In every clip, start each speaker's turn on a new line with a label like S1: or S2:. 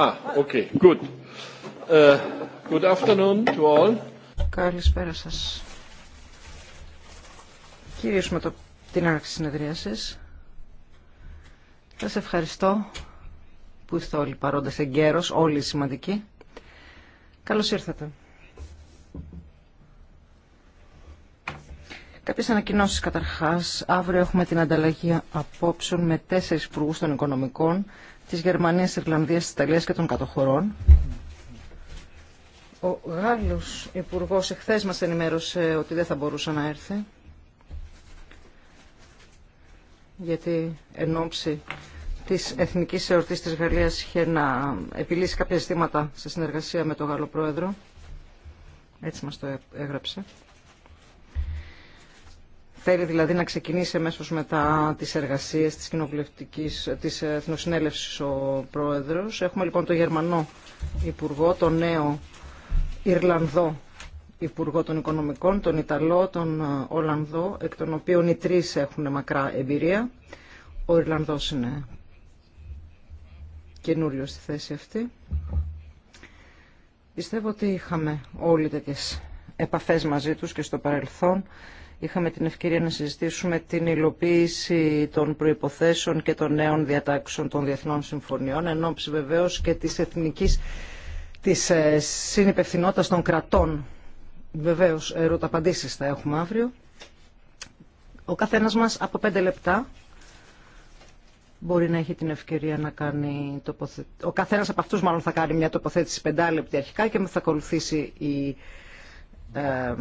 S1: Ah, okay, good. Ε, good afternoon to all. Καλησπέρα σας. Κυρίως το, την άρξη συνεδρίασης. Σας ευχαριστώ που είστε όλοι παρόντες εγκαίρως, όλοι σημαντικοί. Καλώς ήρθατε. Κάποιε ανακοινώσει καταρχά. Αύριο έχουμε την ανταλλαγή απόψεων με τέσσερι υπουργού των οικονομικών της Γερμανίας, Ιρλανδία, της Ιταλίας και των κατοχωρών. Ο Γάλλος υπουργό εχθές μας ενημέρωσε ότι δεν θα μπορούσε να έρθει γιατί εν ώψη της Εθνικής εορτή τη Γαλλίας είχε να επιλύσει κάποια ζητήματα σε συνεργασία με τον Γάλλο Πρόεδρο. Έτσι μας το έγραψε. Θέλει δηλαδή να ξεκινήσει αμέσω μετά τι εργασίε τη κοινοβουλευτική τη Εθνοσυνέλευση ο πρόεδρο. Έχουμε λοιπόν τον Γερμανό Υπουργό, τον νέο Ιρλανδό Υπουργό των Οικονομικών, τον Ιταλό, τον Ολλανδό, εκ των οποίων οι τρει έχουν μακρά εμπειρία. Ο Ιρλανδό είναι καινούριο στη θέση αυτή. Πιστεύω ότι είχαμε όλοι τέτοιε επαφές μαζί τους και στο παρελθόν είχαμε την ευκαιρία να συζητήσουμε την υλοποίηση των προϋποθέσεων και των νέων διατάξεων των διεθνών συμφωνιών, ενώ βεβαίως και της εθνικής της ε, συνυπευθυνότητας των κρατών. Βεβαίως, ερώτα θα έχουμε αύριο. Ο καθένας μας από πέντε λεπτά μπορεί να έχει την ευκαιρία να κάνει τοποθέτηση. Ο καθένας από αυτούς μάλλον θα κάνει μια τοποθέτηση πεντάλεπτη αρχικά και θα ακολουθήσει η ε,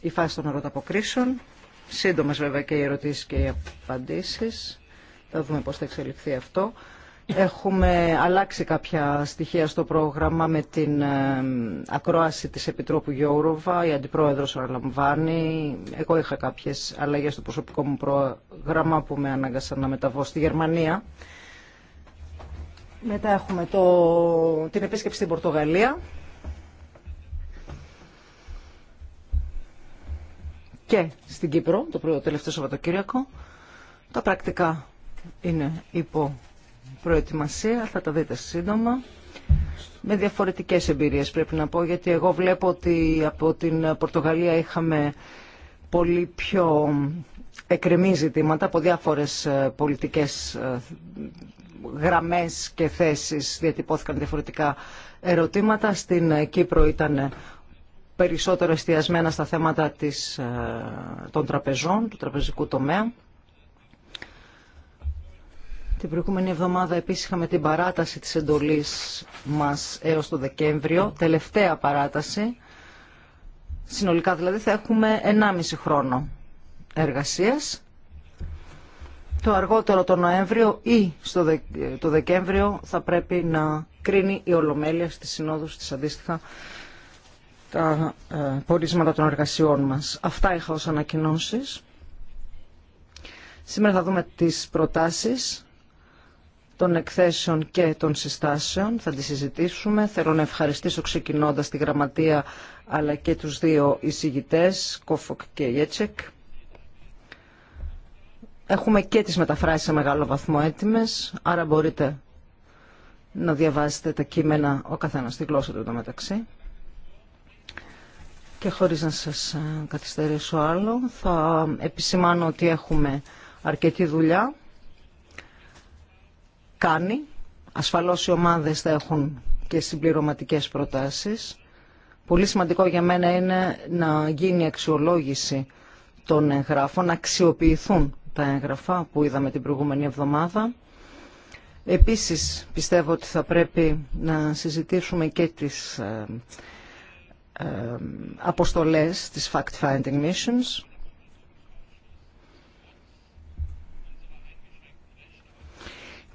S1: η φάση των ερωταποκρίσεων. Σύντομες βέβαια και οι ερωτήσεις και οι απαντήσεις. Θα δούμε πώς θα εξελιχθεί αυτό. Έχουμε αλλάξει κάποια στοιχεία στο πρόγραμμα με την ε, ακρόαση της Επιτρόπου Γιώργοβα. Η Αντιπρόεδρος αναλαμβάνει. Εγώ είχα κάποιες αλλαγές στο προσωπικό μου πρόγραμμα που με ανάγκασαν να μεταβώ στη Γερμανία. Μετά έχουμε το, την επίσκεψη στην Πορτογαλία και στην Κύπρο το τελευταίο Σαββατοκύριακο. Τα πρακτικά είναι υπό προετοιμασία, θα τα δείτε σύντομα. Με διαφορετικές εμπειρίες πρέπει να πω, γιατί εγώ βλέπω ότι από την Πορτογαλία είχαμε πολύ πιο εκρεμή ζητήματα από διάφορες ε, πολιτικές ε, γραμμές και θέσεις διατυπώθηκαν διαφορετικά ερωτήματα. Στην ε, Κύπρο ήταν περισσότερο εστιασμένα στα θέματα της, ε, των τραπεζών, του τραπεζικού τομέα. Την προηγούμενη εβδομάδα επίσης είχαμε την παράταση της εντολής μας έως το Δεκέμβριο, τελευταία παράταση. Συνολικά δηλαδή θα έχουμε 1,5 χρόνο εργασίας. Το αργότερο το Νοέμβριο ή στο ε, το Δεκέμβριο θα πρέπει να κρίνει η Ολομέλεια στις συνόδους της αντίστοιχα τα ε, πορίσματα των εργασιών μας. Αυτά είχα ως ανακοινώσεις. Σήμερα θα δούμε τις προτάσεις των εκθέσεων και των συστάσεων. Θα τις συζητήσουμε. Θέλω να ευχαριστήσω ξεκινώντας τη γραμματεία αλλά και τους δύο εισηγητές, Κόφοκ και Ιέτσεκ. Έχουμε και τις μεταφράσεις σε μεγάλο βαθμό έτοιμες, άρα μπορείτε να διαβάσετε τα κείμενα ο καθένας στη γλώσσα του μεταξύ. Και χωρίς να σας ε, καθυστερήσω άλλο, θα επισημάνω ότι έχουμε αρκετή δουλειά. Κάνει. Ασφαλώς οι ομάδες θα έχουν και συμπληρωματικές προτάσεις. Πολύ σημαντικό για μένα είναι να γίνει αξιολόγηση των εγγράφων, να αξιοποιηθούν τα έγγραφα που είδαμε την προηγούμενη εβδομάδα. Επίσης πιστεύω ότι θα πρέπει να συζητήσουμε και τις ε, ε, αποστολές της fact-finding missions.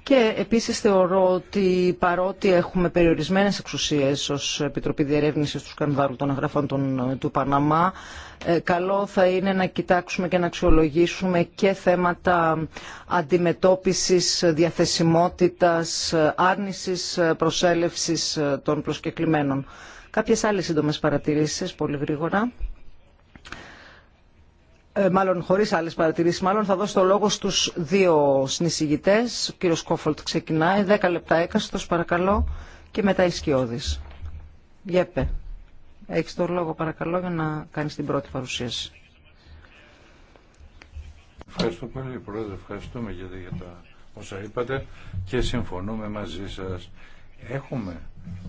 S1: Και επίσης θεωρώ ότι παρότι έχουμε περιορισμένες εξουσίες ως Επιτροπή Διερεύνησης του Σκανδάλου των Αγραφών ε, του Παναμά, ε, καλό θα είναι να κοιτάξουμε και να αξιολογήσουμε και θέματα αντιμετώπισης, διαθεσιμότητας, άρνησης, προσέλευσης των προσκεκλημένων. Κάποιες άλλες σύντομες παρατηρήσεις, πολύ γρήγορα. Ε, μάλλον χωρίς άλλες παρατηρήσεις, μάλλον θα δώσω το λόγο στους δύο συνεισηγητές. Ο κύριος Κόφολτ ξεκινάει, Δέκα λεπτά έκαστος παρακαλώ και μετά η Σκιώδης. Γέπε, έχεις το λόγο παρακαλώ για να κάνεις την πρώτη παρουσίαση.
S2: Ευχαριστώ πολύ Πρόεδρε, ευχαριστούμε γιατί για τα όσα είπατε και συμφωνούμε μαζί σας. Έχουμε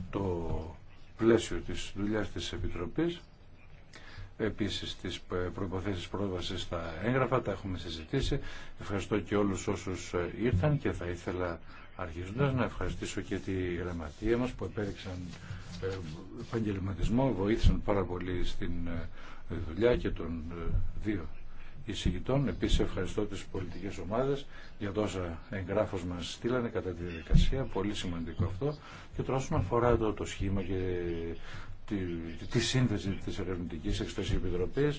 S2: το πλαίσιο της δουλειάς της Επιτροπής επίσης τις προϋποθέσεις πρόβασης στα έγγραφα, τα έχουμε συζητήσει. Ευχαριστώ και όλους όσους ήρθαν και θα ήθελα αρχίζοντας να ευχαριστήσω και τη γραμματεία μας που επέδειξαν ε, επαγγελματισμό, βοήθησαν πάρα πολύ στην ε, δουλειά και των ε, δύο εισηγητών. Επίσης ευχαριστώ τις πολιτικές ομάδες για τόσα εγγράφους μας στείλανε κατά τη διαδικασία. Πολύ σημαντικό αυτό. Και τώρα όσον αφορά το, σχήμα και τη, τη σύνθεση της Ερευνητικής Επιτροπής,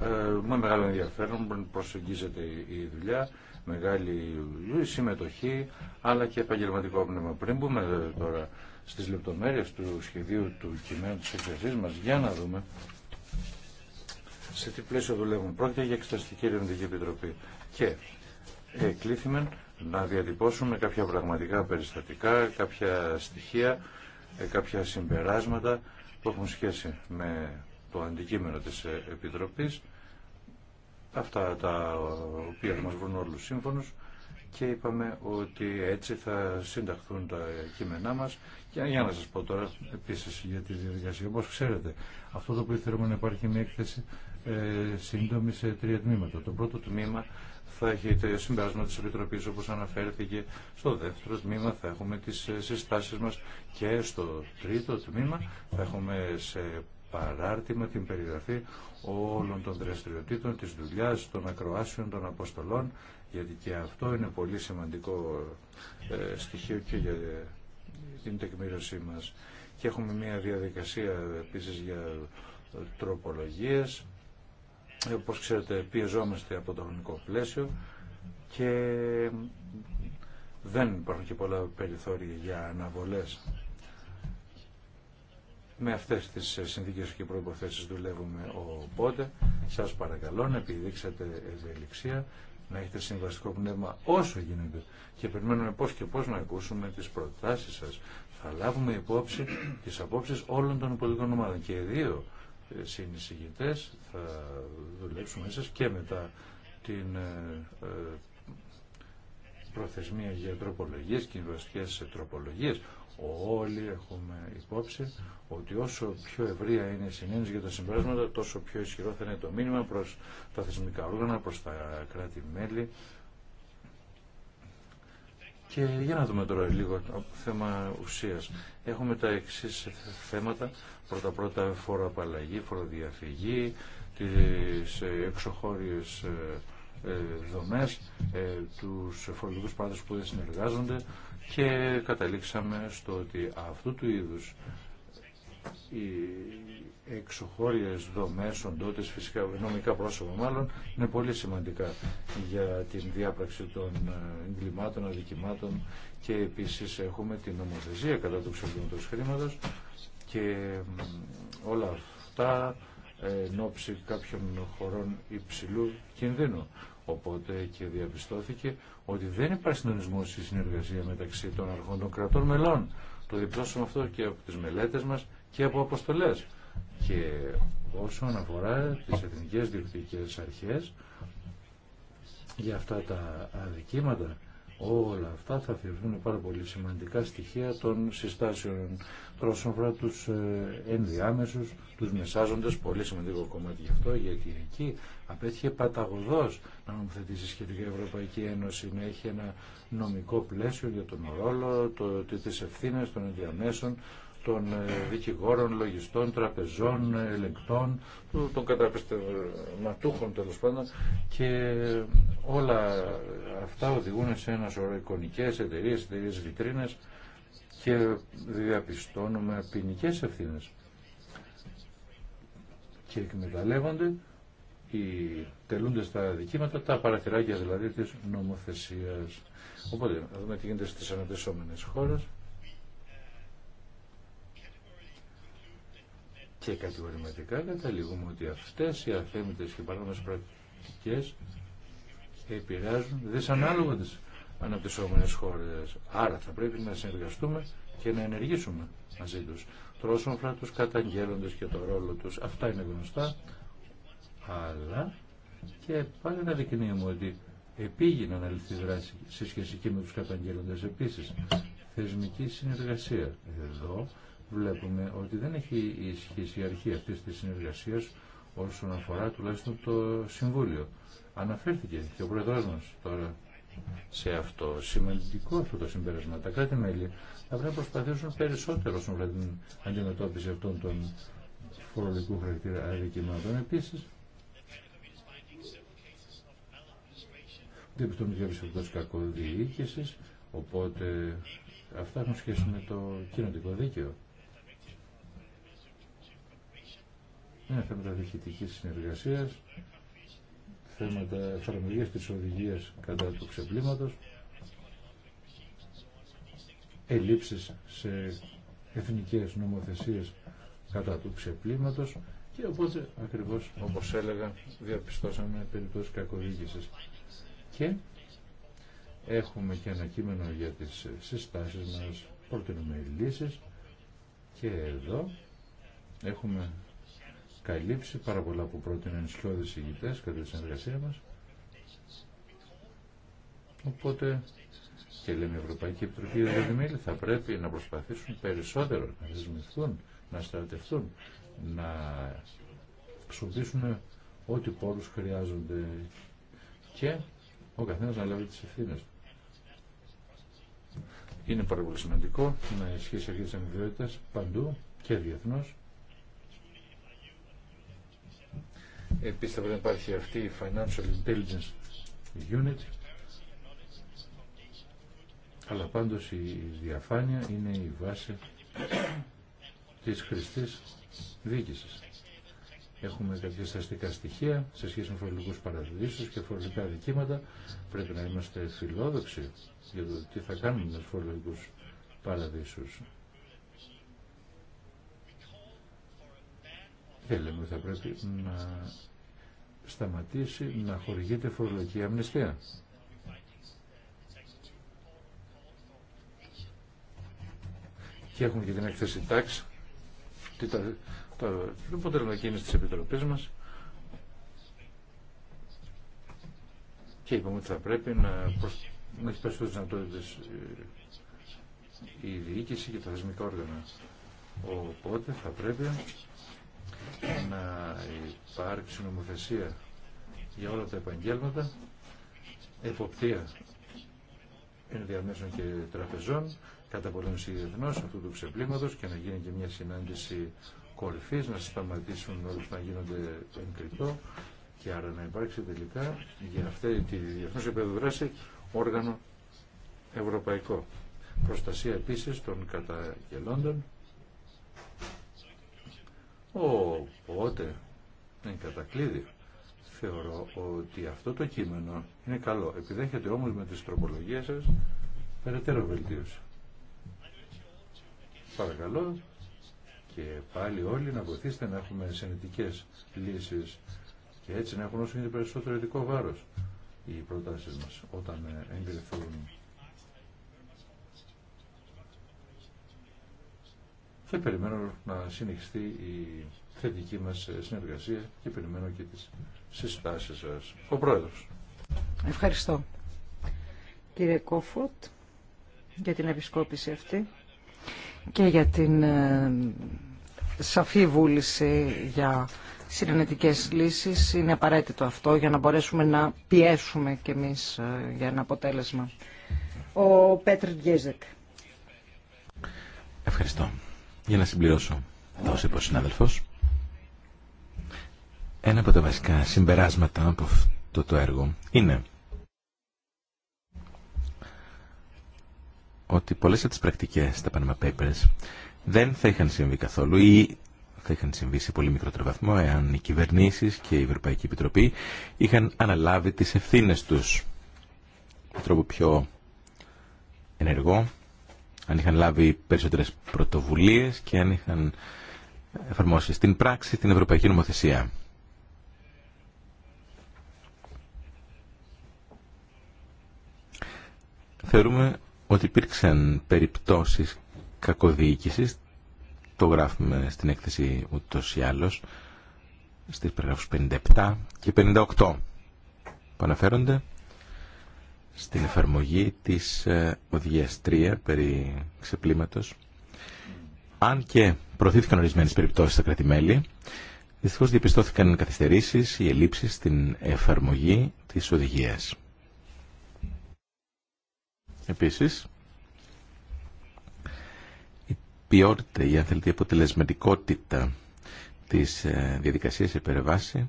S2: ε, με μεγάλο ενδιαφέρον προσεγγίζεται η δουλειά μεγάλη συμμετοχή αλλά και επαγγελματικό πνεύμα. Πριν μπούμε τώρα στις λεπτομέρειες του σχεδίου του κειμένου της εκθεσής μας, για να δούμε σε τι πλαίσιο δουλεύουν. Πρόκειται για Εξεταστική Ερευνητική Επιτροπή. Και κλείθημε να διατυπώσουμε κάποια πραγματικά περιστατικά, κάποια στοιχεία, ε, κάποια συμπεράσματα που έχουν σχέση με το αντικείμενο της ε, Επιτροπής, αυτά τα οποία μας βρουν όλους σύμφωνους και είπαμε ότι έτσι θα συνταχθούν τα κείμενά μας και για να σας πω τώρα επίσης για τη διαδικασία. Όπως ξέρετε, αυτό το οποίο θέλουμε να υπάρχει μια έκθεση ε, σύντομη σε τρία τμήματα. Το πρώτο τμήμα θα έχει το συμπέρασμα της Επιτροπής όπως αναφέρθηκε. Στο δεύτερο τμήμα θα έχουμε τις ε, συστάσει μας και στο τρίτο τμήμα θα έχουμε σε παράρτημα την περιγραφή όλων των δραστηριοτήτων, της δουλειά, των ακροάσεων, των αποστολών, γιατί και αυτό είναι πολύ σημαντικό ε, στοιχείο και για την τεκμήρωσή μας. Και έχουμε μια διαδικασία επίσης για τροπολογίες, ε, όπως ξέρετε πιεζόμαστε από το χρονικό πλαίσιο και δεν υπάρχουν και πολλά περιθώρια για αναβολές. Με αυτές τις συνθήκες και προϋποθέσεις δουλεύουμε οπότε. Σας παρακαλώ να επιδείξετε ευελιξία, να έχετε συμβαστικό πνεύμα όσο γίνεται και περιμένουμε πώς και πώς να ακούσουμε τις προτάσεις σας. Θα λάβουμε υπόψη τις απόψεις όλων των πολιτικών ομάδων και δύο συνεισηγητές, θα δουλέψουμε μέσα και μετά την ε, ε, προθεσμία για τροπολογίες και βασικές τροπολογίες. Όλοι έχουμε υπόψη ότι όσο πιο ευρεία είναι η συνέντευξη για τα συμπράσματα τόσο πιο ισχυρό θα είναι το μήνυμα προς τα θεσμικά όργανα, προς τα κράτη-μέλη, και για να δούμε τώρα λίγο το θέμα ουσίας. Έχουμε τα εξή θέματα. Πρώτα-πρώτα φοροαπαλλαγή, φοροδιαφυγή, τις ε, εξωχώριες ε, ε, δομές, τους φορολογικούς πάντες που δεν συνεργάζονται και καταλήξαμε στο ότι αυτού του είδους οι εξωχώριες δομές, οντότητες, φυσικά νομικά πρόσωπα μάλλον, είναι πολύ σημαντικά για την διάπραξη των ε, εγκλημάτων, αδικημάτων και επίσης έχουμε την νομοθεσία κατά του ξεπλήματος χρήματος και όλα αυτά ε, εν ώψη κάποιων χωρών υψηλού κινδύνου. Οπότε και διαπιστώθηκε ότι δεν υπάρχει συντονισμό στη συνεργασία μεταξύ των αρχών των κρατών μελών. Το διπλώσαμε αυτό και από τις μελέτες μας και από αποστολές. Και όσον αφορά τις εθνικές διοικητικές αρχές, για αυτά τα αδικήματα, όλα αυτά θα θεωρούν πάρα πολύ σημαντικά στοιχεία των συστάσεων όσον αφορά τους ε, ενδιάμεσους, τους μεσάζοντες, πολύ σημαντικό κομμάτι γι' αυτό, γιατί εκεί απέτυχε παταγωδός να νομοθετήσει σχετικά η Ευρωπαϊκή Ένωση, να έχει ένα νομικό πλαίσιο για τον ρόλο, το, τις των ενδιαμέσων, των ε, δικηγόρων, λογιστών, τραπεζών, ελεγκτών, των καταπιστευματούχων τέλο πάντων και όλα αυτά οδηγούν σε ένα σωρό εικονικές εταιρείες, εταιρείες βιτρίνες και διαπιστώνουμε ποινικέ ευθύνε. Και εκμεταλλεύονται οι τελούντες τα δικήματα, τα παραθυράκια δηλαδή της νομοθεσίας. Οπότε, να δούμε τι γίνεται στις χώρες. και κατηγορηματικά καταλήγουμε ότι αυτές οι αθέμητες και παράνομες πρακτικές επηρεάζουν δυσανάλογα τι αναπτυσσόμενες χώρες. Άρα θα πρέπει να συνεργαστούμε και να ενεργήσουμε μαζί τους. τρόσοφρα τους καταγγέλλοντες και το ρόλο τους. Αυτά είναι γνωστά. Αλλά και πάλι να δεικνύουμε ότι επήγει να αναλυθεί δράση σε σχέση και με τους καταγγέλλοντες επίσης. Θεσμική συνεργασία. Εδώ βλέπουμε ότι δεν έχει ισχύσει η αρχή αυτή της συνεργασίας όσον αφορά τουλάχιστον το Συμβούλιο. Αναφέρθηκε και ο Πρόεδρός μας τώρα σε αυτό. Σημαντικό αυτό το συμπέρασμα. Τα κράτη-μέλη θα πρέπει να προσπαθήσουν περισσότερο όσον αφορά την αντιμετώπιση αυτών των φορολογικού χαρακτήρα αδικημάτων. Επίσης, δεν πιστεύουμε για επισκεπτός κακοδιοίκησης, οπότε αυτά έχουν σχέση με το κοινωτικό δίκαιο. είναι θέματα διοικητικής συνεργασίας, θέματα εφαρμογής της οδηγίας κατά του ξεπλήματος, ελλείψεις σε εθνικές νομοθεσίες κατά του ξεπλήματος και οπότε ακριβώς όπως έλεγα διαπιστώσαμε περιπτώσεις κακοδίκησης. Και έχουμε και ένα κείμενο για τις συστάσεις μας, προτείνουμε λύσεις και εδώ έχουμε καλύψει πάρα πολλά που πρότειναν οι ηγητές κατά τη συνεργασία μας. Οπότε και λέμε η Ευρωπαϊκή Επιτροπή Ευρωδημήλη θα πρέπει να προσπαθήσουν περισσότερο να δεσμευθούν, να στρατευτούν, να ξοδίσουν ό,τι πόρους χρειάζονται και ο καθένας να λάβει τις ευθύνες του. Είναι πάρα πολύ σημαντικό να ισχύσει αυτή τη παντού και διεθνώς Επίσης θα πρέπει να υπάρχει αυτή η Financial Intelligence Unit. Αλλά πάντως η διαφάνεια είναι η βάση της χρηστής διοίκησης. Έχουμε κάποια σταστικά στοιχεία σε σχέση με φορολογικούς παραδείσους και φορολογικά δικήματα. Πρέπει να είμαστε φιλόδοξοι για το τι θα κάνουμε με τους φορολογικούς παραδείσους. Θέλουμε θα πρέπει να σταματήσει να χορηγείται φορολογική αμνηστία. Και έχουμε και την έκθεση τάξη, το αποτέλεσμα εκείνης της Επιτροπής μας. Και είπαμε ότι θα πρέπει να, να έχει περισσότερες δυνατότητες ε, η διοίκηση και τα θεσμικά όργανα. Οπότε θα πρέπει να υπάρξει νομοθεσία για όλα τα επαγγέλματα, εποπτεία ενδιαμέσων και τραπεζών, καταπολέμηση διεθνώς αυτού του ξεπλήματος και να γίνει και μια συνάντηση κορυφής, να σταματήσουν όλους να γίνονται εγκριτό και άρα να υπάρξει τελικά για αυτή τη διεθνώς δράση όργανο ευρωπαϊκό. Προστασία επίσης των καταγγελόντων Οπότε, εν κατακλείδη. Θεωρώ ότι αυτό το κείμενο είναι καλό. Επιδέχεται όμως με τις τροπολογίες σας περαιτέρω βελτίωση. Παρακαλώ και πάλι όλοι να βοηθήσετε να έχουμε συνετικές λύσεις και έτσι να έχουν όσο είναι περισσότερο ειδικό βάρος οι προτάσεις μας όταν εγκριθούν και περιμένω να συνεχιστεί η θετική μας συνεργασία και περιμένω και τις συστάσεις σας. Ο Πρόεδρος.
S1: Ευχαριστώ. Κύριε Κόφουτ, για την επισκόπηση αυτή και για την ε, σαφή βούληση για συνενετικές λύσεις. Είναι απαραίτητο αυτό για να μπορέσουμε να πιέσουμε κι εμείς ε, για ένα αποτέλεσμα. Ο Πέτρ Γκέζεκ.
S3: Ευχαριστώ. Για να συμπληρώσω, θα όσο είπε ο ένα από τα βασικά συμπεράσματα από αυτό το έργο είναι ότι πολλές από τις πρακτικές στα Panama Papers δεν θα είχαν συμβεί καθόλου ή θα είχαν συμβεί σε πολύ μικρότερο βαθμό εάν οι κυβερνήσεις και η Ευρωπαϊκή Επιτροπή είχαν αναλάβει τις ευθύνες τους με τρόπο πιο ενεργό αν είχαν λάβει περισσότερες πρωτοβουλίε και αν είχαν εφαρμόσει στην πράξη την Ευρωπαϊκή Νομοθεσία. Θεωρούμε ότι υπήρξαν περιπτώσεις κακοδιοίκησης, το γράφουμε στην έκθεση ούτως ή άλλως, στις περιγράφους 57 και 58 που αναφέρονται στην εφαρμογή της ε, οδηγίας 3 περί ξεπλήματος. Αν και προωθήθηκαν ορισμένες περιπτώσεις στα κράτη-μέλη, δυστυχώς διαπιστώθηκαν καθυστερήσεις ή ελλείψεις στην εφαρμογή της οδηγίας. Επίσης, η ποιότητα ή αν θέλετε η αποτελεσματικότητα της ε, διαδικασίας υπερβάση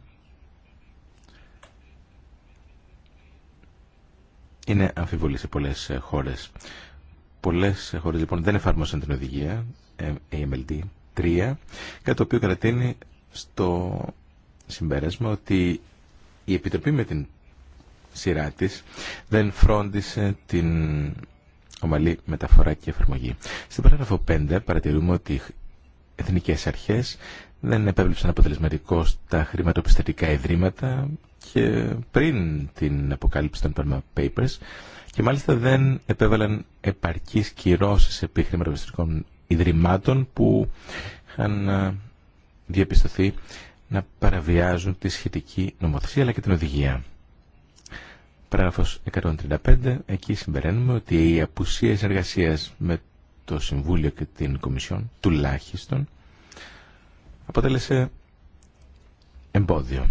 S3: είναι αμφιβολή σε πολλέ χώρε. Πολλέ χώρε λοιπόν δεν εφάρμοσαν την οδηγία ε, AMLD 3, κάτι το οποίο κρατείνει στο συμπέρασμα ότι η Επιτροπή με την σειρά τη δεν φρόντισε την ομαλή μεταφορά και εφαρμογή. Στην παράγραφο 5 παρατηρούμε ότι οι εθνικές αρχές δεν επέβλεψαν αποτελεσματικώ τα χρηματοπιστωτικά ιδρύματα και πριν την αποκάλυψη των Panama και μάλιστα δεν επέβαλαν επαρκείς κυρώσεις επί χρηματοπιστωτικών ιδρυμάτων που είχαν ε, διαπιστωθεί να παραβιάζουν τη σχετική νομοθεσία αλλά και την οδηγία. Παράγραφος 135, εκεί συμπεραίνουμε ότι η απουσία συνεργασία με το Συμβούλιο και την Κομισιόν, τουλάχιστον, αποτέλεσε εμπόδιο.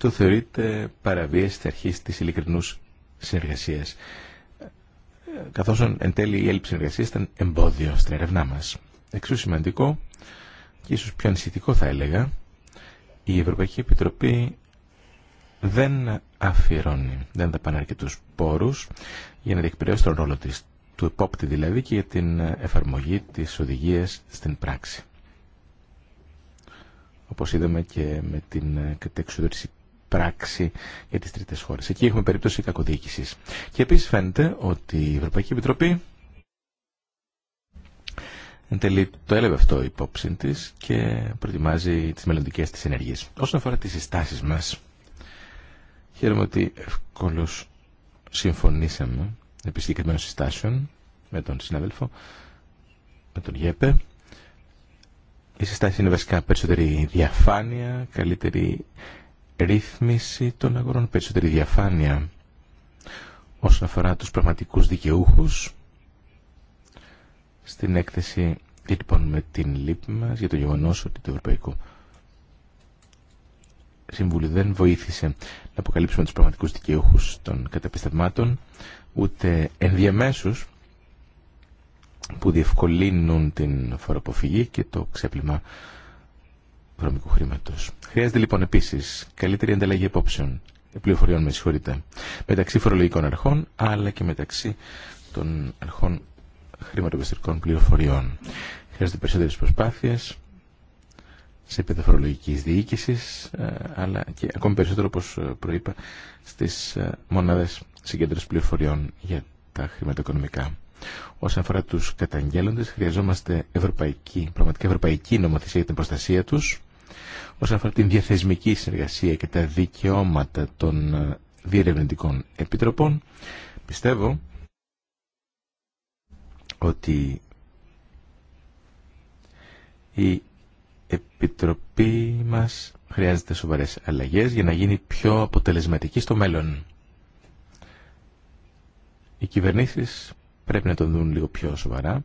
S3: το θεωρείται παραβίαση της αρχής της ειλικρινούς συνεργασίας, καθώς εν τέλει η έλλειψη συνεργασίας ήταν εμπόδιο στην ερευνά μας. Εξού σημαντικό και ίσως πιο ανησυχητικό θα έλεγα, η Ευρωπαϊκή Επιτροπή δεν αφιερώνει, δεν πάνε αρκετούς πόρους για να διεκπαιρεώσει τον ρόλο της, του επόπτη δηλαδή και για την εφαρμογή της οδηγίας στην πράξη. Όπως είδαμε και με την κατεξοδότηση πράξη για τις τρίτες χώρες. Εκεί έχουμε περίπτωση κακοδιοίκησης. Και επίσης φαίνεται ότι η Ευρωπαϊκή Επιτροπή εντελεί τέλει το έλεγε αυτό υπόψη τη και προετοιμάζει τις μελλοντικέ τη ενεργείες. Όσον αφορά τι συστάσεις μας, χαίρομαι ότι ευκολώς συμφωνήσαμε επί συγκεκριμένων συστάσεων με τον συνάδελφο, με τον Γέπε. Η συστάσει είναι βασικά περισσότερη διαφάνεια, καλύτερη ρύθμιση των αγορών, περισσότερη διαφάνεια όσον αφορά τους πραγματικούς δικαιούχους. Στην έκθεση λοιπόν με την λύπη μας για το γεγονός ότι το Ευρωπαϊκό Συμβούλιο δεν βοήθησε να αποκαλύψουμε τους πραγματικούς δικαιούχους των καταπιστευμάτων, ούτε ενδιαμέσους που διευκολύνουν την φοροποφυγή και το ξέπλυμα βρώμικου χρήματο. Χρειάζεται λοιπόν επίση καλύτερη ανταλλαγή απόψεων, πληροφοριών με συγχωρείτε, μεταξύ φορολογικών αρχών αλλά και μεταξύ των αρχών χρηματοπιστωτικών πληροφοριών. Χρειάζεται περισσότερε προσπάθειε σε επίπεδο φορολογική διοίκηση, ε, αλλά και ακόμη περισσότερο, όπω ε, προείπα, στι ε, μονάδε συγκέντρωση πληροφοριών για τα χρηματοοικονομικά. Όσον αφορά του καταγγέλλοντε, χρειαζόμαστε ευρωπαϊκή, πραγματικά ευρωπαϊκή νομοθεσία για την προστασία του όσον αφορά την διαθεσμική συνεργασία και τα δικαιώματα των ε, διερευνητικών επιτροπών, πιστεύω ότι η Επιτροπή μας χρειάζεται σοβαρές αλλαγές για να γίνει πιο αποτελεσματική στο μέλλον. Οι κυβερνήσεις πρέπει να τον δουν λίγο πιο σοβαρά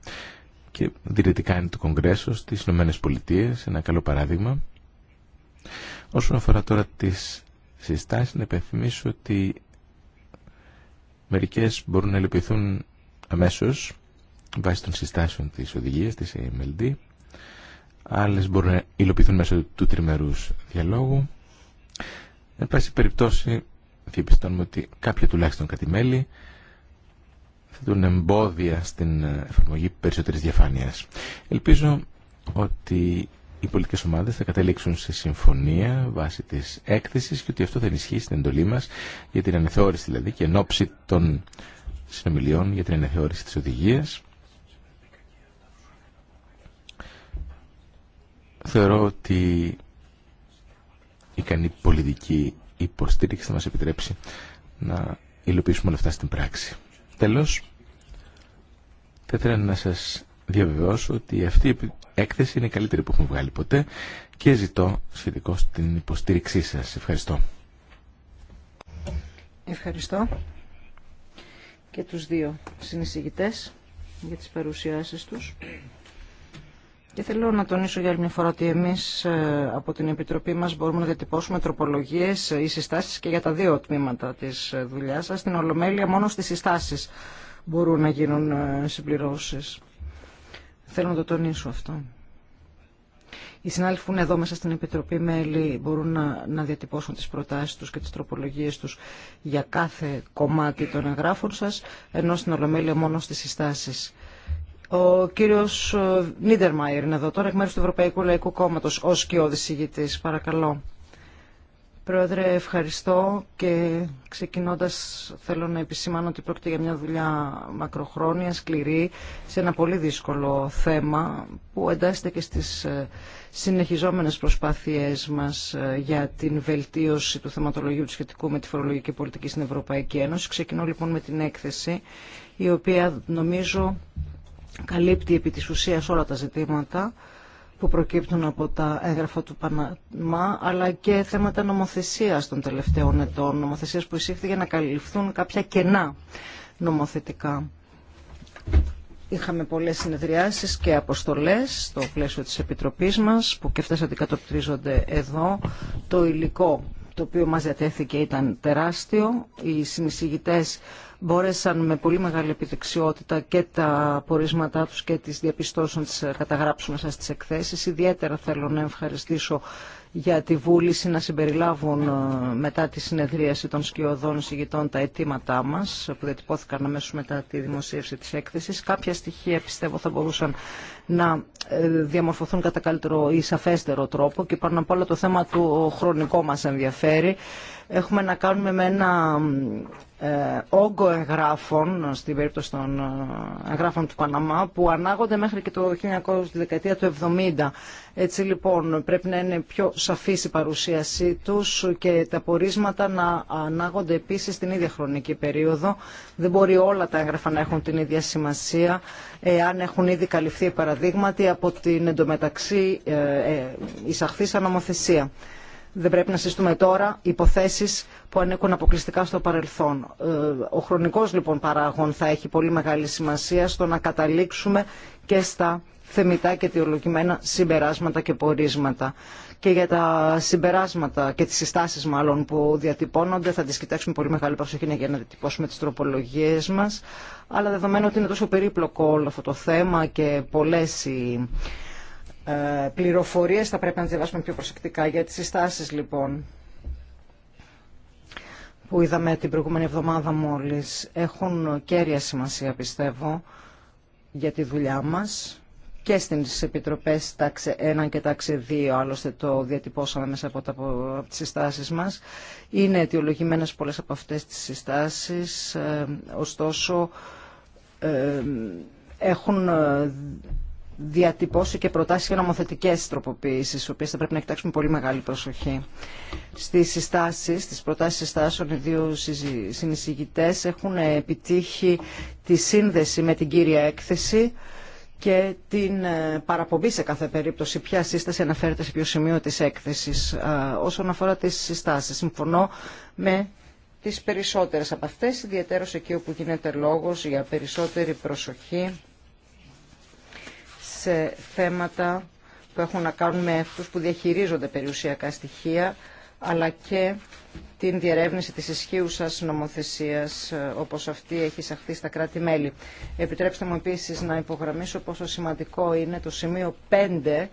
S3: και δηλαδή είναι το Κογκρέσο στις Ηνωμένες Πολιτείες, ένα καλό παράδειγμα. Όσον αφορά τώρα τις συστάσεις, να υπενθυμίσω ότι μερικές μπορούν να υλοποιηθούν αμέσως βάσει των συστάσεων της οδηγίας, της AMLD. Άλλες μπορούν να υλοποιηθούν μέσω του τριμερούς διαλόγου. Εν πάση περιπτώσει, διαπιστώνουμε ότι κάποια τουλάχιστον κατημέλη θα δουν εμπόδια στην εφαρμογή περισσότερη διαφάνειας. Ελπίζω ότι οι πολιτικές ομάδες θα καταλήξουν σε συμφωνία βάσει της έκθεσης και ότι αυτό θα ενισχύσει την εντολή μας για την αναθεώρηση δηλαδή και εν ώψη των συνομιλιών για την αναθεώρηση της οδηγίας. Θεωρώ ότι η ικανή πολιτική υποστήριξη θα μας επιτρέψει να υλοποιήσουμε όλα αυτά στην πράξη. Τέλος, θα ήθελα να σας διαβεβαιώσω ότι αυτή η έκθεση είναι η καλύτερη που έχουμε βγάλει ποτέ και ζητώ σχετικώ την υποστήριξή σας. Ευχαριστώ.
S1: Ευχαριστώ και τους δύο συνεισηγητές για τις παρουσιάσεις τους. Και θέλω να τονίσω για άλλη μια φορά ότι εμεί ε, από την Επιτροπή μας μπορούμε να διατυπώσουμε τροπολογίε ε, ή συστάσει και για τα δύο τμήματα τη ε, δουλειά σα. Στην Ολομέλεια μόνο στι συστάσει μπορούν να γίνουν συμπληρώσει. Θέλω να το τονίσω αυτό. Οι συνάδελφοι που είναι εδώ μέσα στην Επιτροπή μέλη μπορούν να, να διατυπώσουν τις προτάσεις τους και τις τροπολογίες τους για κάθε κομμάτι των εγγράφων σας, ενώ στην Ολομέλεια μόνο στις συστάσεις. Ο κύριος ε, Νίτερμαϊρ είναι εδώ τώρα εκ μέρους του Ευρωπαϊκού Λαϊκού Κόμματος ως και ηγητής. Παρακαλώ. Πρόεδρε, ευχαριστώ και ξεκινώντας θέλω να επισημάνω ότι πρόκειται για μια δουλειά μακροχρόνια, σκληρή, σε ένα πολύ δύσκολο θέμα που εντάσσεται και στις ε, συνεχιζόμενες προσπάθειές μας ε, για την βελτίωση του θεματολογίου του σχετικού με τη φορολογική πολιτική στην Ευρωπαϊκή Ένωση. Ξεκινώ λοιπόν με την έκθεση, η οποία νομίζω καλύπτει επί της ουσίας όλα τα ζητήματα που προκύπτουν από τα έγγραφα του Παναμά, αλλά και θέματα νομοθεσίας των τελευταίων ετών, νομοθεσίας που εισήχθη για να καλυφθούν κάποια κενά νομοθετικά. Είχαμε πολλές συνεδριάσεις και αποστολές στο πλαίσιο της Επιτροπής μας, που και αυτές αντικατοπτρίζονται εδώ. Το υλικό το οποίο μας διατέθηκε ήταν τεράστιο. Οι συνεισηγητές μπόρεσαν με πολύ μεγάλη επιδεξιότητα και τα πορίσματά τους και τις διαπιστώσεις να τις καταγράψουμε σας στις εκθέσεις. Ιδιαίτερα θέλω να ευχαριστήσω για τη βούληση να συμπεριλάβουν ε, μετά τη συνεδρίαση των σκιωδών συγητών τα αιτήματά μας που διατυπώθηκαν αμέσω μετά τη δημοσίευση της έκθεσης. Κάποια στοιχεία πιστεύω θα μπορούσαν να ε, διαμορφωθούν κατά καλύτερο ή σαφέστερο τρόπο και πάνω απ' όλα το θέμα του χρονικό μας ενδιαφέρει. Έχουμε να κάνουμε με ένα ε, όγκο εγγράφων, στην περίπτωση των ε, εγγράφων του Παναμά, που ανάγονται μέχρι και το 1970. του 70. Έτσι λοιπόν πρέπει να είναι πιο σαφής η παρουσίασή τους και τα πορίσματα να ανάγονται επίσης την ίδια χρονική περίοδο. Δεν μπορεί όλα τα έγγραφα να έχουν την ίδια σημασία, αν έχουν ήδη καλυφθεί παραδείγματι από την εντωμεταξύ ε, εισαχθής αναμοθεσία. Δεν πρέπει να συζητούμε τώρα υποθέσει που ανήκουν αποκλειστικά στο παρελθόν. Ε, ο χρονικό λοιπόν παράγων θα έχει πολύ μεγάλη σημασία στο να καταλήξουμε και στα θεμητά και αιτιολογημένα συμπεράσματα και πορίσματα. Και για τα συμπεράσματα και τις συστάσεις μάλλον που διατυπώνονται θα τις κοιτάξουμε πολύ μεγάλη προσοχή για να διατυπώσουμε τις τροπολογίες μας. Αλλά δεδομένου ότι είναι τόσο περίπλοκο όλο αυτό το θέμα και πολλές οι ε, πληροφορίες θα πρέπει να διαβάσουμε πιο προσεκτικά για τις συστάσεις λοιπόν που είδαμε την προηγούμενη εβδομάδα μόλις έχουν κέρια σημασία πιστεύω για τη δουλειά μας και στις επιτροπές τάξη 1 και τάξη 2, άλλωστε το διατυπώσαμε μέσα από, τα, από τις συστάσεις μας. Είναι αιτιολογημένες πολλές από αυτές τις συστάσεις, ε, ωστόσο ε, έχουν διατυπώσει και προτάσει για νομοθετικέ τροποποιήσεις, οι οποίε θα πρέπει να κοιτάξουμε πολύ μεγάλη προσοχή. στι συστάσεις, στις προτάσεις συστάσεων, οι δύο συνεισηγητέ έχουν επιτύχει τη σύνδεση με την κύρια έκθεση και την ε, παραπομπή σε κάθε περίπτωση ποια σύσταση αναφέρεται σε ποιο σημείο της έκθεσης. Όσον αφορά τις συστάσεις, συμφωνώ με τις περισσότερες από αυτές, ιδιαίτερως εκεί όπου γίνεται λόγος για περισσότερη προσοχή σε θέματα που έχουν να κάνουν με αυτούς που διαχειρίζονται περιουσιακά στοιχεία, αλλά και την διερεύνηση της ισχύουσας νομοθεσίας ε, όπως αυτή έχει εισαχθεί στα κράτη-μέλη. Επιτρέψτε μου επίσης να υπογραμμίσω πόσο σημαντικό είναι το σημείο 5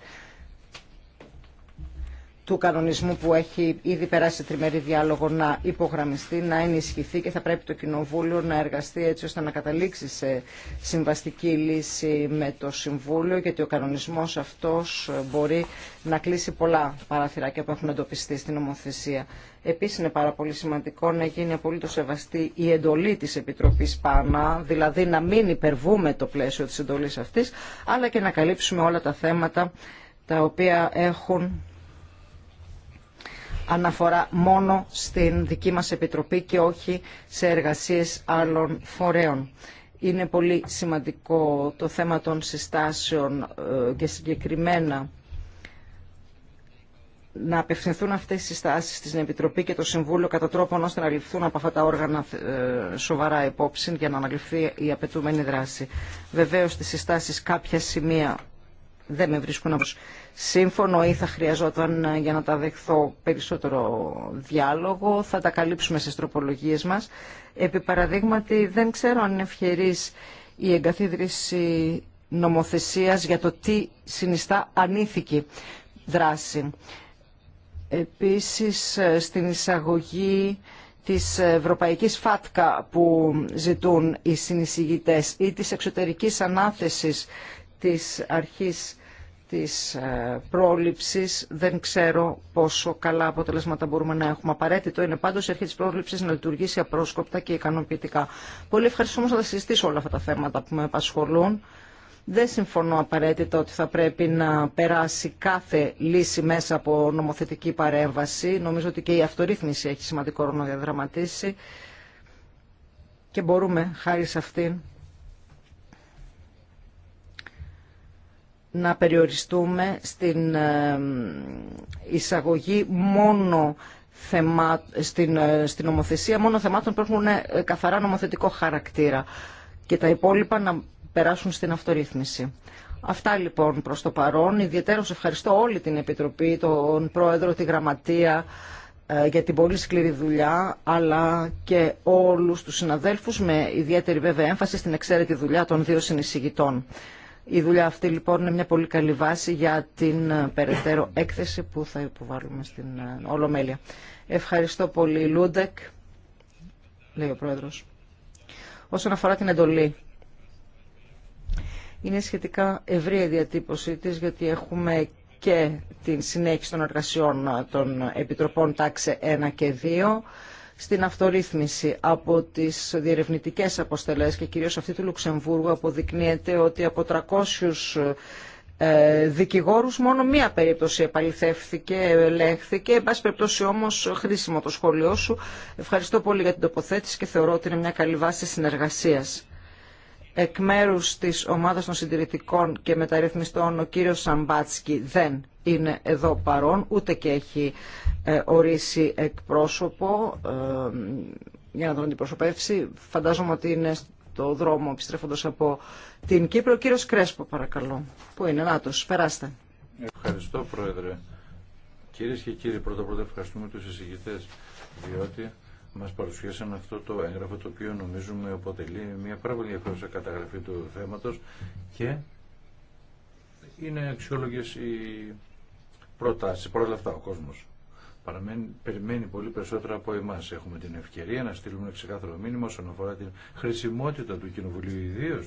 S1: του κανονισμού που έχει ήδη περάσει τριμερή διάλογο να υπογραμμιστεί, να ενισχυθεί και θα πρέπει το Κοινοβούλιο να εργαστεί έτσι ώστε να καταλήξει σε συμβαστική λύση με το Συμβούλιο γιατί ο κανονισμός αυτός μπορεί να κλείσει πολλά παραθυράκια που έχουν εντοπιστεί στην νομοθεσία. Επίσης είναι πάρα πολύ σημαντικό να γίνει απολύτως σεβαστή η εντολή της Επιτροπής ΠΑΝΑ, δηλαδή να μην υπερβούμε το πλαίσιο της εντολής αυτής, αλλά και να καλύψουμε όλα τα θέματα τα οποία έχουν αναφορά μόνο στην δική μας Επιτροπή και όχι σε εργασίες άλλων φορέων. Είναι πολύ σημαντικό το θέμα των συστάσεων ε, και συγκεκριμένα να απευθυνθούν αυτές οι συστάσεις στην Επιτροπή και το Συμβούλιο κατά τρόπο ώστε να ληφθούν από αυτά τα όργανα ε, σοβαρά υπόψη για να αναλυφθεί η απαιτούμενη δράση. Βεβαίως στις συστάσεις κάποια σημεία δεν με βρίσκουν όπως σύμφωνο ή θα χρειαζόταν ε, για να τα δεχθώ περισσότερο διάλογο. Θα τα καλύψουμε στις τροπολογίες μας. Επί παραδείγματι δεν ξέρω αν είναι ευχερής η εγκαθίδρυση νομοθεσίας για το τι συνιστά ανήθικη δράση. Επίσης ε, στην εισαγωγή της Ευρωπαϊκής ΦΑΤΚΑ που ζητούν οι συνεισηγητές ή της εξωτερικής ανάθεσης της αρχής της ε, πρόληψης δεν ξέρω πόσο καλά αποτελέσματα μπορούμε να έχουμε. Απαραίτητο είναι πάντως η αρχή της πρόληψης να λειτουργήσει απρόσκοπτα και ικανοποιητικά. Πολύ ευχαριστώ όμως να συζητήσω όλα αυτά τα θέματα που με απασχολούν. Δεν συμφωνώ απαραίτητα ότι θα πρέπει να περάσει κάθε λύση μέσα από νομοθετική παρέμβαση. Νομίζω ότι και η αυτορύθμιση έχει σημαντικό ρόλο να διαδραματίσει και μπορούμε χάρη σε αυτήν να περιοριστούμε στην ε, εισαγωγή μόνο θεμά, στην, ε, στην ομοθεσία μόνο θεμάτων που έχουν ε, καθαρά νομοθετικό χαρακτήρα και τα υπόλοιπα να περάσουν στην αυτορύθμιση. Αυτά λοιπόν προς το παρόν. Ιδιαίτερως ευχαριστώ όλη την Επιτροπή, τον Πρόεδρο, τη Γραμματεία για την πολύ σκληρή δουλειά, αλλά και όλους τους συναδέλφους με ιδιαίτερη βέβαια έμφαση στην εξαίρετη δουλειά των δύο συνεισηγητών. Η δουλειά αυτή λοιπόν είναι μια πολύ καλή βάση για την ε, περαιτέρω έκθεση που θα υποβάλουμε στην ε, Ολομέλεια. Ευχαριστώ πολύ Λούντεκ, λέει ο Πρόεδρος. Όσον αφορά την εντολή, είναι σχετικά ευρία η διατύπωσή της γιατί έχουμε και την συνέχιση των εργασιών ε, των Επιτροπών Τάξε 1 και 2 στην αυτορύθμιση από τις διερευνητικές αποστελές και κυρίως αυτή του Λουξεμβούργου αποδεικνύεται ότι από 300 ε, δικηγόρους μόνο μία περίπτωση επαληθεύθηκε, ελέγχθηκε. Εν πάση περιπτώσει όμως χρήσιμο το σχόλιο σου. Ευχαριστώ πολύ για την τοποθέτηση και θεωρώ ότι είναι μια καλή βάση συνεργασίας. Εκ μέρους της ομάδας των συντηρητικών και μεταρρυθμιστών ο κύριος Σαμπάτσκι δεν είναι εδώ παρόν, ούτε και έχει ε, ορίσει εκπρόσωπο ε, για να τον αντιπροσωπεύσει. Φαντάζομαι ότι είναι στο δρόμο επιστρέφοντας από την Κύπρο. Ο Κρέσπο παρακαλώ. Πού είναι, να το περάστε.
S2: Ευχαριστώ Πρόεδρε. Κυρίε και κύριοι, πρώτα πρώτα ευχαριστούμε τους εισηγητές, διότι μας παρουσίασαν αυτό το έγγραφο το οποίο νομίζουμε αποτελεί μια πάρα πολύ ενδιαφέρουσα καταγραφή του θέματος και είναι αξιόλογες οι Προτάσει, Πρώτα απ' αυτά ο κόσμο. παραμένει, περιμένει πολύ περισσότερα από εμά. Έχουμε την ευκαιρία να στείλουμε ένα ξεκάθαρο μήνυμα όσον αφορά την χρησιμότητα του Κοινοβουλίου ιδίω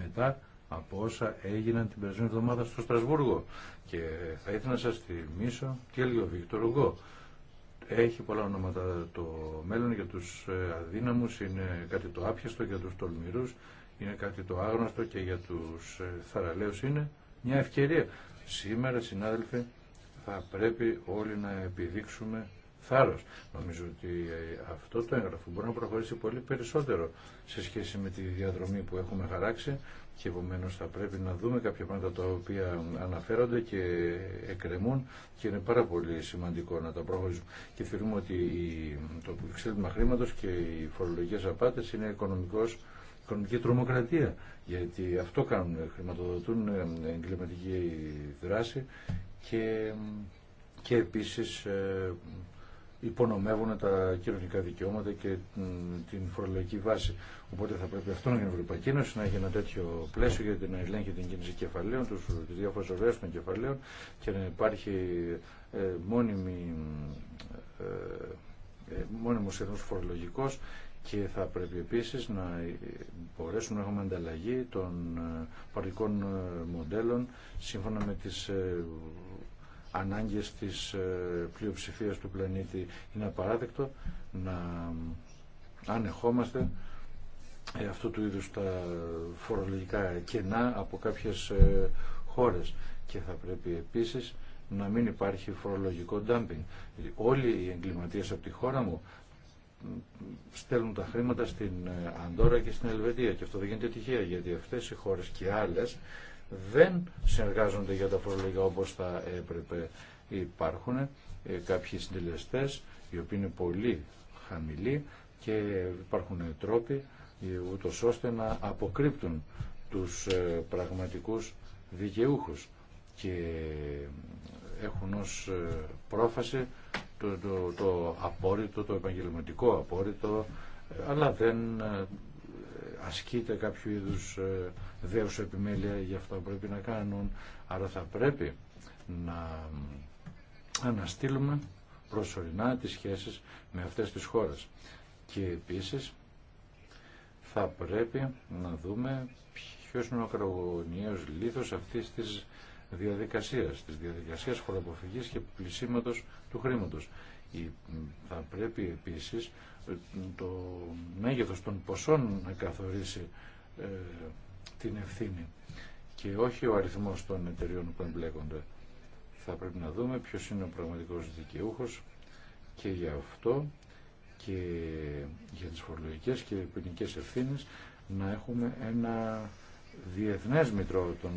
S2: μετά από όσα έγιναν την περασμένη εβδομάδα στο Στρασβούργο. Και θα ήθελα να σα θυμίσω και έλεγε ο Βίκτορ Ογκό. Έχει πολλά ονόματα το μέλλον για του ε, αδυναμου, είναι κάτι το άπιαστο για του τολμηρού, είναι κάτι το άγνωστο και για του ε, θαραλέου είναι μια ευκαιρία. Σήμερα, συνάδελφοι, θα πρέπει όλοι να επιδείξουμε θάρρος. Νομίζω ότι ε, αυτό το έγγραφο μπορεί να προχωρήσει πολύ περισσότερο σε σχέση με τη διαδρομή που έχουμε χαράξει και επομένω θα πρέπει να δούμε κάποια πράγματα τα οποία αναφέρονται και εκκρεμούν και είναι πάρα πολύ σημαντικό να τα προχωρήσουμε. Και θεωρούμε ότι το εξέλιγμα χρήματο και οι φορολογικέ απάτε είναι οικονομικός οικονομική τρομοκρατία. Γιατί αυτό κάνουν, χρηματοδοτούν ε, εγκληματική δράση και, και επίσης ε, υπονομεύουν τα κοινωνικά δικαιώματα και την φορολογική βάση. Οπότε θα πρέπει αυτό να γίνει η Ευρωπαϊκή να έχει ένα τέτοιο πλαίσιο για να ελέγχει την κίνηση κεφαλαίων, τους διάφορες ωραίες των κεφαλαίων και να υπάρχει ε, μόνιμη, ε, ε μόνιμος φορολογικός και θα πρέπει επίσης να ε, μπορέσουν να έχουμε ανταλλαγή των παρικών μοντέλων σύμφωνα με τις ανάγκες της ε, πλειοψηφίας του πλανήτη. Είναι απαράδεκτο να ανεχόμαστε ε, αυτού του είδους τα φορολογικά κενά από κάποιες ε, χώρες και θα πρέπει επίσης να μην υπάρχει φορολογικό ντάμπινγκ. Όλοι οι εγκληματίες από τη χώρα μου στέλνουν τα χρήματα στην Αντόρα και στην Ελβετία και αυτό δεν γίνεται τυχαία γιατί αυτές οι χώρες και άλλες δεν συνεργάζονται για τα φορολογικά όπως θα έπρεπε. Υπάρχουν ε, κάποιοι συντελεστές οι οποίοι είναι πολύ χαμηλοί και υπάρχουν τρόποι ε, ούτω ώστε να αποκρύπτουν τους ε, πραγματικούς δικαιούχους και έχουν ως πρόφαση το, το, το απόρριτο, το επαγγελματικό απόρριτο, αλλά δεν ασκείται κάποιο είδους δέουσα επιμέλεια για αυτό που πρέπει να κάνουν. Άρα θα πρέπει να αναστείλουμε προσωρινά τις σχέσεις με αυτές τις χώρες. Και επίσης θα πρέπει να δούμε ποιος είναι ο ακρογωνιαίος λίθος αυτής της διαδικασίας, της διαδικασίας χωροποφυγής και πλησίματος του χρήματος. Θα πρέπει επίσης το μέγεθος των ποσών να καθορίσει ε, την ευθύνη και όχι ο αριθμός των εταιριών που εμπλέκονται. Θα πρέπει να δούμε ποιος είναι ο πραγματικός δικαιούχος και για αυτό και για τις φορολογικές και ποινικέ ευθύνε να έχουμε ένα διεθνές μητρό των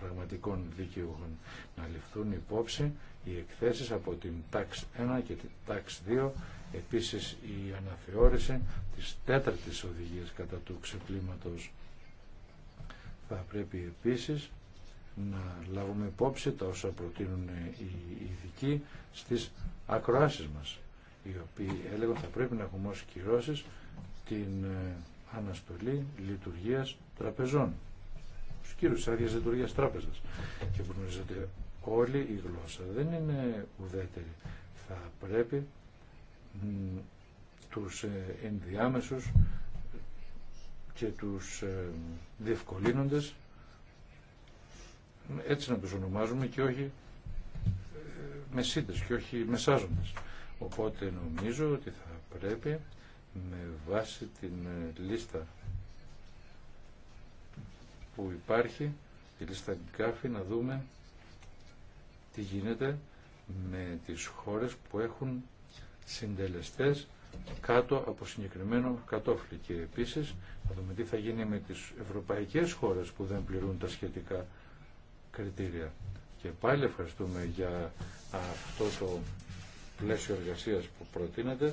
S2: πραγματικών δικαιούχων. Να ληφθούν υπόψη οι εκθέσεις από την τάξη 1 και την τάξη 2, επίσης η αναθεώρηση της τέταρτης οδηγίας κατά του ξεπλήματος θα πρέπει επίσης να λάβουμε υπόψη τα όσα προτείνουν οι ειδικοί στις ακροάσεις μας οι οποίοι έλεγαν θα πρέπει να έχουμε ως κυρώσεις την ε, αναστολή λειτουργίας τραπεζών τους της άδειας λειτουργίας τράπεζας και που γνωρίζετε όλη η γλώσσα δεν είναι ουδέτερη θα πρέπει τους ε, ενδιάμεσους και τους ε, διευκολύνοντες έτσι να τους ονομάζουμε και όχι ε, μεσίτες και όχι μεσάζοντες. Οπότε νομίζω ότι θα πρέπει με βάση την ε, λίστα που υπάρχει, τη λίστα γκάφη, να δούμε τι γίνεται με τις χώρες που έχουν συντελεστές κάτω από συγκεκριμένο κατόφλι και επίσης θα δούμε τι θα γίνει με τις ευρωπαϊκές χώρες που δεν πληρούν τα σχετικά κριτήρια. Και πάλι ευχαριστούμε για αυτό το πλαίσιο εργασίας που προτείνεται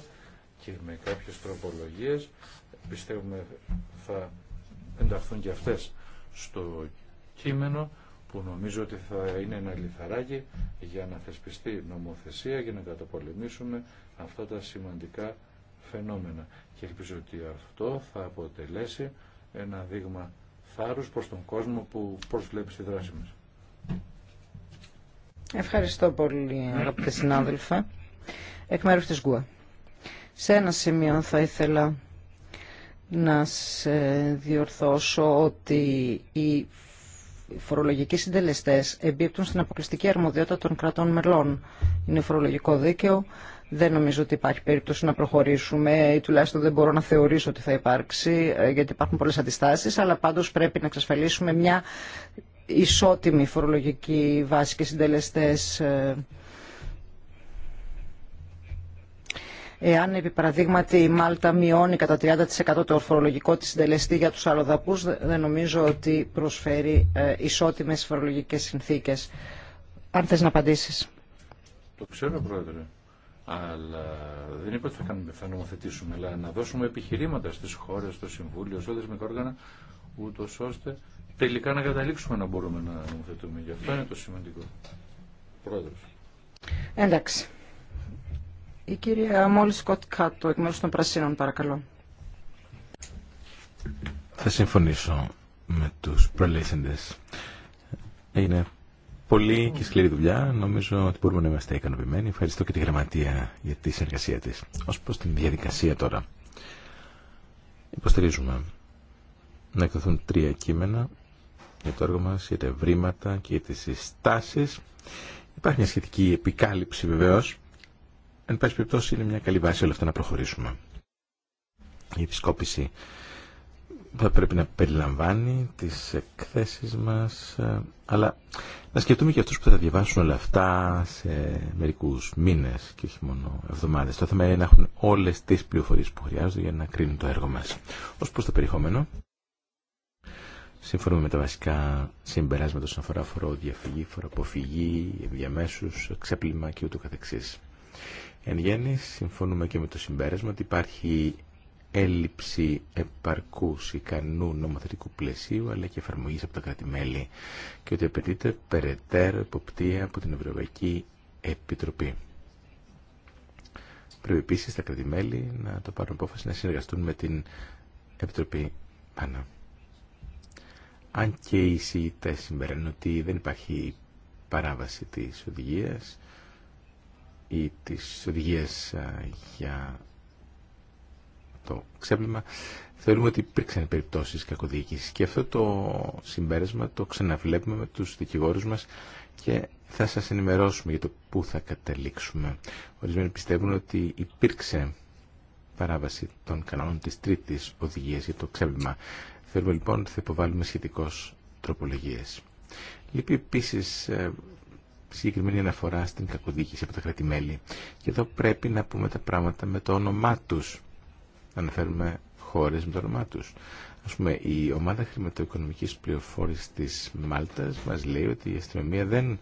S2: και με κάποιες τροπολογίες πιστεύουμε θα ενταχθούν και αυτές στο κείμενο που νομίζω ότι θα είναι ένα λιθαράκι για να θεσπιστεί νομοθεσία για να καταπολεμήσουμε αυτά τα σημαντικά φαινόμενα. Και ελπίζω ότι αυτό θα αποτελέσει ένα δείγμα θάρρους προς τον κόσμο που προσβλέπει στη δράση μας.
S1: Ευχαριστώ πολύ αγαπητέ συνάδελφα. Εκ μέρους της ΓΚΟΑ. Σε ένα σημείο θα ήθελα να σε διορθώσω ότι οι φορολογικοί συντελεστές εμπίπτουν στην αποκλειστική αρμοδιότητα των κρατών μελών. Είναι φορολογικό δίκαιο δεν νομίζω ότι υπάρχει περίπτωση να προχωρήσουμε ή τουλάχιστον δεν μπορώ να θεωρήσω ότι θα υπάρξει ε, γιατί υπάρχουν πολλές αντιστάσεις αλλά πάντως πρέπει να εξασφαλίσουμε μια ισότιμη φορολογική βάση και συντελεστές ε. Εάν, επί παραδείγματι, η Μάλτα μειώνει κατά 30% το φορολογικό της συντελεστή για τους αλλοδαπούς, δεν νομίζω ότι προσφέρει ε, ισότιμες φορολογικές συνθήκες. Αν θες να απαντήσεις.
S2: Το ξέρω, Πρόεδρε. Αλλά δεν είπα ότι θα, κάνουμε, θα νομοθετήσουμε, αλλά να δώσουμε επιχειρήματα στις χώρες, στο Συμβούλιο, σε όλε όργανα, ούτω ώστε τελικά να καταλήξουμε να μπορούμε να νομοθετούμε. Γι' αυτό είναι το σημαντικό. Πρόεδρο.
S1: Εντάξει. Η κυρία Μόλι Σκοτ Κάτω, εκ μέρου των Πρασίνων, παρακαλώ.
S3: Θα συμφωνήσω με του προλήθεντε. Είναι πολύ και σκληρή δουλειά. Νομίζω ότι μπορούμε να είμαστε ικανοποιημένοι. Ευχαριστώ και τη Γραμματεία για τη συνεργασία της. ω προ την διαδικασία τώρα. Υποστηρίζουμε να εκδοθούν τρία κείμενα για το έργο μα για τα ευρήματα και για τις συστάσεις. Υπάρχει μια σχετική επικάλυψη βεβαίως. Εν πάση περιπτώσει είναι μια καλή βάση όλα αυτά να προχωρήσουμε. Η επισκόπηση θα πρέπει να περιλαμβάνει τις εκθέσεις μας, ε, αλλά να σκεφτούμε και αυτούς που θα διαβάσουν όλα αυτά σε μερικούς μήνες και όχι μόνο εβδομάδες. Το θέμα είναι να έχουν όλες τις πληροφορίες που χρειάζονται για να κρίνουν το έργο μας. Ως προς το περιεχόμενο, συμφωνούμε με τα βασικά συμπεράσματα όσον αφορά φοροδιαφυγή, φοροποφυγή, διαμέσους, ξέπλυμα και ούτω καθεξής. Εν γέννη, συμφωνούμε και με το συμπέρασμα ότι υπάρχει έλλειψη επαρκού ικανού νομοθετικού πλαισίου αλλά και εφαρμογή από τα κράτη-μέλη και ότι απαιτείται περαιτέρω εποπτεία από την Ευρωπαϊκή Επιτροπή. Πρέπει επίση τα κράτη-μέλη να το πάρουν απόφαση να συνεργαστούν με την Επιτροπή Πάνα. Αν και οι τα συμπεραίνουν ότι δεν υπάρχει παράβαση της οδηγίας ή της οδηγίας για το ξέπλυμα, θεωρούμε ότι υπήρξαν περιπτώσεις κακοδιοίκηση και αυτό το συμπέρασμα το ξαναβλέπουμε με τους δικηγόρου μα και θα σα ενημερώσουμε για το πού θα καταλήξουμε. Ορισμένοι πιστεύουν ότι υπήρξε παράβαση των κανόνων τη τρίτη οδηγία για το ξέπλυμα. Θεωρούμε λοιπόν ότι θα υποβάλουμε σχετικώ τροπολογίε. Λείπει επίση ε, συγκεκριμένη αναφορά στην κακοδίκηση από τα κρατημέλη. Και εδώ πρέπει να πούμε τα πράγματα με το όνομά τους αναφέρουμε χώρε με το όνομά του. Ας πούμε, η ομάδα χρηματοοικονομικής πληροφόρηση της Μάλτας μα λέει ότι η αστυνομία δεν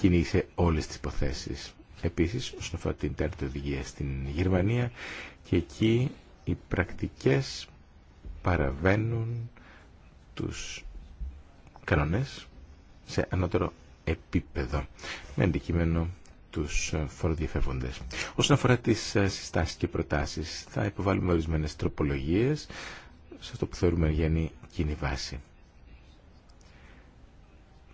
S3: κινήσε όλες τις υποθέσεις. Επίσης, όσον αφορά την τέταρτη οδηγία στην Γερμανία και εκεί οι πρακτικές παραβαίνουν τους κανονές σε ανώτερο επίπεδο. Με αντικείμενο τους ε, Όσον αφορά τις ε, συστάσεις και προτάσεις, θα υποβάλουμε ορισμένες τροπολογίες σε αυτό που θεωρούμε γενή κοινή βάση.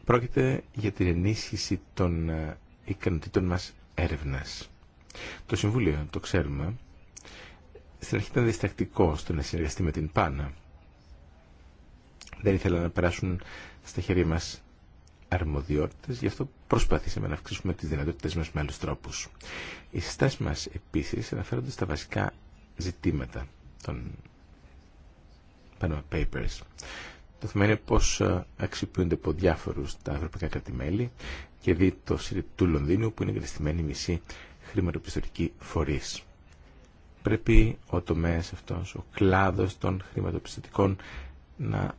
S3: Πρόκειται για την ενίσχυση των ε, ικανοτήτων μας έρευνας. Το Συμβούλιο, το ξέρουμε, στην αρχή ήταν διστακτικό στο να συνεργαστεί με την ΠΑΝΑ. Δεν ήθελα να περάσουν στα χέρια μας αρμοδιότητες, γι' αυτό προσπαθήσαμε να αυξήσουμε τις δυνατότητες μας με άλλους τρόπους. Οι συστάσεις μας επίσης αναφέρονται στα βασικά ζητήματα των Panama Papers. Το θέμα είναι πώς ε, αξιοποιούνται από διάφορου τα ευρωπαϊκά κρατημέλη και δει το ΣΥΡΙΠ του Λονδίνου που είναι εγκαταστημένη μισή χρηματοπιστωτική φορείς. Πρέπει ο τομέας αυτός, ο κλάδος των χρηματοπιστωτικών να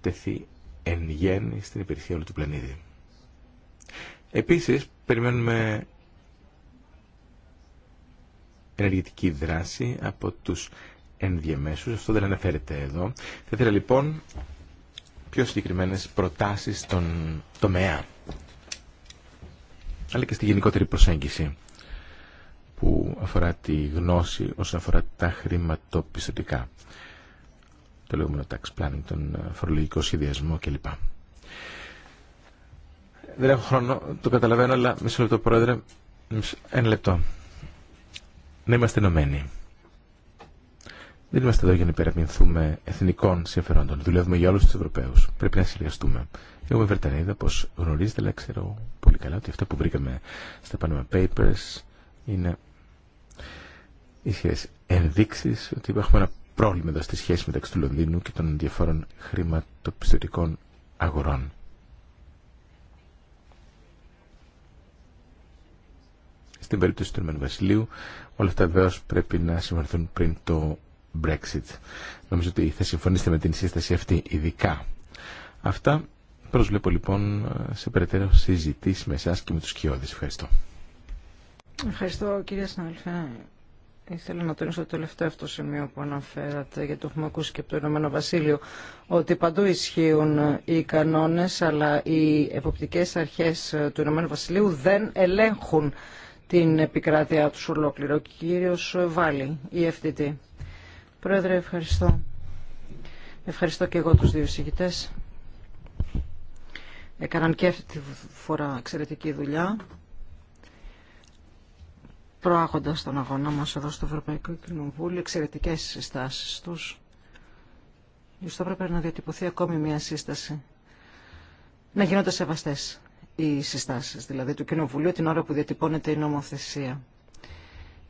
S3: τεθεί εν γέννη στην υπηρεσία όλου του πλανήτη. Επίσης, περιμένουμε ενεργητική δράση από τους ενδιαμέσους. Αυτό δεν αναφέρεται εδώ. Θα ήθελα λοιπόν πιο συγκεκριμένες προτάσεις στον τομέα αλλά και στη γενικότερη προσέγγιση που αφορά τη γνώση όσον αφορά τα χρηματοπιστωτικά το λεγόμενο tax planning, τον ε, φορολογικό σχεδιασμό κλπ. Δεν έχω χρόνο, το καταλαβαίνω, αλλά μισό λεπτό πρόεδρε, ένα λεπτό. Να είμαστε ενωμένοι. Δεν είμαστε εδώ για να υπεραμεινθούμε εθνικών συμφερόντων. Δουλεύουμε για όλου του Ευρωπαίου. Πρέπει να συνεργαστούμε. Εγώ είμαι Βρετανίδα, όπω γνωρίζετε, αλλά ξέρω πολύ καλά ότι αυτά που βρήκαμε στα Panama Papers είναι ισχυρέ ενδείξει ότι έχουμε ένα πρόβλημα εδώ στη σχέση μεταξύ του Λονδίνου και των διαφόρων χρηματοπιστωτικών αγορών. Στην περίπτωση του Ηνωμένου Βασιλείου, όλα αυτά βεβαίω πρέπει να συμφωνηθούν πριν το Brexit. Νομίζω ότι θα συμφωνήσετε με την σύσταση αυτή, ειδικά. Αυτά προσβλέπω λοιπόν σε περαιτέρω συζητήσει με εσά και με του Κιώδη. Ευχαριστώ.
S1: Ευχαριστώ κύριε συναδελφέ Ήθελα να τονίσω το τελευταίο αυτό σημείο που αναφέρατε, γιατί το έχουμε ακούσει και από το Ηνωμένο Βασίλειο, ότι παντού ισχύουν οι κανόνες, αλλά οι εποπτικές αρχές του Ηνωμένου Βασιλείου δεν ελέγχουν την επικράτειά του ολόκληρο. Ο κύριος η FTT. Πρόεδρε, ευχαριστώ. Ευχαριστώ και εγώ τους δύο συγκητές. Έκαναν και αυτή τη φορά εξαιρετική δουλειά προάγοντας τον αγώνα μας εδώ στο Ευρωπαϊκό Κοινοβούλιο, εξαιρετικές συστάσεις τους. Ίσως θα έπρεπε να διατυπωθεί ακόμη μια σύσταση. Να γίνονται σεβαστές οι συστάσεις, δηλαδή του Κοινοβουλίου την ώρα που διατυπώνεται η νομοθεσία.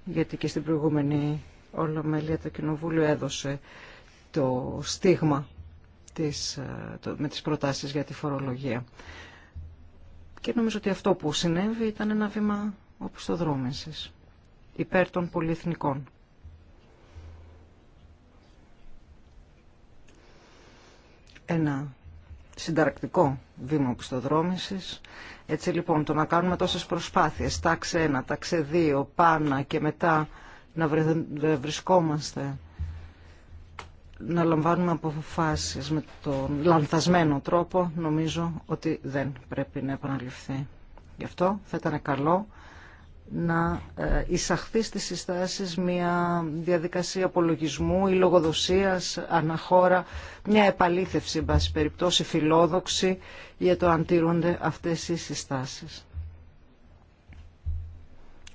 S1: Γιατί και στην προηγούμενη ολομέλεια το Κοινοβούλιο έδωσε το στίγμα της, ε, με τις προτάσεις για τη φορολογία. Και νομίζω ότι αυτό που συνέβη ήταν ένα βήμα οπισθοδρόμησης υπέρ των πολυεθνικών. Ένα συνταρακτικό βήμα οπισθοδρόμησης. Έτσι λοιπόν το να κάνουμε τόσες προσπάθειες, τάξε 1, τάξε 2, πάνα και μετά να βρισκόμαστε να λαμβάνουμε αποφάσεις με τον λανθασμένο τρόπο, νομίζω ότι δεν πρέπει να επαναληφθεί. Γι' αυτό θα ήταν καλό να ε, εισαχθεί στις συστάσεις μια διαδικασία απολογισμού ή λογοδοσίας αναχώρα, μια επαλήθευση, εν πάση περιπτώσει, φιλόδοξη για το αν τήρονται αυτές οι συστάσεις.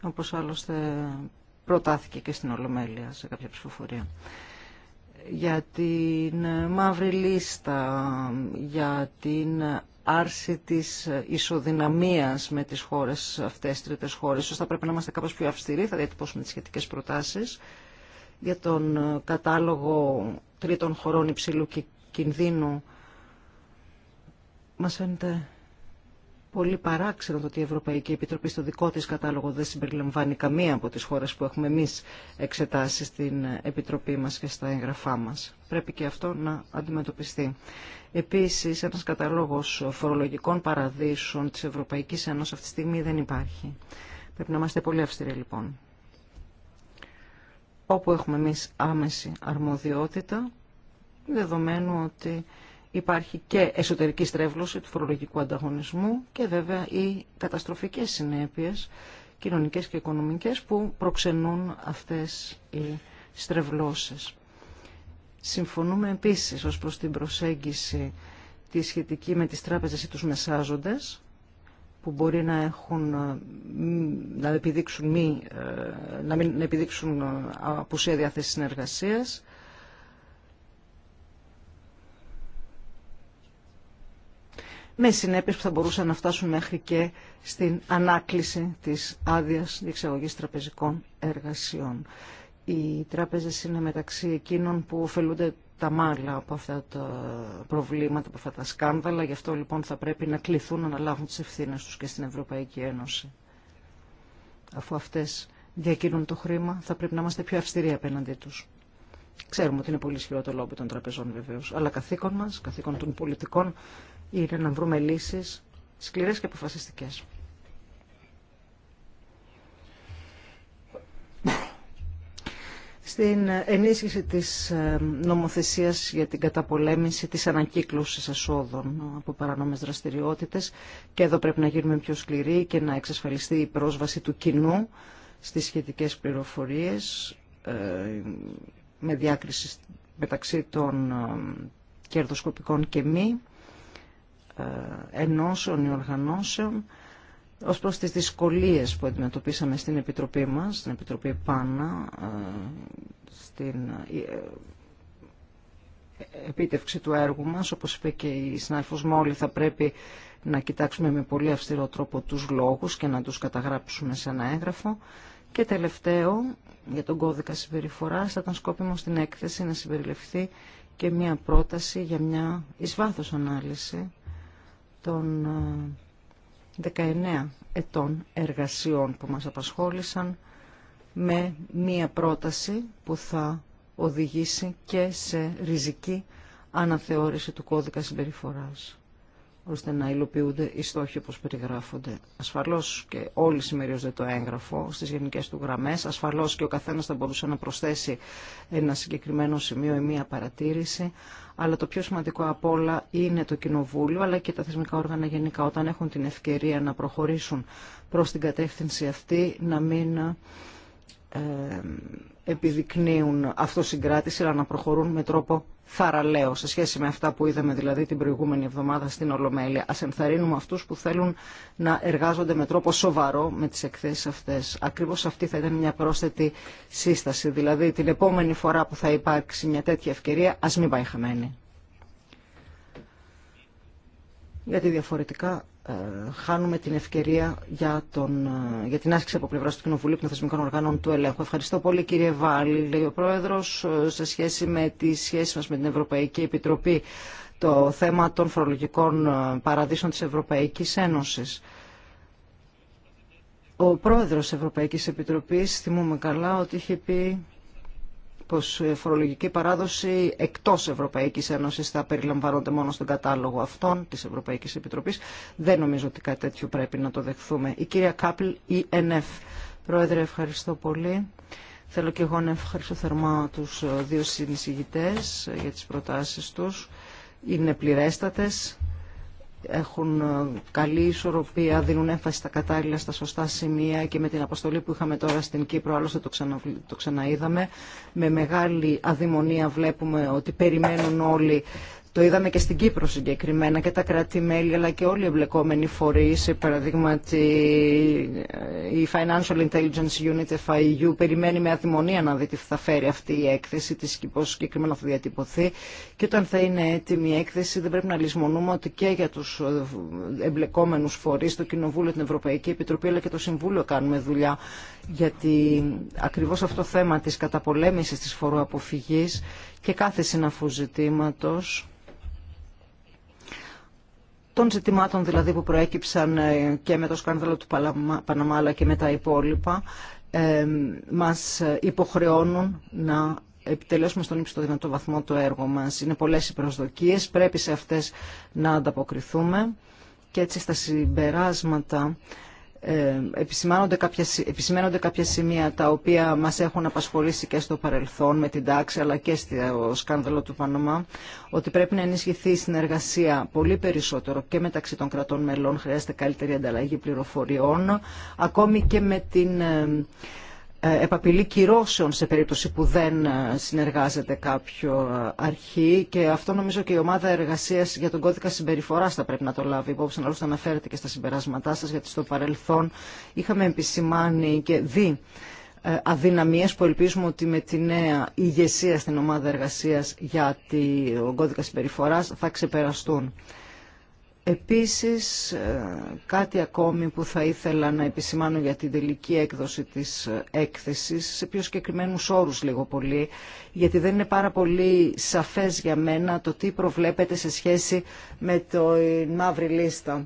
S1: Όπως άλλωστε προτάθηκε και στην Ολομέλεια σε κάποια ψηφοφορία. Για την μαύρη λίστα, για την άρση της ισοδυναμίας με τις χώρες αυτές, τρίτες χώρες. Ίσως θα πρέπει να είμαστε κάπως πιο αυστηροί, θα διατυπώσουμε τις σχετικές προτάσεις για τον κατάλογο τρίτων χωρών υψηλού κινδύνου. Μας φαίνεται πολύ παράξενο το ότι η Ευρωπαϊκή Επιτροπή στο δικό της κατάλογο δεν συμπεριλαμβάνει καμία από τις χώρες που έχουμε εμείς εξετάσει στην Επιτροπή μας και στα έγγραφά μας. Πρέπει και αυτό να αντιμετωπιστεί. Επίσης, ένας καταλόγος φορολογικών παραδείσων της Ευρωπαϊκής Ένωσης αυτή τη στιγμή δεν υπάρχει. Πρέπει να είμαστε πολύ αυστηροί λοιπόν. Όπου έχουμε εμείς άμεση αρμοδιότητα, δεδομένου ότι υπάρχει και εσωτερική στρέβλωση του φορολογικού ανταγωνισμού και βέβαια οι καταστροφικές συνέπειες κοινωνικές και οικονομικές που προξενούν αυτές οι στρεβλώσεις. Συμφωνούμε επίσης ως προς την προσέγγιση τη σχετική με τις τράπεζες ή τους μεσάζοντες που μπορεί να έχουν ε, να επιδείξουν, μη, ε, να μην, επιδείξουν ε, απουσία διάθεση συνεργασίας με συνέπειες που θα μπορούσαν να φτάσουν μέχρι και στην ανάκληση της άδεια διεξαγωγής τραπεζικών εργασιών. Οι τράπεζες είναι μεταξύ εκείνων που ωφελούνται τα μάλλα από αυτά τα προβλήματα, από αυτά τα σκάνδαλα. Γι' αυτό λοιπόν θα πρέπει να κληθούν να αναλάβουν τις ευθύνες τους και στην Ευρωπαϊκή Ένωση. Αφού αυτές διακινούν το χρήμα, θα πρέπει να είμαστε πιο αυστηροί απέναντί τους. Ξέρουμε ότι είναι πολύ ισχυρό το λόμπι των τραπεζών βεβαίω, αλλά καθήκον μα, καθήκον των πολιτικών, είναι να βρούμε λύσεις σκληρές και αποφασιστικές. Στην ενίσχυση της ε, νομοθεσίας για την καταπολέμηση της ανακύκλωσης εσόδων από παρανόμες δραστηριότητες και εδώ πρέπει να γίνουμε πιο σκληροί και να εξασφαλιστεί η πρόσβαση του κοινού στις σχετικές πληροφορίες ε, με διάκριση μεταξύ των ε, κερδοσκοπικών και μη ε, ενώσεων ή οργανώσεων ως προς τις δυσκολίες που αντιμετωπίσαμε στην Επιτροπή μας, στην Επιτροπή Πάνα, ε, στην ε, επίτευξη του έργου μας. Όπως είπε και η συνάδελφος Μόλι, θα πρέπει να κοιτάξουμε με πολύ αυστηρό τρόπο τους λόγους και να τους καταγράψουμε σε ένα έγγραφο. Και τελευταίο, για τον κώδικα συμπεριφορά θα ήταν σκόπιμο στην έκθεση να συμπεριληφθεί και μια πρόταση για μια εις ανάλυση των 19 ε, ετών εργασιών που μας απασχόλησαν με μία πρόταση που θα οδηγήσει και σε ριζική αναθεώρηση του κώδικα συμπεριφοράς ώστε να υλοποιούνται οι στόχοι όπως περιγράφονται. Ασφαλώς και όλοι συμμερίζονται το έγγραφο στις γενικές του γραμμές. Ασφαλώς και ο καθένας θα μπορούσε να προσθέσει ένα συγκεκριμένο σημείο ή μία παρατήρηση. Αλλά το πιο σημαντικό απ' όλα είναι το Κοινοβούλιο αλλά και τα θεσμικά όργανα γενικά όταν έχουν την ευκαιρία να προχωρήσουν προς την κατεύθυνση αυτή να μην... Ε, επιδεικνύουν αυτοσυγκράτηση, αλλά να προχωρούν με τρόπο θαραλέο, σε σχέση με αυτά που είδαμε δηλαδή την προηγούμενη εβδομάδα στην Ολομέλεια. Ας ενθαρρύνουμε αυτούς που θέλουν να εργάζονται με τρόπο σοβαρό με τις εκθέσεις αυτές. Ακριβώς αυτή θα ήταν μια πρόσθετη σύσταση. Δηλαδή την επόμενη φορά που θα υπάρξει μια τέτοια ευκαιρία, ας μην πάει χαμένη. Γιατί διαφορετικά ε, χάνουμε την ευκαιρία για, τον, ε, για την άσκηση από πλευρά του Κοινοβουλίου των Θεσμικών Οργάνων του Ελέγχου. Ευχαριστώ πολύ κύριε Βάλη, λέει ο Πρόεδρος, ε, σε σχέση με τη σχέση μας με την Ευρωπαϊκή Επιτροπή το θέμα των φορολογικών παραδείσων της Ευρωπαϊκής Ένωσης. Ο Πρόεδρος Ευρωπαϊκής Επιτροπής, θυμούμε καλά, ότι είχε πει πως φορολογική παράδοση εκτός Ευρωπαϊκής Ένωσης θα περιλαμβάνονται μόνο στον κατάλογο αυτών της Ευρωπαϊκής Επιτροπής. Δεν νομίζω ότι κάτι τέτοιο πρέπει να το δεχθούμε. Η κυρία Κάπλ, η e ΕΝΕΦ. Πρόεδρε, ευχαριστώ πολύ. Θέλω και εγώ να ευχαριστώ θερμά τους δύο συνεισηγητέ για τις προτάσεις τους. Είναι πληρέστατες έχουν ε, καλή ισορροπία, δίνουν έμφαση στα κατάλληλα, στα σωστά σημεία και με την αποστολή που είχαμε τώρα στην Κύπρο, άλλωστε το, ξανα, το ξαναείδαμε, με μεγάλη αδημονία βλέπουμε ότι περιμένουν όλοι το είδαμε και στην Κύπρο συγκεκριμένα και τα κράτη-μέλη αλλά και όλοι οι εμπλεκόμενοι φορείς, παραδείγμα η Financial Intelligence Unit, FIU, περιμένει με αδημονία να δει τι θα φέρει αυτή η έκθεση, της, πώς συγκεκριμένα θα διατυπωθεί και όταν θα είναι έτοιμη η έκθεση δεν πρέπει να λησμονούμε ότι και για τους εμπλεκόμενους φορείς, το Κοινοβούλιο, την Ευρωπαϊκή Επιτροπή αλλά και το Συμβούλιο κάνουμε δουλειά γιατί ακριβώς αυτό το θέμα της καταπολέμηση της φοροαποφυγής και κάθε συναφού ζητήματος των ζητημάτων δηλαδή που προέκυψαν ε, και με το σκάνδαλο του Παναμάλα και με τα υπόλοιπα ε, μας ε, υποχρεώνουν να επιτελέσουμε στον ύψιστο δυνατό βαθμό το έργο μας. Είναι πολλές οι προσδοκίες, πρέπει σε αυτές να ανταποκριθούμε και έτσι στα συμπεράσματα ε, επισημάνονται κάποια, επισημαίνονται κάποια σημεία τα οποία μας έχουν απασχολήσει και στο παρελθόν με την τάξη αλλά και στο σκάνδαλο του Πανωμά ότι πρέπει να ενισχυθεί η συνεργασία πολύ περισσότερο και μεταξύ των κρατών μελών χρειάζεται καλύτερη ανταλλαγή πληροφοριών ακόμη και με την ε, ε, επαπειλή κυρώσεων σε περίπτωση που δεν ε, συνεργάζεται κάποιο ε, αρχή και αυτό νομίζω και η ομάδα εργασίας για τον κώδικα συμπεριφοράς θα πρέπει να το λάβει υπόψη, να να αναφέρετε και στα συμπεράσματά σας γιατί στο παρελθόν είχαμε επισημάνει και δει αδυναμίες που ελπίζουμε ότι με τη νέα ηγεσία στην ομάδα εργασίας για τον κώδικα συμπεριφοράς θα ξεπεραστούν. Επίσης, ε, κάτι ακόμη που θα ήθελα να επισημάνω για την τελική έκδοση της έκθεσης, σε πιο συγκεκριμένου όρους λίγο πολύ, γιατί δεν είναι πάρα πολύ σαφές για μένα το τι προβλέπεται σε σχέση με το μαύρη λίστα.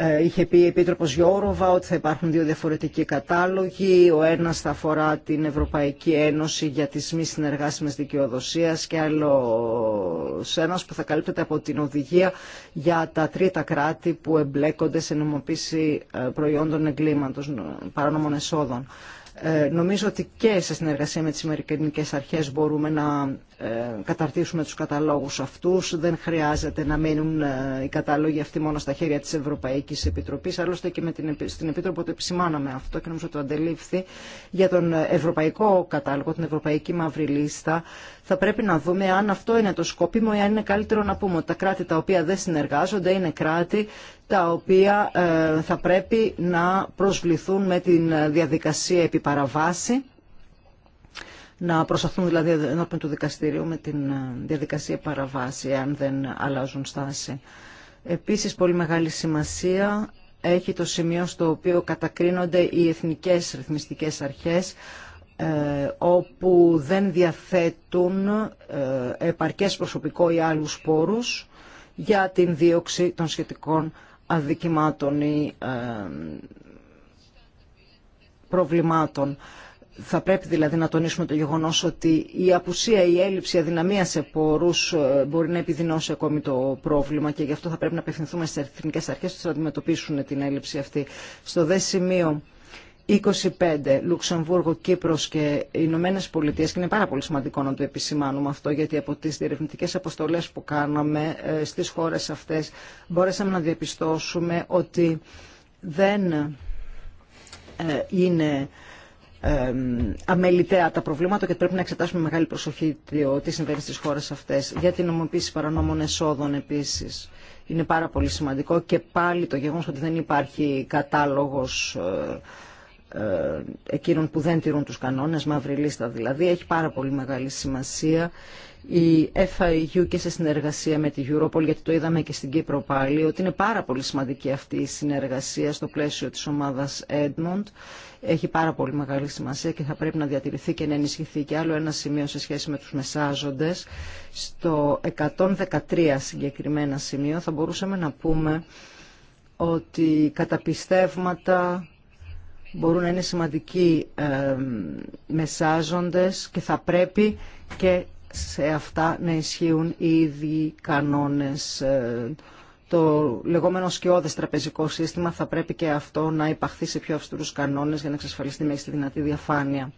S1: Ε, είχε πει η Επίτροπος Γιώροβα ότι θα υπάρχουν δύο διαφορετικοί κατάλογοι. Ο ένας θα αφορά την Ευρωπαϊκή Ένωση για τις μη συνεργάσιμες δικαιοδοσίας και άλλο ένας που θα καλύπτεται από την οδηγία για τα τρίτα κράτη που εμπλέκονται σε νομοποίηση ε, προϊόντων εγκλήματος, παράνομων εσόδων. Ε, νομίζω ότι και σε συνεργασία με τις Αμερικανικές Αρχές μπορούμε να ε, καταρτήσουμε τους καταλόγους αυτούς. Δεν χρειάζεται να μείνουν ε, οι καταλόγοι αυτοί μόνο στα χέρια της Ευρωπαϊκής Επιτροπής. Άλλωστε και με την, στην Επίτροπο το επισημάναμε αυτό και νομίζω το αντελήφθη για τον Ευρωπαϊκό Κατάλογο, την Ευρωπαϊκή Μαύρη Λίστα θα πρέπει να δούμε αν αυτό είναι το σκόπιμο ή αν είναι καλύτερο να πούμε ότι τα κράτη τα οποία δεν συνεργάζονται είναι κράτη τα οποία ε, θα πρέπει να προσβληθούν με την διαδικασία επί παραβάση να προσταθούν δηλαδή ενώπιον του δικαστηρίου με την ε, διαδικασία παραβάση, αν δεν αλλάζουν στάση. Επίσης, πολύ μεγάλη σημασία έχει το σημείο στο οποίο κατακρίνονται οι εθνικές ρυθμιστικές αρχές ε, όπου δεν διαθέτουν ε, επαρκές προσωπικό ή άλλους πόρους για την δίωξη των σχετικών αδικημάτων ή ε, προβλημάτων. Θα πρέπει δηλαδή να τονίσουμε το γεγονός ότι η απουσία, η έλλειψη, η αδυναμία σε πόρους μπορεί να επιδεινώσει ακόμη το πρόβλημα και γι' αυτό θα πρέπει να απευθυνθούμε στις εθνικές αρχές που θα αντιμετωπίσουν την έλλειψη αυτή. Στο δε σημείο 25, Λουξεμβούργο, Κύπρος και Ηνωμένε Πολιτείε και είναι πάρα πολύ σημαντικό να το επισημάνουμε αυτό γιατί από τις διερευνητικές αποστολές που κάναμε ε, στις χώρες αυτές μπορέσαμε να διαπιστώσουμε ότι δεν ε, είναι ε, αμεληταία τα προβλήματα και πρέπει να εξετάσουμε μεγάλη προσοχή τι συμβαίνει στις χώρες αυτές για την νομοποίηση παρανόμων εσόδων επίσης. Είναι πάρα πολύ σημαντικό και πάλι το γεγονός ότι δεν υπάρχει κατάλογος ε, εκείνων που δεν τηρούν τους κανόνες, μαύρη λίστα δηλαδή, έχει πάρα πολύ μεγάλη σημασία η FIU και σε συνεργασία με τη Europol, γιατί το είδαμε και στην Κύπρο πάλι, ότι είναι πάρα πολύ σημαντική αυτή η συνεργασία στο πλαίσιο της ομάδας Edmond. Έχει πάρα πολύ μεγάλη σημασία και θα πρέπει να διατηρηθεί και να ενισχυθεί και άλλο ένα σημείο σε σχέση με τους μεσάζοντες. Στο 113 συγκεκριμένα σημείο θα μπορούσαμε να πούμε ότι καταπιστεύματα μπορούν να είναι σημαντικοί ε, μεσάζοντες και θα πρέπει και σε αυτά να ισχύουν οι ίδιοι κανόνες. Ε, το λεγόμενο σκιώδες τραπεζικό σύστημα θα πρέπει και αυτό να υπαχθεί σε πιο αυστηρούς κανόνες για να εξασφαλιστεί μέχρι στη δυνατή διαφάνεια.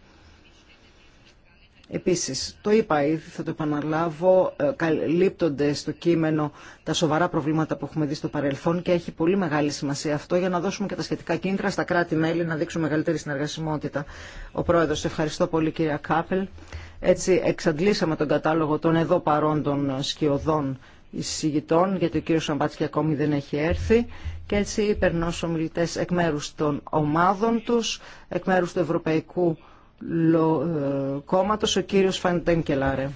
S1: Επίσης, το είπα ήδη, θα το επαναλάβω, ε, καλύπτονται στο κείμενο τα σοβαρά προβλήματα που έχουμε δει στο παρελθόν και έχει πολύ μεγάλη σημασία αυτό για να δώσουμε και τα σχετικά κίνητρα στα κράτη-μέλη να δείξουν μεγαλύτερη συνεργασιμότητα. Ο Πρόεδρος, ευχαριστώ πολύ κυρία Κάπελ. Έτσι εξαντλήσαμε τον κατάλογο των εδώ παρόντων σκιωδών εισηγητών, γιατί ο κύριος Σαμπάτσκι ακόμη δεν έχει έρθει. Και έτσι περνώ στους ομιλητές εκ μέρου των ομάδων τους, εκ μέρου του Ευρωπαϊκού ε, κόμματος, ο κύριος Φαντέν Κελάρε.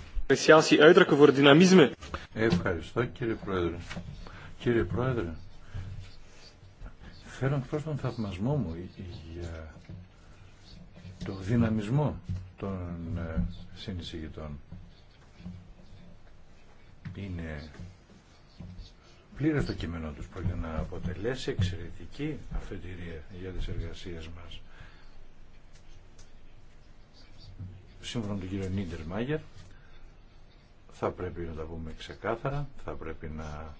S2: Ευχαριστώ κύριε Πρόεδρε. Κύριε Πρόεδρε, φέρω εκτός τον θαυμασμό μου για το δυναμισμό των ε, συνεισηγητών. Είναι πλήρες το κείμενό τους, πρόκειται να αποτελέσει εξαιρετική αφετηρία για τις εργασίες μας. σύμφωνα με τον κύριο Νίντερ Μάγερ θα πρέπει να τα πούμε ξεκάθαρα, θα πρέπει να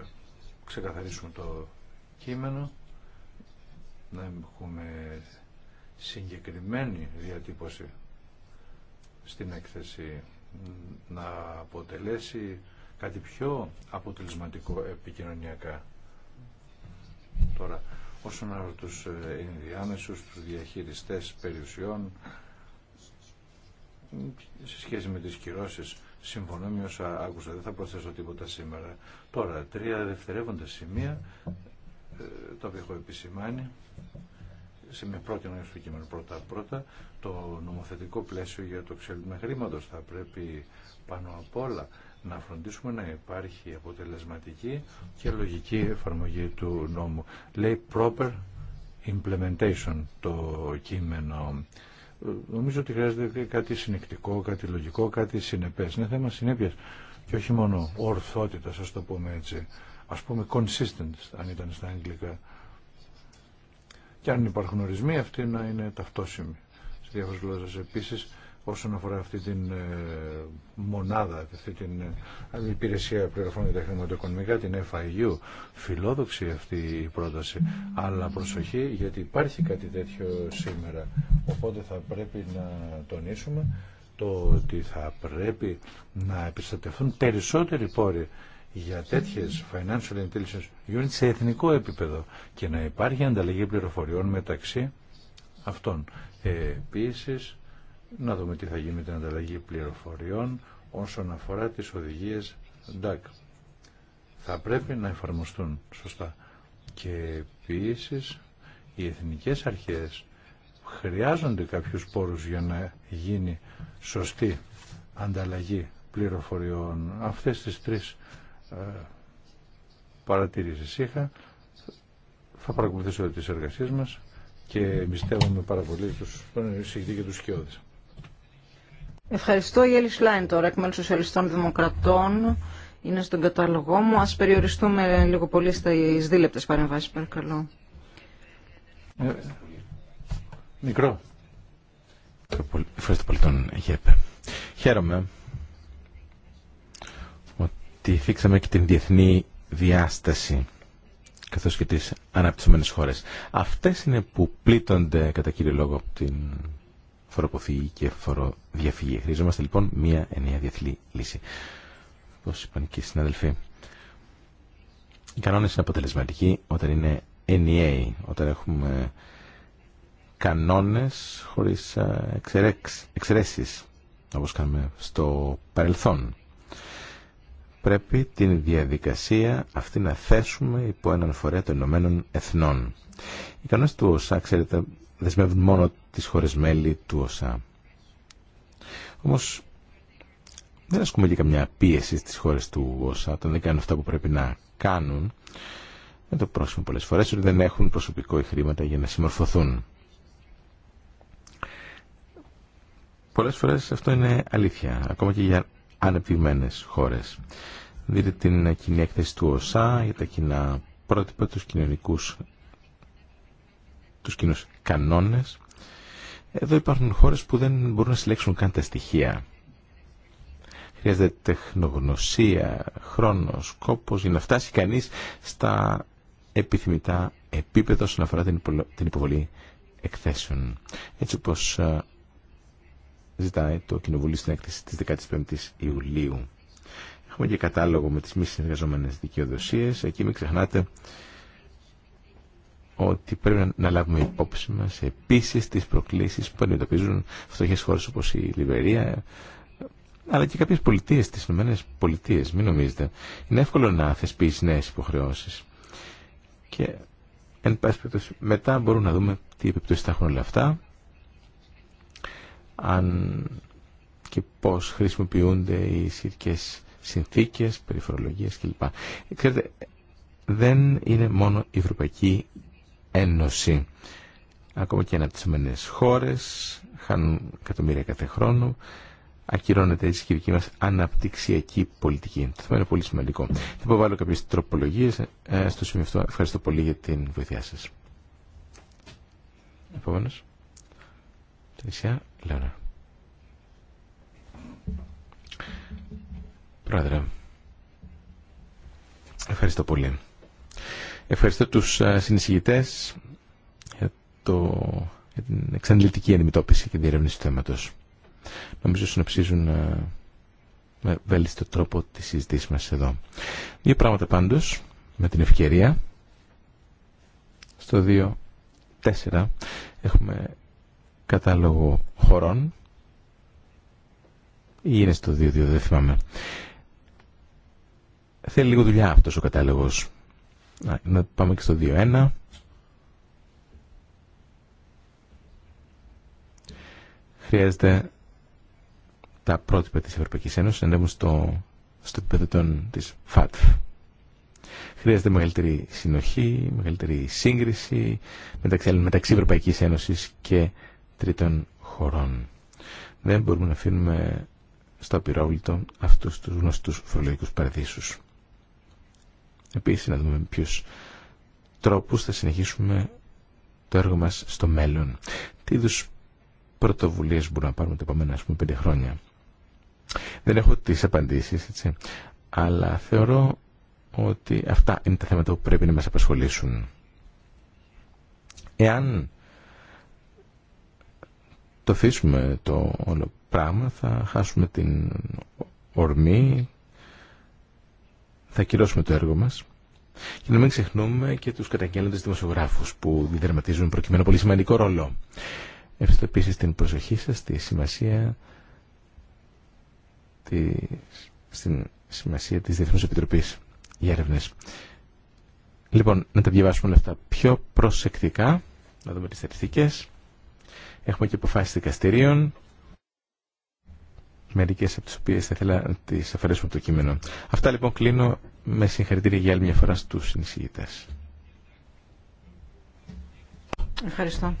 S2: ε, ξεκαθαρίσουμε το κείμενο, να έχουμε συγκεκριμένη διατύπωση στην έκθεση να αποτελέσει κάτι πιο αποτελεσματικό επικοινωνιακά. Τώρα, όσον αφορά τους ε, ενδιάμεσους, τους διαχειριστές περιουσιών, σε σχέση με τις κυρώσεις συμφωνώ με όσα άκουσα, δεν θα προσθέσω τίποτα σήμερα. Τώρα, τρία δευτερεύοντα σημεία, ε, τα οποία έχω επισημάνει, σε μια πρώτη νόηση του κείμενου πρώτα-πρώτα, το νομοθετικό πλαίσιο για το ξελίγμα χρήματος θα πρέπει πάνω απ' όλα να φροντίσουμε να υπάρχει αποτελεσματική και λογική εφαρμογή του νόμου. Λέει proper implementation το κείμενο Νομίζω ότι χρειάζεται κάτι συνεκτικό, κάτι λογικό, κάτι συνεπές. Είναι θέμα συνέπειας και όχι μόνο ορθότητα, ας το πούμε έτσι. Ας πούμε consistent, αν ήταν στα αγγλικά. Και αν υπάρχουν ορισμοί, αυτοί να είναι ταυτόσιμοι σε διάφορες γλώσσες. Επίσης, όσον αφορά αυτή την ε, μονάδα, αυτή την ε, υπηρεσία πληροφόρων για τα χρηματοοικονομικά, την FIU. Φιλόδοξη αυτή η πρόταση, αλλά προσοχή γιατί υπάρχει κάτι τέτοιο σήμερα. Οπότε θα πρέπει να τονίσουμε το ότι θα πρέπει να επιστατευτούν περισσότεροι πόροι για τέτοιες financial intelligence units σε εθνικό επίπεδο και να υπάρχει ανταλλαγή πληροφοριών μεταξύ αυτών. Ε, επίσης, να δούμε τι θα γίνει με την ανταλλαγή πληροφοριών όσον αφορά τις οδηγίες DAC. Θα πρέπει να εφαρμοστούν σωστά. Και επίση οι εθνικές αρχές χρειάζονται κάποιους πόρους για να γίνει σωστή ανταλλαγή πληροφοριών. Αυτές τις τρεις ε, παρατηρήσεις είχα. Θα παρακολουθήσω τις εργασίες μας και εμπιστεύομαι πάρα πολύ τους συγκεκριμένους και τους σκιώδες.
S1: Ευχαριστώ. Η Έλλη Σλάιν τώρα, εκ μέρου Σοσιαλιστών Δημοκρατών. Είναι στον κατάλογό μου. Ας περιοριστούμε λίγο πολύ στι δίλεπτε παρεμβάσεις, παρακαλώ.
S2: Ε, μικρό.
S3: Ευχαριστώ πολύ τον Γέπε. Χαίρομαι ότι θίξαμε και την διεθνή διάσταση καθώς και τις αναπτυσσόμενες χώρες. Αυτές είναι που πλήττονται κατά κύριο λόγο από την φοροποφύγη και φοροδιαφυγή. Χρειαζόμαστε λοιπόν μία ενιαία διεθνή λύση. Όπω είπαν και οι συνάδελφοι, οι κανόνε είναι αποτελεσματικοί όταν είναι ενιαίοι, όταν έχουμε κανόνες χωρίς εξαιρέσει, όπως κάνουμε στο παρελθόν. Πρέπει την διαδικασία αυτή να θέσουμε υπό έναν φορέα των Ηνωμένων Εθνών. Οι κανόνε του ΩΣΑ, ξέρετε, δεσμεύουν μόνο τις χώρες μέλη του ΟΣΑ. Όμως δεν ασκούμε και καμιά πίεση στις χώρες του ΟΣΑ όταν δεν κάνουν αυτά που πρέπει να κάνουν με το πρόσημο πολλές φορές ότι δεν έχουν προσωπικό ή χρήματα για να συμμορφωθούν. Πολλές φορές αυτό είναι αλήθεια, ακόμα και για ανεπτυγμένες χώρες. Δείτε την κοινή έκθεση του ΟΣΑ για τα κοινά πρότυπα, τους κοινωνικούς, τους κοινούς κανόνες εδώ υπάρχουν χώρες που δεν μπορούν να συλλέξουν καν τα στοιχεία. Χρειάζεται τεχνογνωσία, χρόνος, κόπος για να φτάσει κανείς στα επιθυμητά επίπεδα όσον αφορά την υποβολή εκθέσεων. Έτσι όπως ε, ζητάει το Κοινοβουλίο στην έκθεση της 15ης Ιουλίου. Έχουμε και κατάλογο με τις μη συνεργαζόμενες δικαιοδοσίες. Εκεί μην ξεχνάτε ότι πρέπει να λάβουμε υπόψη μας επίσης τις προκλήσεις που αντιμετωπίζουν φτωχές χώρες όπως η Λιβερία αλλά και κάποιες πολιτείες, τις Ηνωμένες Πολιτείες, μην νομίζετε. Είναι εύκολο να θεσπίσει νέες υποχρεώσεις. Και εν πάση περιπτώσει μετά μπορούμε να δούμε τι επιπτώσεις θα έχουν όλα αυτά αν και πώς χρησιμοποιούνται οι σχετικές συνθήκες, περιφορολογίες κλπ. Ξέρετε, δεν είναι μόνο η Ευρωπαϊκή Ένωση. Ακόμα και αναπτυσσόμενες χώρες χάνουν εκατομμύρια κάθε χρόνο. Ακυρώνεται η δική μας αναπτυξιακή πολιτική. Το θέμα είναι πολύ σημαντικό. Θα υποβάλω κάποιες τροπολογίες ε, στο σημείο αυτό. Ευχαριστώ πολύ για την βοήθειά σας. Επόμενος. Λέωνα. Πρόεδρε, ευχαριστώ πολύ. Ευχαριστώ τους ε, συνεισηγητές για, το, για την εξαντλητική αντιμετώπιση και διερεύνηση του θέματος. Νομίζω συνοψίζουν ε, με βέλτιστο τρόπο τη συζήτηση μας εδώ. Δύο πράγματα πάντως, με την ευκαιρία. Στο 2-4 έχουμε κατάλογο χωρών ή είναι στο 2-2, δεν θυμάμαι. Θέλει λίγο δουλειά αυτός ο κατάλογος. Να πάμε και στο 2-1. Χρειάζεται τα πρότυπα της Ευρωπαϊκής Ένωσης να στο, στο επίπεδο των, της ΦΑΤΦ. Χρειάζεται μεγαλύτερη συνοχή, μεγαλύτερη σύγκριση μεταξύ, μεταξύ Ευρωπαϊκής Ένωσης και τρίτων χωρών. Δεν μπορούμε να αφήνουμε στο απειρόβλητο αυτούς τους γνωστούς φορολογικούς παραδείσους επίσης να δούμε με ποιους τρόπους θα συνεχίσουμε το έργο μας στο μέλλον. Τι είδου πρωτοβουλίες μπορούμε να πάρουμε τα επόμενα ας πούμε πέντε χρόνια. Δεν έχω τις απαντήσεις, έτσι, αλλά θεωρώ ότι αυτά είναι τα θέματα που πρέπει να μας απασχολήσουν. Εάν το αφήσουμε το όλο πράγμα θα χάσουμε την ορμή, θα κυρώσουμε το έργο μας και να μην ξεχνούμε και τους καταγγέλλοντες δημοσιογράφους που διδερματίζουν προκειμένου πολύ σημαντικό ρόλο. Ευχαριστώ επίσης την προσοχή σας στη σημασία της, στην σημασία της Διεθνούς Επιτροπής για έρευνες. Λοιπόν, να τα διαβάσουμε όλα αυτά πιο προσεκτικά, να δούμε τις στατιστικές. Έχουμε και αποφάσεις δικαστηρίων, μερικές από τις οποίες θα ήθελα να τις αφαιρέσουμε από το κείμενο. Αυτά λοιπόν κλείνω με συγχαρητήρια για άλλη μια φορά στους συνεισηγητές.
S1: Ευχαριστώ.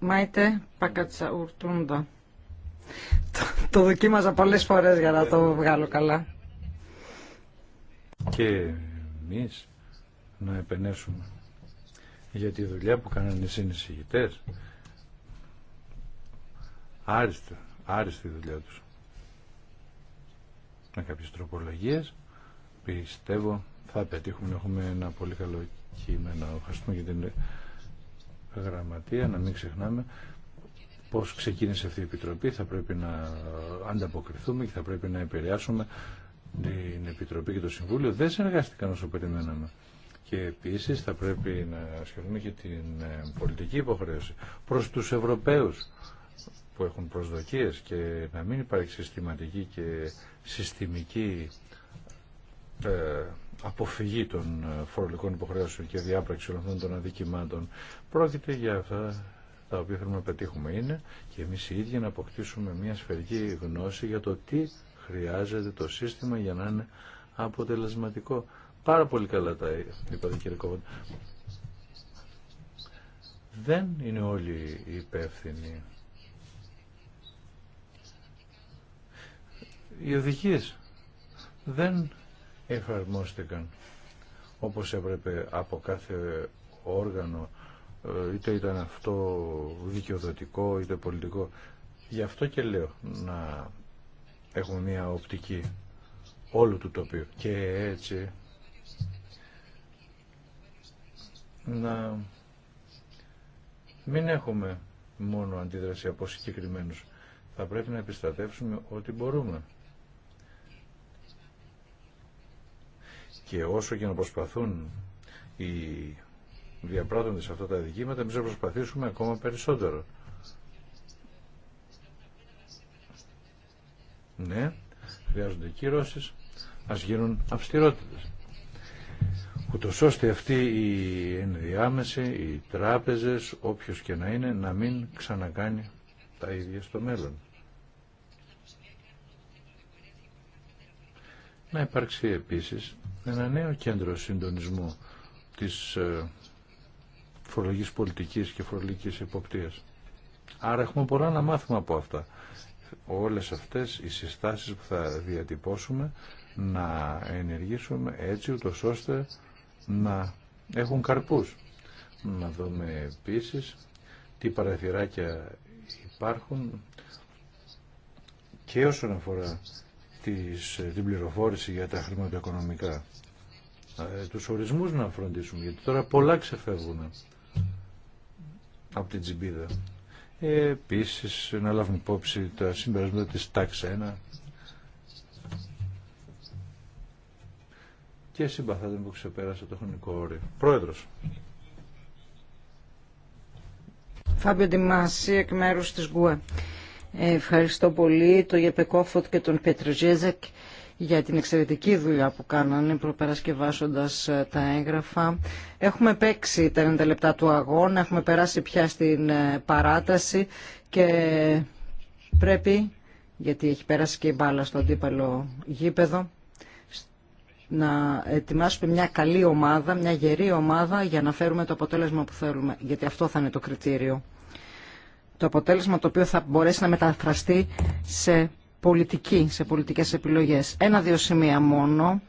S1: Μάιτε Πακατσαουρτούντα. Το, το δοκίμαζα πολλές φορές για να το βγάλω καλά.
S2: Και εμείς να επενέσουμε για τη δουλειά που κάνανε οι συνεισηγητές. Άριστη, άριστη δουλειά τους με κάποιες τροπολογίες. Πιστεύω θα πετύχουμε να έχουμε ένα πολύ καλό κείμενο. Ευχαριστούμε για την γραμματεία, να μην ξεχνάμε πώς ξεκίνησε αυτή η Επιτροπή. Θα πρέπει να ανταποκριθούμε και θα πρέπει να επηρεάσουμε την Επιτροπή και το Συμβούλιο. Δεν συνεργάστηκαν όσο περιμέναμε. Και επίσης θα πρέπει να ασχοληθούμε και την ε, πολιτική υποχρέωση προς τους Ευρωπαίους που έχουν προσδοκίες και να μην υπάρχει συστηματική και συστημική ε, αποφυγή των ε, φορολογικών υποχρεώσεων και διάπραξη όλων των αδικημάτων. Πρόκειται για αυτά τα οποία θέλουμε να πετύχουμε είναι και εμείς οι ίδιοι να αποκτήσουμε μια σφαιρική γνώση για το τι χρειάζεται το σύστημα για να είναι αποτελεσματικό. Πάρα πολύ καλά τα είπατε κύριε Κόβοντα. Δεν είναι όλοι υπεύθυνοι οι οδηγίες δεν εφαρμόστηκαν όπως έπρεπε από κάθε όργανο, ε, είτε ήταν αυτό δικαιοδοτικό είτε πολιτικό. Γι' αυτό και λέω να έχουμε μια οπτική όλου του τοπίου και έτσι να μην έχουμε μόνο αντίδραση από συγκεκριμένους. Θα πρέπει να επιστατεύσουμε ό,τι μπορούμε. Και όσο και να προσπαθούν οι διαπράττοντες σε αυτά τα αδικήματα, εμείς θα προσπαθήσουμε ακόμα περισσότερο. Ναι, χρειάζονται κυρώσεις, ας γίνουν αυστηρότητες. Ούτως ώστε αυτή η ενδιάμεση, οι τράπεζες, όποιος και να είναι, να μην ξανακάνει τα ίδια στο μέλλον. να υπάρξει επίσης ένα νέο κέντρο συντονισμού της ε, φορολογικής πολιτικής και φορολογικής υποπτίας. Άρα έχουμε πολλά να μάθουμε από αυτά. Όλες αυτές οι συστάσεις που θα διατυπώσουμε να ενεργήσουμε έτσι ούτως ώστε να έχουν καρπούς. Να δούμε επίσης τι παραθυράκια υπάρχουν και όσον αφορά τις, ε, την πληροφόρηση για τα χρηματοοικονομικά. Ε, τους ορισμούς να φροντίσουμε, γιατί τώρα πολλά ξεφεύγουν από την τσιμπίδα. Ε, επίσης, να λάβουν υπόψη τα συμπεράσματα της τάξη 1 και συμπαθάτε που ξεπέρασε το χρονικό όριο. Πρόεδρος.
S1: Φάμπιο Ντιμάση, εκ μέρους της ΓΟΕ. Ευχαριστώ πολύ τον Γεπεκόφωτ και τον Πέτρο για την εξαιρετική δουλειά που κάνανε προπερασκευάσοντας ε, τα έγγραφα. Έχουμε παίξει τα 90 λεπτά του αγώνα, έχουμε περάσει πια στην ε, παράταση και πρέπει, γιατί έχει περάσει και η μπάλα στο αντίπαλο γήπεδο, να ετοιμάσουμε μια καλή ομάδα, μια γερή ομάδα για να φέρουμε το αποτέλεσμα που θέλουμε. Γιατί αυτό θα είναι το κριτήριο το αποτέλεσμα το οποίο θα μπορέσει να μεταφραστεί σε πολιτική, σε πολιτικές επιλογές. Ένα-δύο σημεία μόνο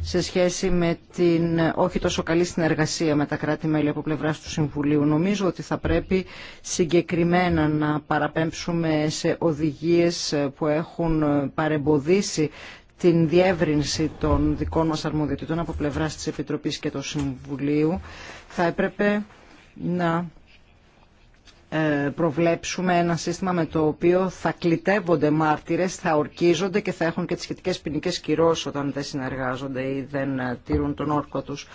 S1: σε σχέση με την όχι τόσο καλή συνεργασία με τα κράτη-μέλη από πλευρά του Συμβουλίου. Νομίζω ότι θα πρέπει συγκεκριμένα να παραπέμψουμε σε οδηγίες που έχουν παρεμποδίσει την διεύρυνση των δικών μας αρμοδιοτήτων από πλευρά της Επιτροπής και του Συμβουλίου. Θα έπρεπε να ε, προβλέψουμε ένα σύστημα με το οποίο θα κλητεύονται μάρτυρες, θα ορκίζονται και θα έχουν και τις σχετικές ποινικέ κυρώσεις όταν δεν συνεργάζονται ή δεν ε, τηρούν τον όρκο τους.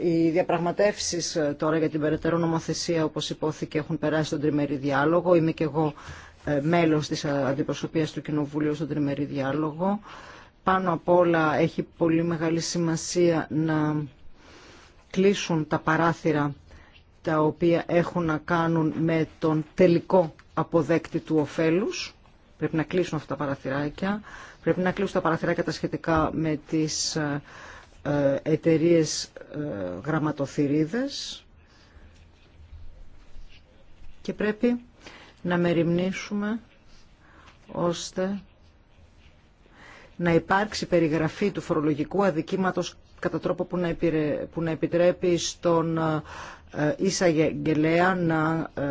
S1: Ε, οι διαπραγματεύσεις τώρα για την περαιτέρω νομοθεσία, όπως υπόθηκε, έχουν περάσει τον τριμερή διάλογο. Είμαι και εγώ μέλος της αντιπροσωπείας του Κοινοβουλίου στον τριμερή διάλογο. Πάνω απ' όλα έχει πολύ μεγάλη σημασία να κλείσουν τα παράθυρα τα οποία έχουν να κάνουν με τον τελικό αποδέκτη του ωφέλους. Πρέπει να κλείσουν αυτά τα παραθυράκια. Πρέπει να κλείσουν τα παραθυράκια τα σχετικά με τις ε, ε, εταιρείε ε, γραμματοθυρίδες. Και πρέπει να μεριμνήσουμε ώστε να υπάρξει περιγραφή του φορολογικού αδικήματος κατά τρόπο που να, επιτρέπει στον ε, εισαγγελέα να ε,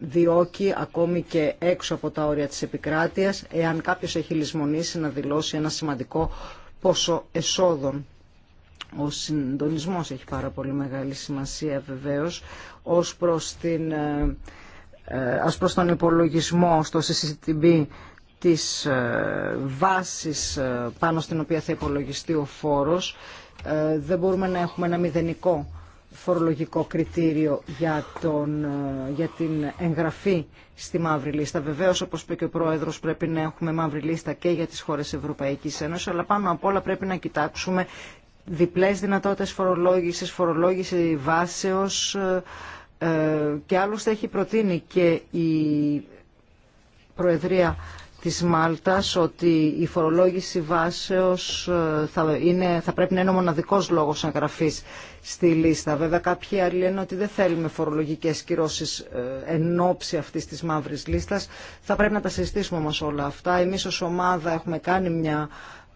S1: διώκει ακόμη και έξω από τα όρια της επικράτειας εάν κάποιος έχει λησμονήσει να δηλώσει ένα σημαντικό πόσο εσόδων. Ο συντονισμός έχει πάρα πολύ μεγάλη σημασία βεβαίως ως προς, την, ε, ως προς τον υπολογισμό στο CCTV της βάσης πάνω στην οποία θα υπολογιστεί ο φόρος. Δεν μπορούμε να έχουμε ένα μηδενικό φορολογικό κριτήριο για, τον, ε, για την εγγραφή στη μαύρη λίστα. Βεβαίως, όπως είπε και ο Πρόεδρος, πρέπει να έχουμε μαύρη λίστα και για τις χώρες Ευρωπαϊκής Ένωσης, αλλά πάνω απ' όλα πρέπει να κοιτάξουμε διπλές δυνατότητες φορολόγησης, φορολόγηση βάσεως ε, ε, και άλλωστε έχει προτείνει και η Προεδρία της Μάλτας ότι η φορολόγηση βάσεως ε, θα, είναι, θα πρέπει να είναι ο μοναδικός λόγος εγγραφής στη λίστα. Βέβαια κάποιοι άλλοι λένε ότι δεν θέλουμε φορολογικές κυρώσεις ε, εν ώψη αυτής της μαύρης λίστας. Θα πρέπει να τα συζητήσουμε όμως όλα αυτά. Εμείς ως ομάδα έχουμε κάνει μια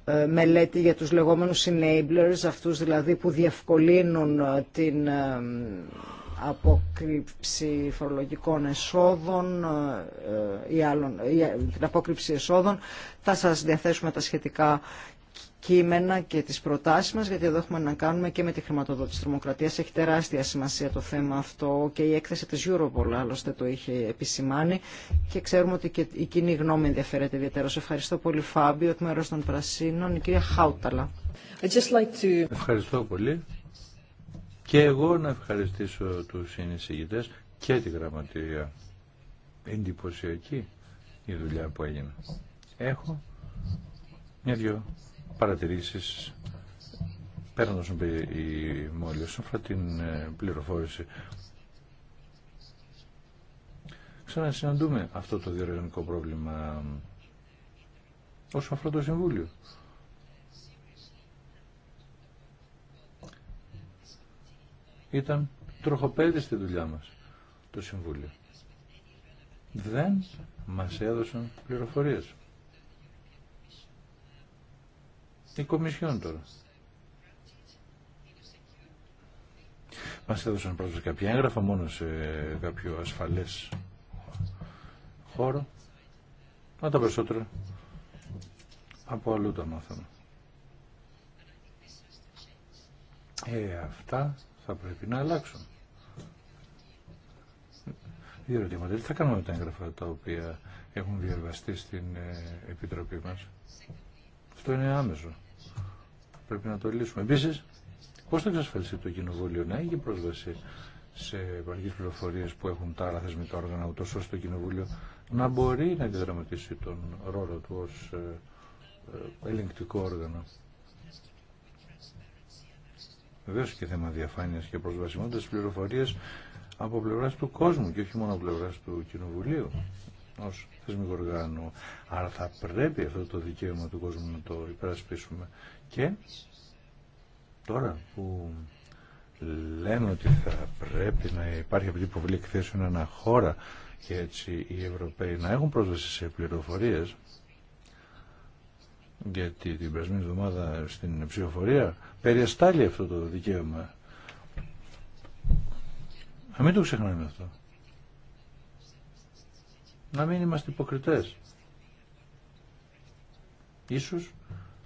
S1: ε, μελέτη για τους λεγόμενους enablers, αυτούς δηλαδή που διευκολύνουν την απόκρυψη φορολογικών εσόδων ε, ε, ή, άλλων, ή ε, την απόκρυψη εσόδων. Θα σας διαθέσουμε τα σχετικά κείμενα και τις προτάσεις μας, γιατί εδώ έχουμε να κάνουμε και με τη χρηματοδότηση της τρομοκρατίας. Έχει τεράστια σημασία το θέμα αυτό και η έκθεση της Europol άλλωστε το είχε επισημάνει και ξέρουμε ότι και η κοινή γνώμη ενδιαφέρεται ιδιαίτερα. Σε ευχαριστώ πολύ Φάμπιο, εκ μέρους των Πρασίνων, η κυρία Χάουταλα.
S2: Like to... Ευχαριστώ πολύ. Και εγώ να ευχαριστήσω τους συνεισηγητές και τη γραμματεία. Εντυπωσιακή η δουλειά που έγινε. Έχω μια-δυο παρατηρήσεις πέραν όσων πει η Μόλι όσον αφορά την ε, πληροφόρηση. Ξανασυναντούμε αυτό το διοργανικό πρόβλημα ε, όσον αφορά το Συμβούλιο. ήταν τροχοπέδι στη δουλειά μας το Συμβούλιο. Δεν μας έδωσαν πληροφορίες. Η Κομισιόν τώρα. Μας έδωσαν πρόσβαση κάποια έγγραφα μόνο σε κάποιο ασφαλές χώρο. αλλά τα περισσότερα από αλλού τα μάθαμε. Ε, αυτά θα πρέπει να αλλάξουν. Δύο ερωτήματα. Τι θα κάνουμε με τα έγγραφα τα οποία έχουν διαβαστεί στην ε, Επιτροπή μας. Αυτό είναι άμεσο. Πρέπει να το λύσουμε. Επίσης, πώς θα εξασφαλιστεί το Κοινοβούλιο να έχει πρόσβαση σε επαρκείς πληροφορίες που έχουν τα άλλα θεσμικά όργανα, ούτως ώστε το Κοινοβούλιο να μπορεί να αντιδραματίσει τον ρόλο του ως ε, ε, ελεγκτικό όργανο. Βεβαίω και θέμα διαφάνεια και προσβασιμότητας πληροφορίες από πλευρά του κόσμου και όχι μόνο από πλευρά του Κοινοβουλίου ω θεσμικό οργάνο. Άρα θα πρέπει αυτό το δικαίωμα του κόσμου να το υπερασπίσουμε. Και τώρα που λένε ότι θα πρέπει να υπάρχει αυτή η υποβολή εκθέσεων ανά χώρα και έτσι οι Ευρωπαίοι να έχουν πρόσβαση σε πληροφορίες γιατί την περασμένη εβδομάδα στην ψηφοφορία περιεστάλλει αυτό το δικαίωμα. Να μην το ξεχνάμε αυτό. Να μην είμαστε υποκριτές. Ίσως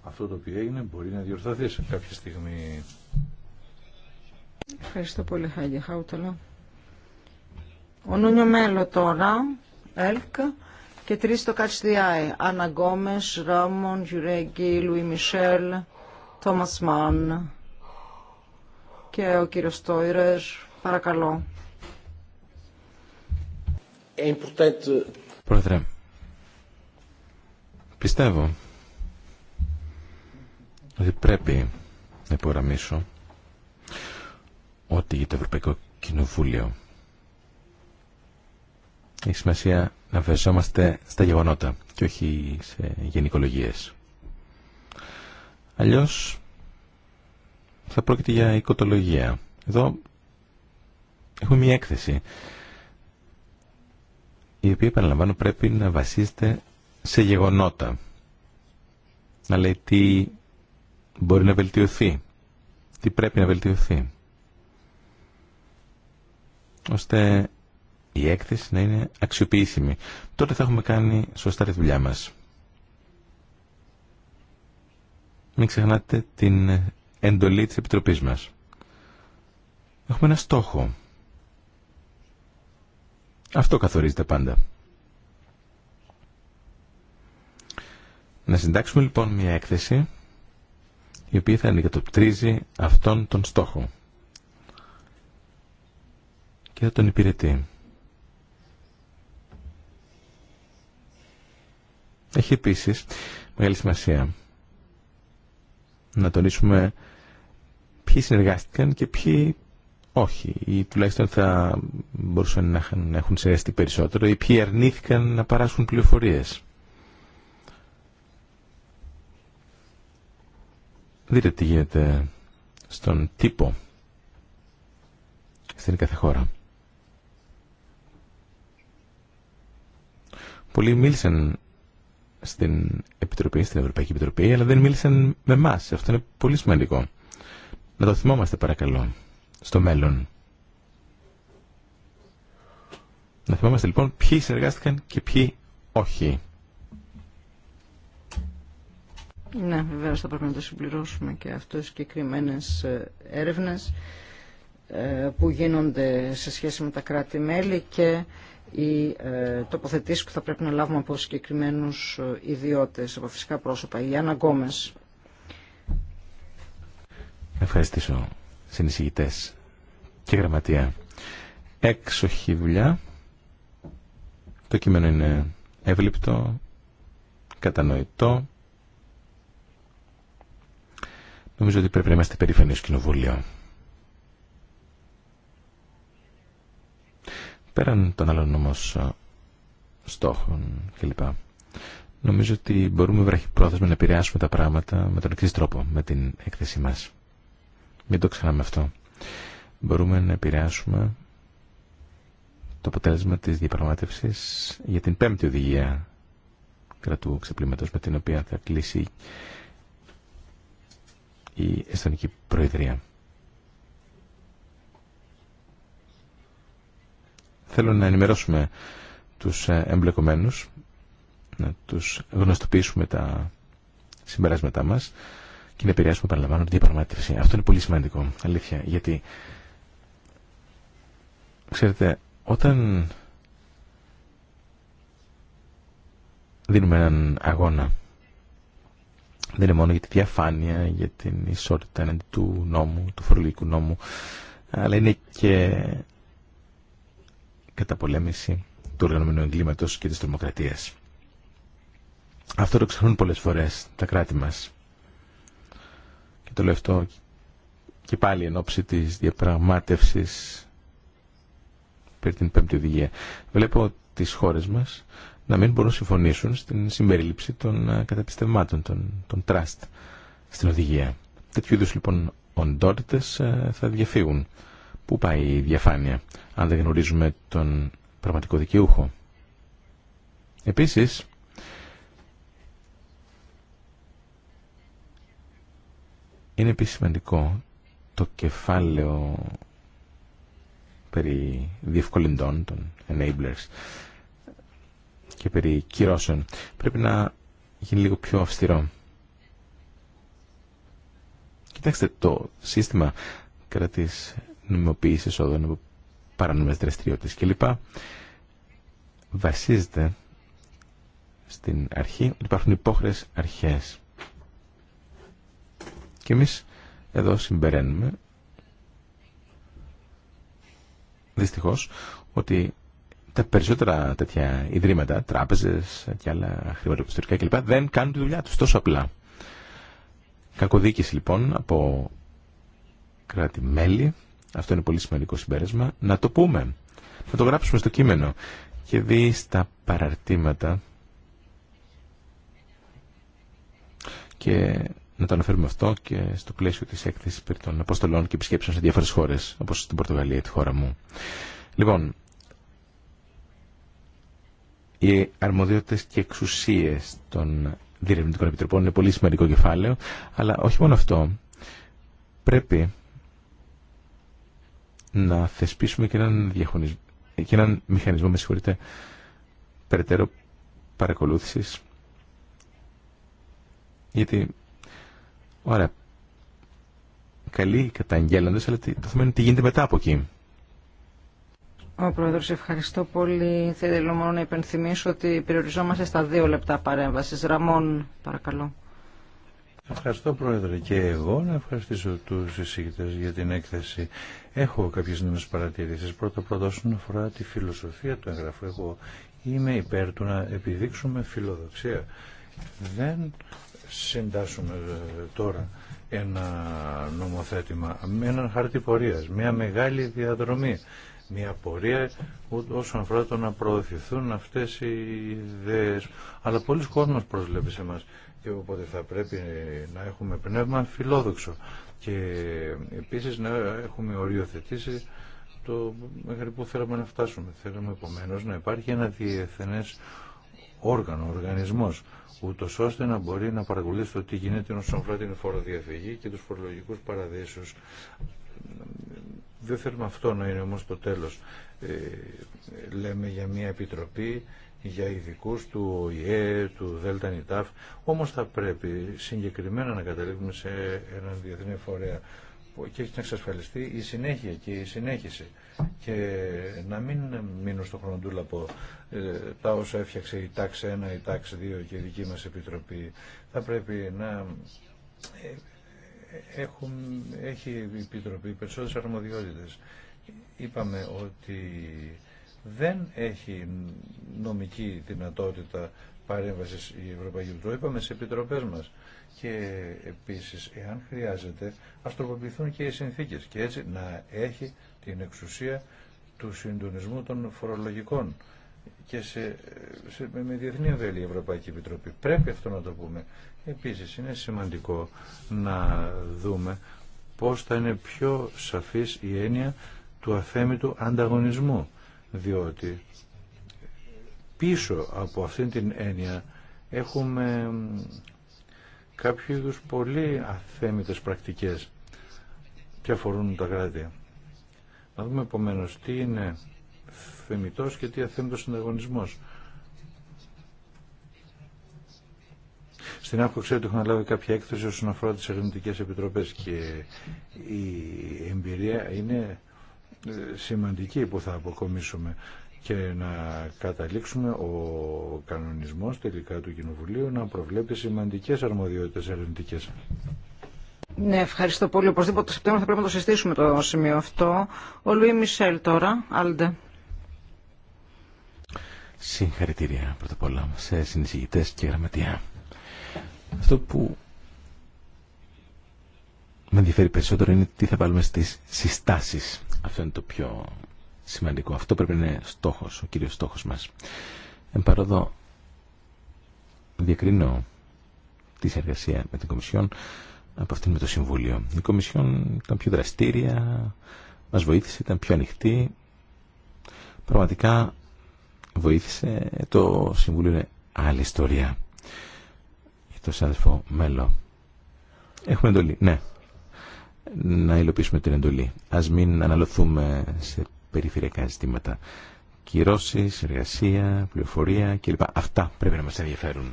S2: αυτό το οποίο έγινε μπορεί να διορθωθεί σε κάποια στιγμή.
S1: Ευχαριστώ πολύ Χάγε Χάουταλα. Ο Νούνιο τώρα, ΕΛΚ, και τρεις στο Catch Άννα Γκόμες, Ράμον, Γιουρέγκη, Λουί Μισελ, Τόμας Μαν και ο κύριος Τόιρερ. Παρακαλώ.
S3: Ε, Πρόεδρε, πιστεύω ότι πρέπει να υπογραμμίσω ότι το Ευρωπαϊκό Κοινοβούλιο έχει σημασία να βεζόμαστε στα γεγονότα και όχι σε γενικολογίες.
S2: Αλλιώς
S3: θα πρόκειται για οικοτολογία. Εδώ έχουμε μια έκθεση η οποία επαναλαμβάνω πρέπει να βασίζεται σε γεγονότα. Να λέει τι μπορεί να βελτιωθεί, τι πρέπει να βελτιωθεί. Ώστε η έκθεση να είναι αξιοποιήσιμη. Τότε θα έχουμε κάνει σωστά τη δουλειά μας. Μην ξεχνάτε την εντολή της Επιτροπής μας. Έχουμε ένα στόχο. Αυτό καθορίζεται πάντα. Να συντάξουμε λοιπόν μια έκθεση η οποία θα αντικατοπτρίζει αυτόν τον στόχο και θα τον υπηρετεί. Έχει επίση μεγάλη σημασία να τονίσουμε ποιοι συνεργάστηκαν και ποιοι όχι, ή τουλάχιστον θα μπορούσαν να έχουν συνεργαστεί περισσότερο, ή ποιοι αρνήθηκαν να παράσχουν πληροφορίε. Δείτε τι γίνεται στον τύπο στην κάθε χώρα. Πολλοί μίλησαν στην Επιτροπή, στην Ευρωπαϊκή Επιτροπή, αλλά δεν μίλησαν με εμά. Αυτό είναι πολύ σημαντικό. Να το θυμόμαστε παρακαλώ στο μέλλον. Να θυμόμαστε λοιπόν ποιοι συνεργάστηκαν και ποιοι όχι.
S1: Ναι, βεβαίω θα πρέπει να το συμπληρώσουμε και αυτό συγκεκριμένε ε, έρευνε ε, που γίνονται σε σχέση με τα κράτη-μέλη και ή ε, που θα πρέπει να λάβουμε από συγκεκριμένου ε, ιδιώτες, από φυσικά πρόσωπα. Η Άννα Γκόμες.
S3: Ευχαριστήσω συνεισηγητές και γραμματεία. Έξοχη δουλειά. Το κείμενο είναι εύληπτο, κατανοητό. Νομίζω ότι πρέπει να είμαστε περήφανοι ως κοινοβούλιο. Πέραν των άλλων όμως στόχων κλπ. Νομίζω ότι μπορούμε βραχυπρόθεσμα να επηρεάσουμε τα πράγματα με τον εξή τρόπο, με την έκθεσή μας. Μην το ξεχνάμε αυτό. Μπορούμε να επηρεάσουμε το αποτέλεσμα της διαπραγμάτευσης για την πέμπτη οδηγία κρατού ξεπλήματος με την οποία θα κλείσει η Εστονική Προεδρία. θέλω να ενημερώσουμε τους ε, εμπλεκομένους, να τους γνωστοποιήσουμε τα συμπεράσματά μας και να επηρεάσουμε παραλαμβάνω την διαπραγμάτευση. Αυτό είναι πολύ σημαντικό, αλήθεια, γιατί ξέρετε, όταν δίνουμε έναν αγώνα δεν είναι μόνο για τη διαφάνεια, για την ισότητα του νόμου, του φορολογικού νόμου, αλλά είναι και καταπολέμηση του οργανωμένου εγκλήματο και της τρομοκρατίας. Αυτό το ξεχνούν πολλές φορές τα κράτη μας. Και το λέω αυτό και πάλι εν ώψη της διαπραγμάτευσης περί την πέμπτη οδηγία. Βλέπω τις χώρες μας να μην μπορούν να συμφωνήσουν στην συμπερίληψη των ε, καταπιστευμάτων, των, των trust στην οδηγία. Τέτοιου είδου λοιπόν οντότητε ε, θα διαφύγουν. Πού πάει η διαφάνεια αν δεν γνωρίζουμε τον πραγματικό δικαιούχο. Επίσης, είναι επίσης σημαντικό το κεφάλαιο περί διευκολυντών, των enablers και περί κυρώσεων. Πρέπει να γίνει λίγο πιο αυστηρό. Κοιτάξτε, το σύστημα κατά νομιμοποίηση εσόδων από παράνομες δραστηριότητες κλπ. Βασίζεται στην αρχή ότι υπάρχουν υπόχρεες αρχές. Και εμείς εδώ συμπεραίνουμε δυστυχώς ότι τα περισσότερα τέτοια ιδρύματα, τράπεζες και άλλα χρηματοπιστωτικά κλπ. δεν κάνουν τη δουλειά τους τόσο απλά. Κακοδίκηση λοιπόν από κράτη-μέλη αυτό είναι πολύ σημαντικό συμπέρασμα, να το πούμε. Να το γράψουμε στο κείμενο. Και δει στα παραρτήματα και να το αναφέρουμε αυτό και στο πλαίσιο της έκθεσης περί των αποστολών και επισκέψεων σε διάφορες χώρες, όπως στην Πορτογαλία, τη χώρα μου. Λοιπόν, οι αρμοδιότητες και εξουσίες των διερευνητικών επιτροπών είναι πολύ σημαντικό κεφάλαιο, αλλά όχι μόνο αυτό. Πρέπει να θεσπίσουμε και έναν, διαχωνισμ... και έναν μηχανισμό, με συγχωρείτε, περαιτέρω παρακολούθησης. Γιατί, ωραία, καλοί καταγγέλλοντες, αλλά το θέμα είναι τι γίνεται μετά από εκεί.
S1: Ο Πρόεδρος, ευχαριστώ πολύ. Θέλω μόνο να υπενθυμίσω ότι περιοριζόμαστε στα δύο λεπτά παρέμβασης. Ραμών, παρακαλώ.
S2: Ευχαριστώ Πρόεδρε και εγώ να ευχαριστήσω τους εισηγητές για την έκθεση. Έχω κάποιες νέες παρατηρήσεις. Πρώτα πρώτα όσον αφορά τη φιλοσοφία του εγγραφού. Εγώ είμαι υπέρ του να επιδείξουμε φιλοδοξία. Δεν συντάσσουμε ε, τώρα ένα νομοθέτημα, έναν χαρτί πορείας, μια μεγάλη διαδρομή, μια πορεία όσον αφορά το να προωθηθούν αυτές οι ιδέες. Αλλά πολλοί κόσμος προσβλέπει σε μας και οπότε θα πρέπει να έχουμε πνεύμα φιλόδοξο και επίσης να έχουμε οριοθετήσει το μέχρι που θέλαμε να φτάσουμε. Θέλουμε επομένω να υπάρχει ένα διεθνές όργανο, οργανισμός, ούτω ώστε να μπορεί να παρακολουθεί το τι γίνεται όσον αφορά την φοροδιαφυγή και τους φορολογικούς παραδείσους. Δεν θέλουμε αυτό να είναι όμως το τέλος. Ε, λέμε για μια επιτροπή για ειδικού του ΟΗΕ, του ΔΕΛΤΑ όμως θα πρέπει συγκεκριμένα να καταλήγουμε σε έναν διεθνή φορέα και έχει να εξασφαλιστεί η συνέχεια και η συνέχιση και να μην μείνω στο χρονοτούλαπο ε, τα όσα έφτιαξε η τάξη 1, η τάξη 2 και η δική μας επιτροπή θα πρέπει να ε, έχουν, έχει η επιτροπή περισσότερες αρμοδιότητες είπαμε ότι δεν έχει νομική δυνατότητα παρέμβαση η Ευρωπαϊκή Το είπαμε σε επιτροπέ μα. Και επίση, εάν χρειάζεται, α και οι συνθήκε. Και έτσι να έχει την εξουσία του συντονισμού των φορολογικών και σε, σε με διεθνή οδέλη η Ευρωπαϊκή Επιτροπή. Πρέπει αυτό να το πούμε. Επίσης είναι σημαντικό να δούμε πώς θα είναι πιο σαφής η έννοια του αφέμητου ανταγωνισμού διότι πίσω από αυτήν την έννοια έχουμε κάποιο είδους πολύ αθέμητες πρακτικές και αφορούν τα κράτη. Να δούμε επομένω τι είναι θεμητός και τι αθέμητος συναγωνισμός. Στην άποψη ξέρω ότι έχουν λάβει κάποια έκθεση όσον αφορά τις ερευνητικέ επιτροπές και η εμπειρία είναι σημαντική που θα αποκομίσουμε και να καταλήξουμε ο κανονισμός τελικά του Κοινοβουλίου να προβλέπει σημαντικές αρμοδιότητες ερευνητικές.
S1: Ναι, ευχαριστώ πολύ. Οπωσδήποτε το Σεπτέμβριο θα πρέπει να το συστήσουμε το σημείο αυτό. Ο Λουί Μισελ τώρα, Άλντε.
S3: Συγχαρητήρια πρώτα απ' όλα σε συνεισηγητές και γραμματεία. Αυτό που με ενδιαφέρει περισσότερο είναι τι θα βάλουμε στις συστάσεις αυτό είναι το πιο σημαντικό. Αυτό πρέπει να είναι στόχος, ο κύριος στόχος μας. Εν παρόδο, διακρίνω τη συνεργασία με την Κομισιόν από αυτήν με το Συμβούλιο. Η Κομισιόν ήταν πιο δραστήρια, μας βοήθησε, ήταν πιο ανοιχτή. Πραγματικά βοήθησε. Το Συμβούλιο είναι άλλη ιστορία. Για το σύνδεσμο μέλο. Έχουμε εντολή, ναι να υλοποιήσουμε την εντολή. Ας μην αναλωθούμε σε περιφερειακά ζητήματα. Κυρώσει, εργασία, πληροφορία κλπ. Αυτά πρέπει να μας ενδιαφέρουν.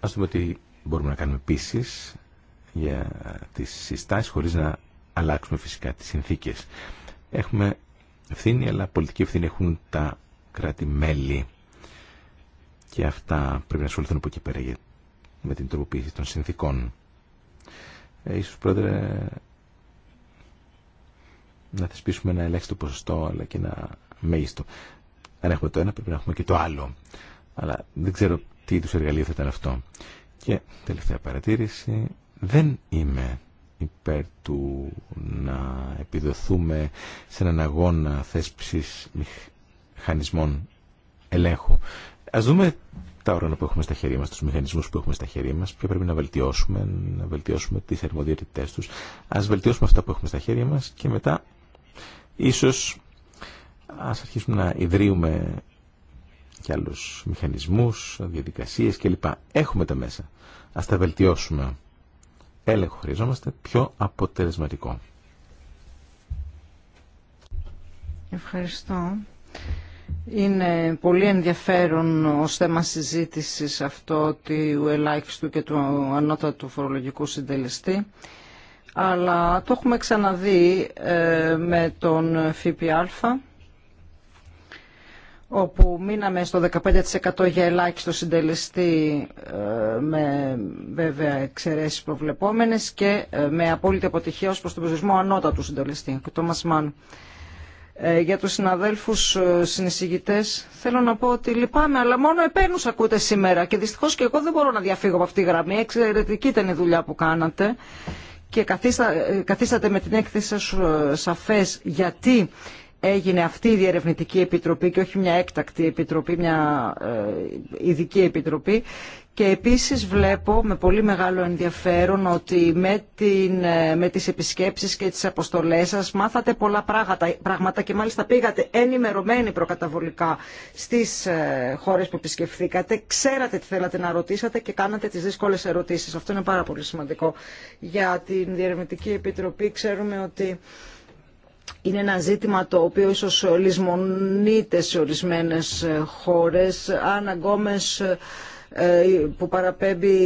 S3: Ας δούμε τι μπορούμε να κάνουμε επίση για τις συστάσεις χωρίς να αλλάξουμε φυσικά τις συνθήκες. Έχουμε ευθύνη, αλλά πολιτική ευθύνη έχουν τα κράτη-μέλη. Και αυτά πρέπει να ασχοληθούν από εκεί πέρα με την τροποποίηση των συνθήκων. Ε, ίσως πρόεδρε να θεσπίσουμε ένα ελάχιστο ποσοστό αλλά και ένα μέγιστο. Αν έχουμε το ένα πρέπει να έχουμε και το άλλο. Αλλά δεν ξέρω τι είδους εργαλείο θα ήταν αυτό. Και τελευταία παρατήρηση, δεν είμαι υπέρ του να επιδοθούμε σε έναν αγώνα θέσπισης μηχανισμών ελέγχου. Α δούμε τα όρανα που έχουμε στα χέρια μας, τους μηχανισμούς που έχουμε στα χέρια μας, ποια πρέπει να βελτιώσουμε, να βελτιώσουμε τις θερμοδιαιτητέ τους. Α βελτιώσουμε αυτά που έχουμε στα χέρια μας και μετά ίσως ας αρχίσουμε να ιδρύουμε και άλλου μηχανισμούς, διαδικασίε κλπ. Έχουμε τα μέσα. Ας τα βελτιώσουμε. Έλεγχο χρειαζόμαστε πιο αποτελεσματικό.
S1: Ευχαριστώ. Είναι πολύ ενδιαφέρον ω θέμα συζήτηση αυτό του ελάχιστου και του ανώτατου φορολογικού συντελεστή. Αλλά το έχουμε ξαναδεί ε, με τον ΦΠΑ όπου μείναμε στο 15% για ελάχιστο συντελεστή ε, με βέβαια εξαιρέσεις προβλεπόμενες και ε, με απόλυτη αποτυχία ως προς τον προσδοσμό ανώτατου συντελεστή. Το μας ε, για τους συναδέλφους ε, συνεισηγητές θέλω να πω ότι λυπάμαι αλλά μόνο επένους ακούτε σήμερα και δυστυχώς και εγώ δεν μπορώ να διαφύγω από αυτή τη γραμμή εξαιρετική ήταν η δουλειά που κάνατε και καθίσατε ε, με την έκθεση σας σαφές γιατί έγινε αυτή η διερευνητική επιτροπή και όχι μια έκτακτη επιτροπή, μια ειδική επιτροπή και επίσης βλέπω με πολύ μεγάλο ενδιαφέρον ότι με, την, ε, με τις επισκέψεις και τις αποστολές σας μάθατε πολλά πράγματα, πράγματα και μάλιστα πήγατε ενημερωμένοι προκαταβολικά στις ε, χώρες που επισκεφθήκατε. Ξέρατε τι θέλατε να ρωτήσατε και κάνατε τις δύσκολες ερωτήσεις. Αυτό είναι πάρα πολύ σημαντικό για την Διερευνητική Επιτροπή. Ξέρουμε ότι είναι ένα ζήτημα το οποίο ίσως λησμονείται σε ορισμένες ε, χώρες. Αν ε, που παραπέμπει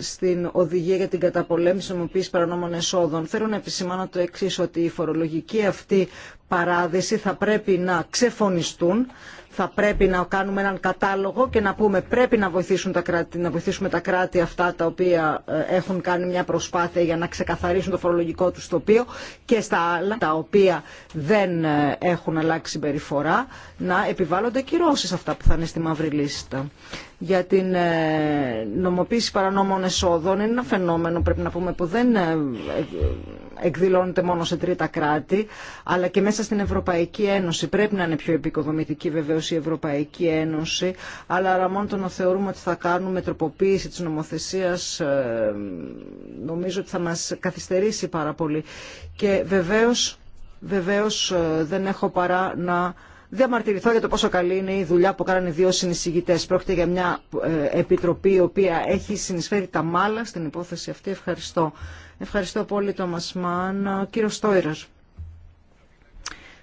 S1: στην οδηγία για την καταπολέμηση νομοποίηση παρανόμων εσόδων. Θέλω να επισημάνω το εξή, ότι η φορολογική αυτή παράδειση θα πρέπει να ξεφωνιστούν, θα πρέπει να κάνουμε έναν κατάλογο και να πούμε πρέπει να, βοηθήσουν τα κράτη, να βοηθήσουμε τα κράτη αυτά τα οποία ε, έχουν κάνει μια προσπάθεια για να ξεκαθαρίσουν το φορολογικό τους τοπίο και στα άλλα τα οποία δεν ε, έχουν αλλάξει συμπεριφορά να επιβάλλονται κυρώσεις αυτά που θα είναι στη μαύρη λίστα. Για την ε, νομοποίηση παρανόμων εσόδων είναι ένα φαινόμενο πρέπει να πούμε που δεν εκδηλώνεται μόνο σε τρίτα κράτη, αλλά και μέσα στην Ευρωπαϊκή Ένωση. Πρέπει να είναι πιο επικοδομητική βεβαίω η Ευρωπαϊκή Ένωση, αλλά μόνο το να θεωρούμε ότι θα κάνουμε τροποποίηση τη νομοθεσία ε, νομίζω ότι θα μα καθυστερήσει πάρα πολύ. Και βεβαίω βεβαίως, ε, δεν έχω παρά να διαμαρτυρηθώ για το πόσο καλή είναι η δουλειά που κάνανε οι δύο συνεισηγητέ. Πρόκειται για μια ε, επιτροπή η οποία έχει συνεισφέρει τα μάλα στην υπόθεση αυτή. Ευχαριστώ. Ευχαριστώ πολύ τον Μασμάν. Κύριο Στόιρας.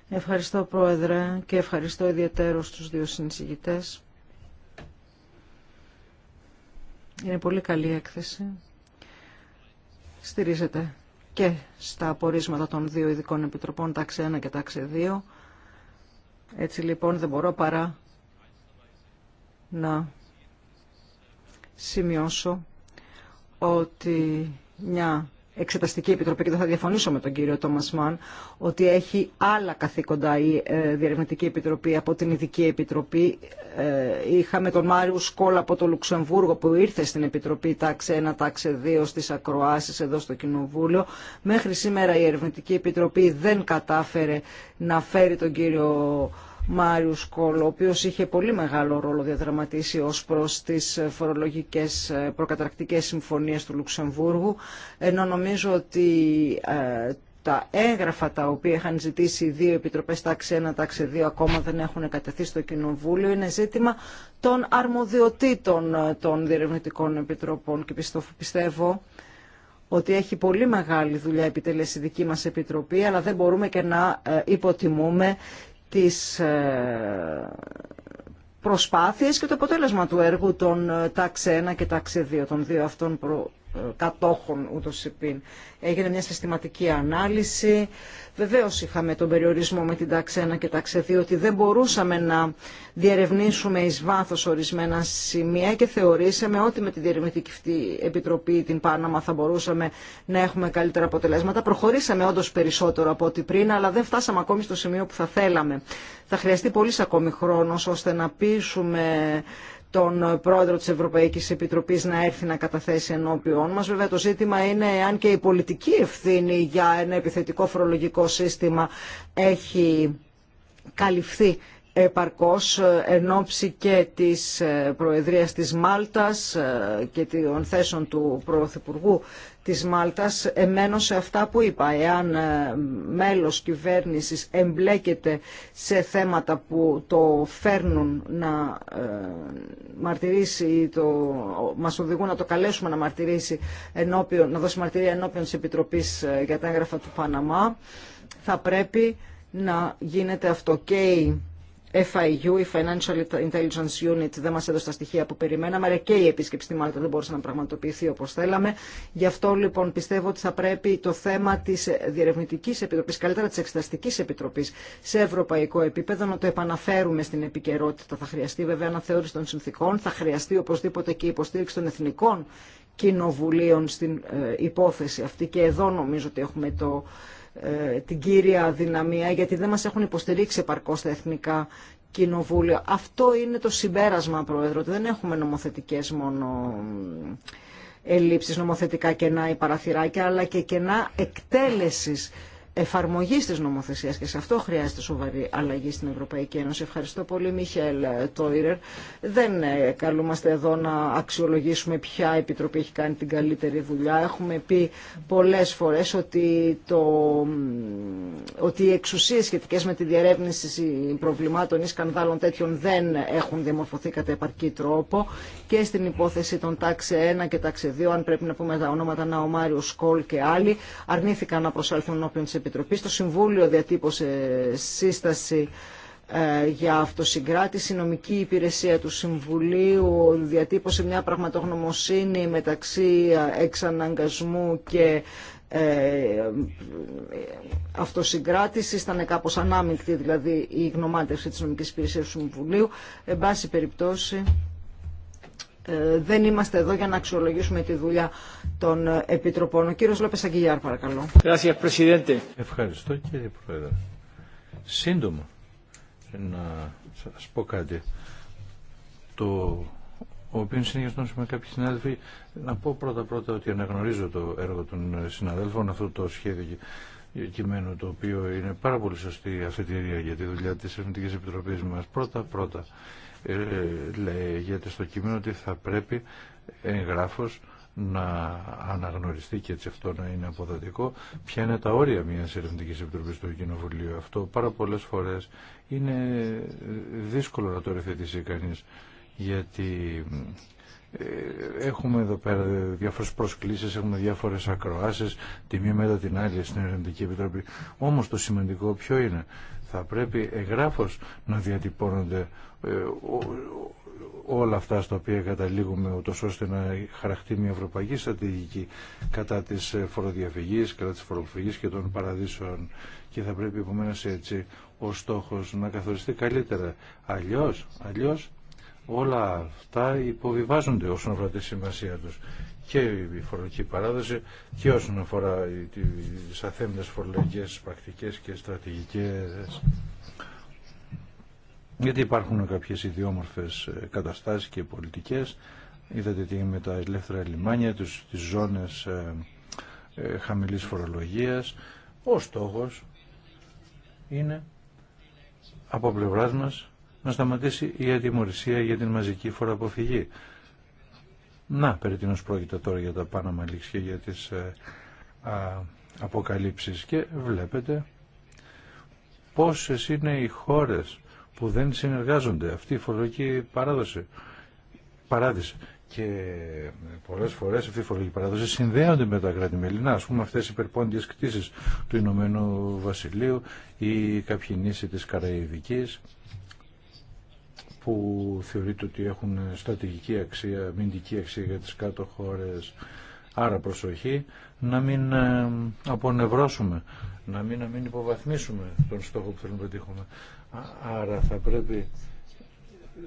S1: Ευχαριστώ Πρόεδρε και ευχαριστώ ιδιαίτερο τους δύο συνεισηγητές. Είναι πολύ καλή έκθεση. Στηρίζεται και στα απορίσματα των δύο ειδικών επιτροπών, τάξη 1 και τάξη 2. Έτσι λοιπόν δεν μπορώ παρά να σημειώσω ότι μια Εξεταστική Επιτροπή και δεν θα διαφωνήσω με τον κύριο Τόμας Μαν ότι έχει άλλα καθήκοντα η ε, Διερευνητική Επιτροπή από την Ειδική Επιτροπή. Ε, είχαμε τον Μάριου Σκόλα από το Λουξεμβούργο που ήρθε στην Επιτροπή τάξη 1, τάξη 2 στις ακροάσεις εδώ στο Κοινοβούλιο. Μέχρι σήμερα η Ερευνητική Επιτροπή δεν κατάφερε να φέρει τον κύριο Μάριου Σκόλ, ο οποίος είχε πολύ μεγάλο ρόλο διαδραματίσει ως προς τις φορολογικές ε, προκαταρκτικές συμφωνίες του Λουξεμβούργου, ενώ νομίζω ότι ε, τα έγγραφα τα οποία είχαν ζητήσει δύο επιτροπές τάξη 1, τάξη 2 ακόμα δεν έχουν κατεθεί στο Κοινοβούλιο είναι ζήτημα των αρμοδιοτήτων ε, των διερευνητικών επιτροπών και πιστεύω ότι έχει πολύ μεγάλη δουλειά επιτελέσει η δική μας Επιτροπή, αλλά δεν μπορούμε και να υποτιμούμε τις ε, προσπάθειες και το αποτέλεσμα του έργου των ε, τάξε 1 και τάξε 2, των δύο αυτών προ, ε, κατόχων ούτως υπήν. Έγινε μια συστηματική ανάλυση Βεβαίω είχαμε τον περιορισμό με την τάξη 1 και τάξη 2 ότι δεν μπορούσαμε να διερευνήσουμε ει βάθο ορισμένα σημεία και θεωρήσαμε ότι με την Διερευνητική Επιτροπή, την Πάναμα, θα μπορούσαμε να έχουμε καλύτερα αποτελέσματα. Προχωρήσαμε όντω περισσότερο από ό,τι πριν, αλλά δεν φτάσαμε ακόμη στο σημείο που θα θέλαμε. Θα χρειαστεί πολύ ακόμη χρόνο ώστε να πείσουμε τον πρόεδρο της Ευρωπαϊκής Επιτροπής να έρθει να καταθέσει ενώπιόν μας. Βέβαια το ζήτημα είναι αν και η πολιτική ευθύνη για ένα επιθετικό φορολογικό σύστημα έχει καλυφθεί επαρκώς εν ώψη και της ε, Προεδρίας της Μάλτας ε, και των θέσεων του Πρωθυπουργού της Μάλτας εμένω σε αυτά που είπα. Εάν ε, μέλος κυβέρνησης εμπλέκεται σε θέματα που το φέρνουν να ε, μαρτυρήσει ή το, μας οδηγούν να το καλέσουμε να μαρτυρήσει ενώπιον, να δώσει μαρτυρία ενώπιον της Επιτροπής ε, για τα έγγραφα του Παναμά, θα πρέπει να γίνεται αυτό FIU, η Financial Intelligence Unit, δεν μα έδωσε τα στοιχεία που περιμέναμε, αλλά και η επίσκεψη στη Μάλτα δεν μπορούσε να πραγματοποιηθεί όπω θέλαμε. Γι' αυτό λοιπόν πιστεύω ότι θα πρέπει το θέμα τη διερευνητική επιτροπή, καλύτερα τη εξεταστική επιτροπή σε ευρωπαϊκό επίπεδο να το επαναφέρουμε στην επικαιρότητα. Θα χρειαστεί βέβαια αναθεώρηση των συνθήκων, θα χρειαστεί οπωσδήποτε και υποστήριξη των εθνικών κοινοβουλίων στην ε, υπόθεση αυτή και εδώ νομίζω ότι έχουμε το ε, την κύρια δυναμία, γιατί δεν μας έχουν υποστηρίξει επαρκώς τα εθνικά κοινοβούλια. Αυτό είναι το συμπέρασμα, Πρόεδρο, ότι δεν έχουμε νομοθετικές μόνο ελλείψεις, νομοθετικά κενά ή παραθυράκια, αλλά και κενά εκτέλεσης Εφαρμογή τη νομοθεσία και σε αυτό χρειάζεται σοβαρή αλλαγή στην Ευρωπαϊκή Ένωση. Ευχαριστώ πολύ Μιχέλ Τόιρερ. Δεν ε, καλούμαστε εδώ να αξιολογήσουμε ποια επιτροπή έχει κάνει την καλύτερη δουλειά. Έχουμε πει πολλέ φορέ ότι, το, ότι οι εξουσίε σχετικέ με τη διερεύνηση προβλημάτων ή σκανδάλων τέτοιων δεν έχουν διαμορφωθεί κατά επαρκή τρόπο και στην υπόθεση των τάξε 1 και τάξε 2, αν πρέπει να πούμε τα ονόματα Ναομάριου Σκόλ και άλλοι, αρνήθηκαν να προσέλθουν όποιον τη Επιτροπής. Το Συμβούλιο διατύπωσε σύσταση ε, για αυτοσυγκράτηση. Η νομική υπηρεσία του Συμβουλίου διατύπωσε μια πραγματογνωμοσύνη μεταξύ εξαναγκασμού και ε, αυτοσυγκράτηση, ήταν κάπω ανάμεικτη δηλαδή η γνωμάτευση της νομικής υπηρεσίας του Συμβουλίου. Εν πάση περιπτώσει, ε, δεν είμαστε εδώ για να αξιολογήσουμε τη δουλειά
S2: Ευχαριστώ κύριε Πρόεδρε. Σύντομα να σα πω κάτι. Το οποίο συνεχίζει με κάποιοι συνάδελφοι, να πω πρώτα-πρώτα ότι αναγνωρίζω το έργο των συναδέλφων, αυτό το σχέδιο κειμένο το οποίο είναι πάρα πολύ σωστή αφετηρία για τη δουλειά τη Εθνική Επιτροπής μα Πρώτα-πρώτα ε, λέγεται στο κείμενο ότι θα πρέπει εγγράφος να αναγνωριστεί και έτσι αυτό να είναι αποδοτικό. Ποια είναι τα όρια μια ερευνητική επιτροπή του Κοινοβουλίου. Αυτό πάρα πολλέ φορέ είναι δύσκολο να το ρεφετήσει κανεί γιατί ε, έχουμε εδώ πέρα διάφορες προσκλήσεις, έχουμε διάφορες ακροάσεις, τη μία μετά την άλλη στην Ερευνητική Επιτροπή. Όμως το σημαντικό ποιο είναι. Θα πρέπει εγγράφως να διατυπώνονται ε, όλα αυτά στα οποία καταλήγουμε ούτως ώστε να χαραχτεί μια ευρωπαϊκή στρατηγική κατά της ε, φοροδιαφυγής, κατά της φοροφυγής και των παραδείσων και θα πρέπει επομένως έτσι ο στόχος να καθοριστεί καλύτερα. Αλλιώς, αλλιώς όλα αυτά υποβιβάζονται όσον αφορά τη σημασία τους και η φορολογική παράδοση και όσον αφορά τις αθέμιτες φορολογικές πρακτικές και στρατηγικές γιατί υπάρχουν κάποιες ιδιόμορφες ε, καταστάσεις και πολιτικές είδατε τι με τα ελεύθερα λιμάνια τους, τις ζώνες ε, ε, χαμηλής φορολογίας ο στόχος είναι από πλευράς μας να σταματήσει η ατιμορρυσία για την μαζική φοροαποφυγή. Να, περί τίνος πρόκειται τώρα για τα πάνω μαλλίξια, και για τις ε, αποκαλύψεις και βλέπετε πόσες είναι οι χώρες που δεν συνεργάζονται αυτή η φορολογική παράδοση παράδειση και πολλές φορές αυτή η φορολογική παράδοση συνδέονται με τα κράτη-μέλη πούμε αυτές οι υπερπόντιες κτίσεις του Ηνωμένου Βασιλείου ή κάποιοι νήσοι της Καραϊβικής που θεωρείται ότι έχουν στρατηγική αξία, μηντική αξία για τις κάτω χώρες. Άρα προσοχή να μην ε, απονευρώσουμε, να μην, να μην υποβαθμίσουμε τον στόχο που θέλουμε να πετύχουμε. Άρα θα πρέπει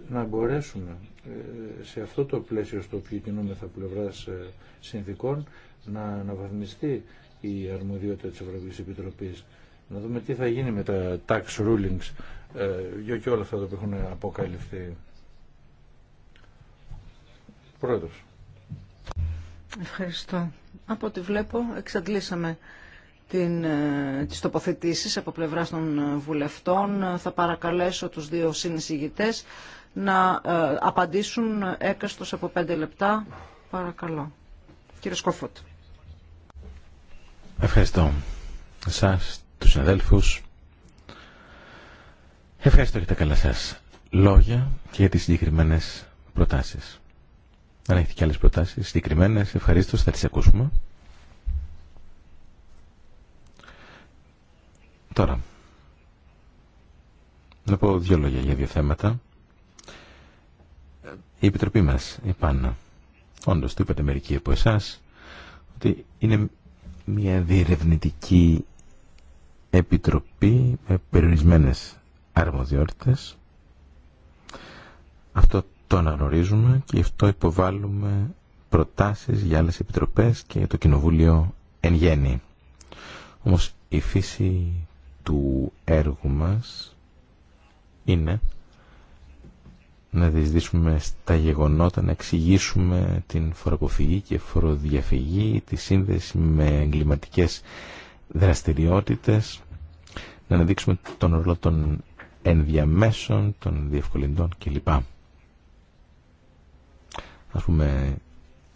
S2: να μπορέσουμε ε, σε αυτό το πλαίσιο στο οποίο θα πλευράς ε, συνδικών να αναβαθμιστεί η αρμοδιότητα της Ευρωπαϊκής Επιτροπής. Να δούμε τι θα γίνει με τα tax rulings για ε, και όλα αυτά που έχουν αποκαλυφθεί. Πρόεδρος.
S1: Ευχαριστώ. Από ό,τι βλέπω εξαντλήσαμε την, ε, τις τοποθετήσεις από πλευράς των ε, βουλευτών. Θα παρακαλέσω τους δύο συνεισηγητές να απαντήσουν έκαστος από πέντε λεπτά. Παρακαλώ. Κύριε Σκόφωτ.
S3: Ευχαριστώ. Σας, τους συναδέλφους, Ευχαριστώ για τα καλά σας λόγια και για τις συγκεκριμένες προτάσεις. Αν έχετε και άλλες προτάσεις συγκεκριμένες, ευχαρίστως, θα τις ακούσουμε. Τώρα, να πω δύο λόγια για δύο θέματα. Η Επιτροπή μας, η Πάνα, όντως το είπατε μερικοί από εσάς, ότι είναι μια διερευνητική επιτροπή με περιορισμένες αρμοδιότητες. Αυτό το αναγνωρίζουμε και γι' αυτό υποβάλλουμε προτάσεις για άλλες επιτροπές και το Κοινοβούλιο εν γέννη. Όμως η φύση του έργου μας είναι να διεισδύσουμε στα γεγονότα, να εξηγήσουμε την φοροποφυγή και φοροδιαφυγή, τη σύνδεση με εγκληματικές δραστηριότητες, να αναδείξουμε τον ρόλο των ενδιαμέσων, των διευκολυντών κλπ. Ας πούμε,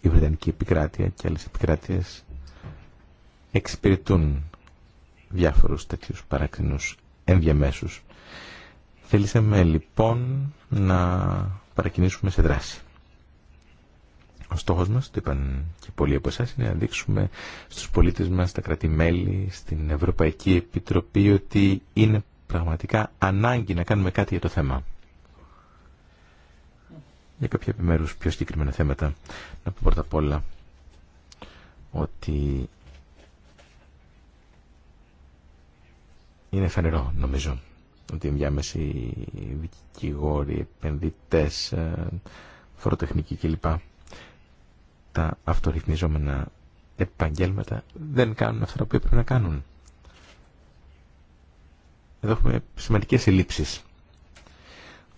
S3: η Βρετανική επικράτεια και άλλες επικράτειες εξυπηρετούν διάφορους τέτοιους παράξενους ενδιαμέσους. Θέλησαμε λοιπόν να παρακινήσουμε σε δράση. Ο στόχος μας, το είπαν και πολλοί από εσάς, είναι να δείξουμε στους πολίτες μας, στα κρατημέλη, στην Ευρωπαϊκή Επιτροπή ότι είναι πραγματικά ανάγκη να κάνουμε κάτι για το θέμα. Για κάποια επιμέρους πιο συγκεκριμένα θέματα, να πω πρώτα απ' όλα ότι είναι φανερό νομίζω ότι οι διάμεσοι δικηγόροι, επενδυτές, ε, φοροτεχνικοί κλπ. Τα αυτορυθμιζόμενα επαγγέλματα δεν κάνουν αυτά που έπρεπε να κάνουν. Εδώ έχουμε σημαντικέ ελλείψει.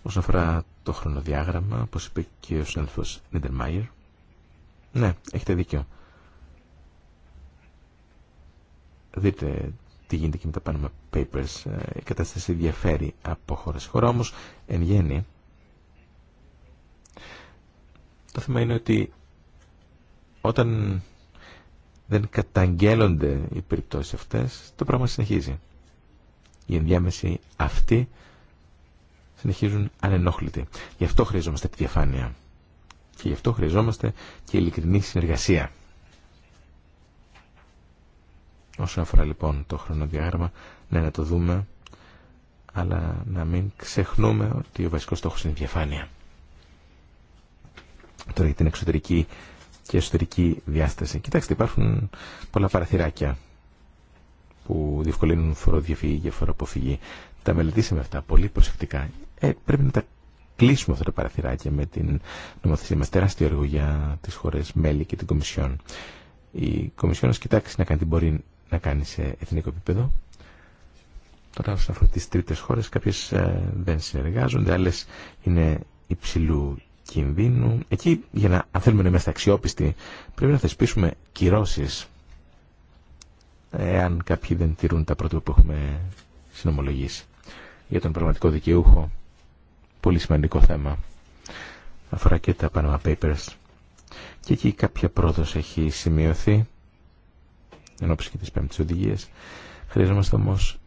S3: Όσον αφορά το χρονοδιάγραμμα, όπως είπε και ο συνάδελφος Νίντερμάιερ. ναι, έχετε δίκιο. Δείτε τι γίνεται και με τα Panama Papers. Ε, η κατάσταση διαφέρει από χώρα σε χώρα, όμω εν γέννη το θέμα είναι ότι όταν δεν καταγγέλλονται οι περιπτώσεις αυτές, το πράγμα συνεχίζει οι ενδιάμεσοι αυτοί συνεχίζουν ανενόχλητοι. Γι' αυτό χρειαζόμαστε τη διαφάνεια. Και γι' αυτό χρειαζόμαστε και ειλικρινή συνεργασία. Όσον αφορά λοιπόν το χρονοδιάγραμμα, ναι να το δούμε, αλλά να μην ξεχνούμε ότι ο βασικός στόχος είναι η διαφάνεια. Τώρα για την εξωτερική και εσωτερική διάσταση. Κοιτάξτε, υπάρχουν πολλά παραθυράκια που διευκολύνουν φοροδιαφυγή και φοροαποφυγή. Τα μελετήσαμε αυτά πολύ προσεκτικά. Ε, πρέπει να τα κλείσουμε αυτά τα παραθυράκια με την νομοθεσία μα Τεράστιο έργο για τι χώρε μέλη και την Κομισιόν. Η Κομισιόν να κοιτάξει να κάνει τι μπορεί να κάνει σε εθνικό επίπεδο. Τώρα όσον αφορά τι τρίτε χώρε, κάποιε ε, δεν συνεργάζονται, άλλε είναι υψηλού κινδύνου. Εκεί για να αν θέλουμε να είμαστε αξιόπιστοι πρέπει να θεσπίσουμε κυρώσει εάν κάποιοι δεν τηρούν τα πρότυπα που έχουμε συνομολογήσει. Για τον πραγματικό δικαιούχο, πολύ σημαντικό θέμα. Αφορά και τα Panama Papers. Και εκεί κάποια πρόοδος έχει σημειωθεί, ενώ και τις πέμπτες οδηγίες. Χρειαζόμαστε όμως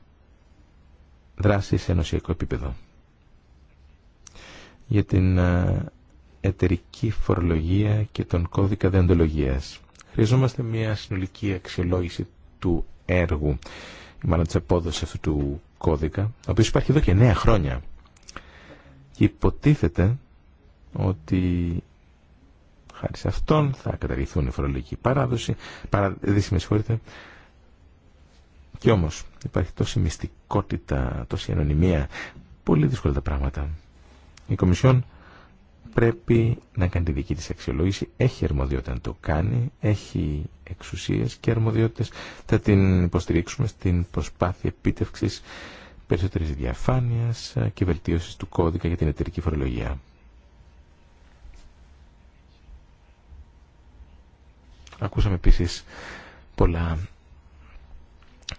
S3: δράση σε ενωσιακό επίπεδο. Για την εταιρική φορολογία και τον κώδικα δεντολογίας. Χρειαζόμαστε μια συνολική αξιολόγηση του έργου, μάλλον τη απόδοση αυτού του κώδικα, ο οποίο υπάρχει εδώ και 9 χρόνια. Και υποτίθεται ότι χάρη σε αυτόν θα καταργηθούν η φορολογική παράδοση, Και με συγχωρείτε. Κι όμως υπάρχει τόση μυστικότητα, τόση ανωνυμία, πολύ δύσκολα τα πράγματα. Η Κομισιόν πρέπει να κάνει τη δική της αξιολόγηση. Έχει αρμοδιότητα να το κάνει, έχει εξουσίες και αρμοδιότητες. Θα την υποστηρίξουμε στην προσπάθεια επίτευξης περισσότερης διαφάνειας και βελτίωσης του κώδικα για την εταιρική φορολογία. Ακούσαμε επίσης πολλά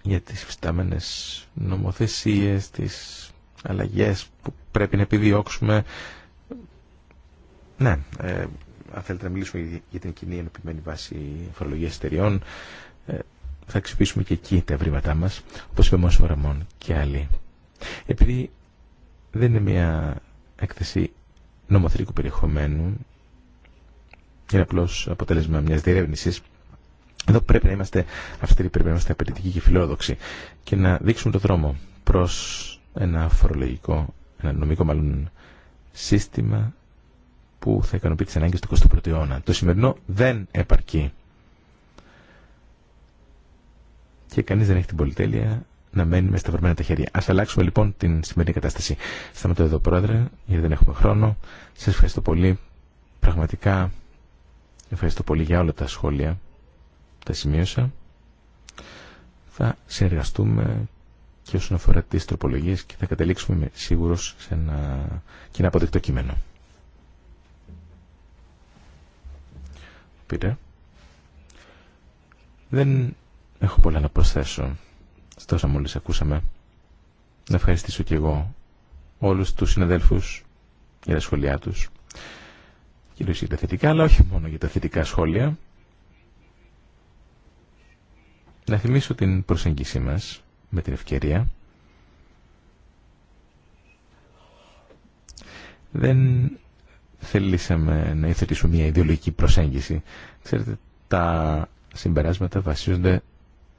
S3: για τις φυστάμενες νομοθεσίες, τις αλλαγές που πρέπει να επιδιώξουμε ναι, ε, αν θέλετε να μιλήσουμε για την κοινή ενωπημένη βάση φορολογία εταιριών, ε, θα αξιοποιήσουμε και εκεί τα ευρήματά μα, όπω είπε ο Ραμόν και άλλοι. Επειδή δεν είναι μια έκθεση νομοθετικού περιεχομένου, είναι απλώ αποτέλεσμα μια διερεύνησης, εδώ πρέπει να είμαστε αυστηροί, πρέπει να είμαστε απαιτητικοί και φιλόδοξοι και να δείξουμε το δρόμο προ ένα φορολογικό, ένα νομικό μάλλον σύστημα που θα ικανοποιεί τι ανάγκε του 21ου αιώνα. Το σημερινό δεν επαρκεί. Και κανεί δεν έχει την πολυτέλεια να μένει με σταυρωμένα τα χέρια. Α αλλάξουμε λοιπόν την σημερινή κατάσταση. Σταματώ εδώ πρόεδρε, γιατί δεν έχουμε χρόνο. Σα ευχαριστώ πολύ. Πραγματικά ευχαριστώ πολύ για όλα τα σχόλια. Τα σημείωσα. Θα συνεργαστούμε και όσον αφορά τις τροπολογίες και θα καταλήξουμε σίγουρος σε ένα κοινά αποδεκτό κείμενο. Πίτερ. Δεν έχω πολλά να προσθέσω Στο όσα μόλις ακούσαμε. Να ευχαριστήσω και εγώ όλους τους συναδέλφους για τα σχόλιά τους. Κυρίως για τα θετικά, αλλά όχι μόνο για τα θετικά σχόλια. Να θυμίσω την προσέγγιση μας με την ευκαιρία. Δεν θελήσαμε να υιοθετήσουμε μια ιδεολογική προσέγγιση. Ξέρετε, τα συμπεράσματα βασίζονται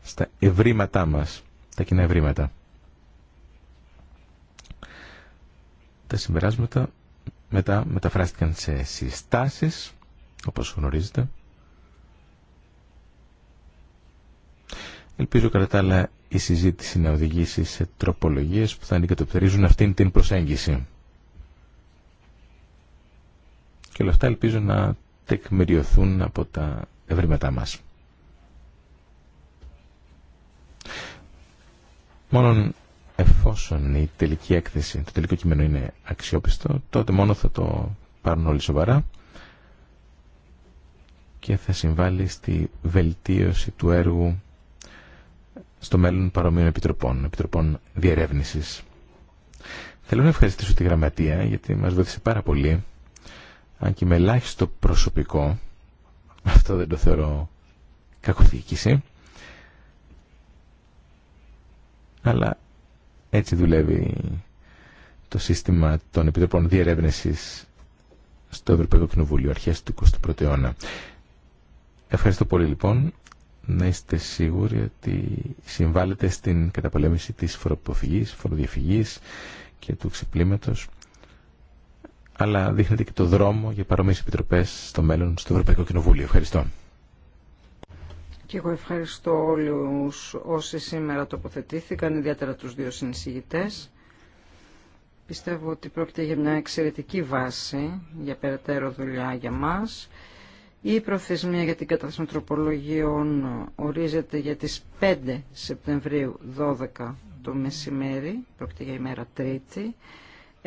S3: στα ευρήματά μας, τα κοινά ευρήματα. Τα συμπεράσματα μετά μεταφράστηκαν σε συστάσεις, όπως γνωρίζετε. Ελπίζω κατά τα άλλα η συζήτηση να οδηγήσει σε τροπολογίες που θα αντικατοπτερίζουν αυτήν την προσέγγιση. Και όλα αυτά ελπίζω να τεκμηριωθούν από τα ευρήματά μας. Μόνον εφόσον η τελική έκθεση, το τελικό κείμενο είναι αξιόπιστο, τότε μόνο θα το πάρουν όλοι σοβαρά και θα συμβάλλει στη βελτίωση του έργου στο μέλλον παρομοίων επιτροπών, επιτροπών διερεύνησης. Θέλω να ευχαριστήσω τη Γραμματεία γιατί μας βοήθησε πάρα πολύ αν και με ελάχιστο προσωπικό, αυτό δεν το θεωρώ κακοδιοίκηση, αλλά έτσι δουλεύει το σύστημα των επιτροπών διερεύνησης στο Ευρωπαϊκό Κοινοβούλιο αρχές του 21ου αιώνα. Ευχαριστώ πολύ λοιπόν. Να είστε σίγουροι ότι συμβάλλετε στην καταπολέμηση της φοροποφυγής, φοροδιαφυγής και του ξεπλήματος αλλά δείχνεται και το δρόμο για παρομοίες επιτροπές στο μέλλον στο Ευρωπαϊκό Κοινοβούλιο. Ευχαριστώ.
S1: Και εγώ ευχαριστώ όλους όσοι σήμερα τοποθετήθηκαν, ιδιαίτερα τους δύο συνεισηγητές. Πιστεύω ότι πρόκειται για μια εξαιρετική βάση για περαιτέρω δουλειά για μας. Η προθεσμία για την κατάσταση τροπολογίων ορίζεται για τις 5 Σεπτεμβρίου 12 το μεσημέρι, πρόκειται για ημέρα Τρίτη.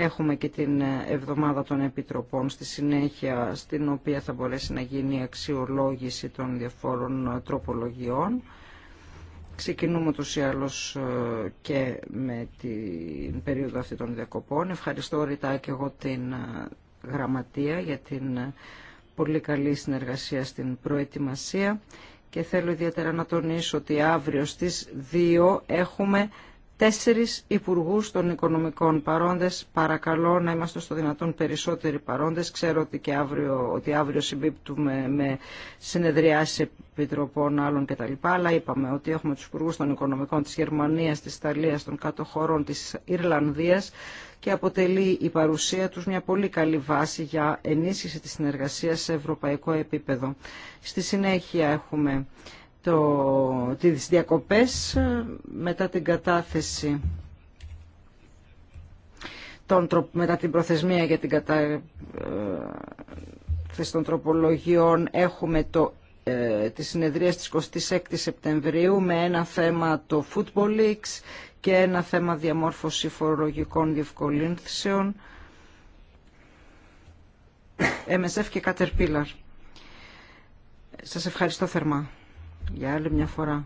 S1: Έχουμε και την εβδομάδα των επιτροπών στη συνέχεια, στην οποία θα μπορέσει να γίνει η αξιολόγηση των διαφόρων τροπολογιών. Ξεκινούμε τους ή άλλως ε, και με την περίοδο αυτή των διακοπών. Ευχαριστώ ρητά και εγώ την ε, γραμματεία για την ε, πολύ καλή συνεργασία στην προετοιμασία και θέλω ιδιαίτερα να τονίσω ότι αύριο στις 2 έχουμε τέσσερις υπουργούς των οικονομικών παρόντες. Παρακαλώ να είμαστε στο δυνατόν περισσότεροι παρόντες. Ξέρω ότι, και αύριο, ότι αύριο συμπίπτουμε με συνεδριάσεις επιτροπών άλλων κτλ. Αλλά είπαμε ότι έχουμε τους υπουργούς των οικονομικών της Γερμανίας, της Ιταλίας, των κάτω χωρών, της Ιρλανδίας και αποτελεί η παρουσία τους μια πολύ καλή βάση για ενίσχυση της συνεργασίας σε ευρωπαϊκό επίπεδο. Στη συνέχεια έχουμε το, τις διακοπές ε, μετά την κατάθεση των, μετά την προθεσμία για την κατάθεση ε, των τροπολογιών έχουμε το ε, τη συνεδρία της 26 Σεπτεμβρίου με ένα θέμα το Football Leaks και ένα θέμα διαμόρφωση φορολογικών διευκολύνθησεων MSF και Caterpillar. Σας ευχαριστώ θερμά για άλλη μια φορά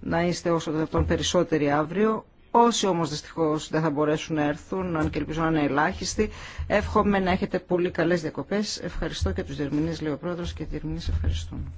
S1: να είστε όσο το δυνατόν περισσότεροι αύριο. Όσοι όμως δυστυχώς δεν θα μπορέσουν να έρθουν, αν και ελπίζω να είναι ελάχιστοι, εύχομαι να έχετε πολύ καλές διακοπές. Ευχαριστώ και τους διερμηνείς, λέει ο Πρόεδρος, και οι διερμηνείς ευχαριστούν.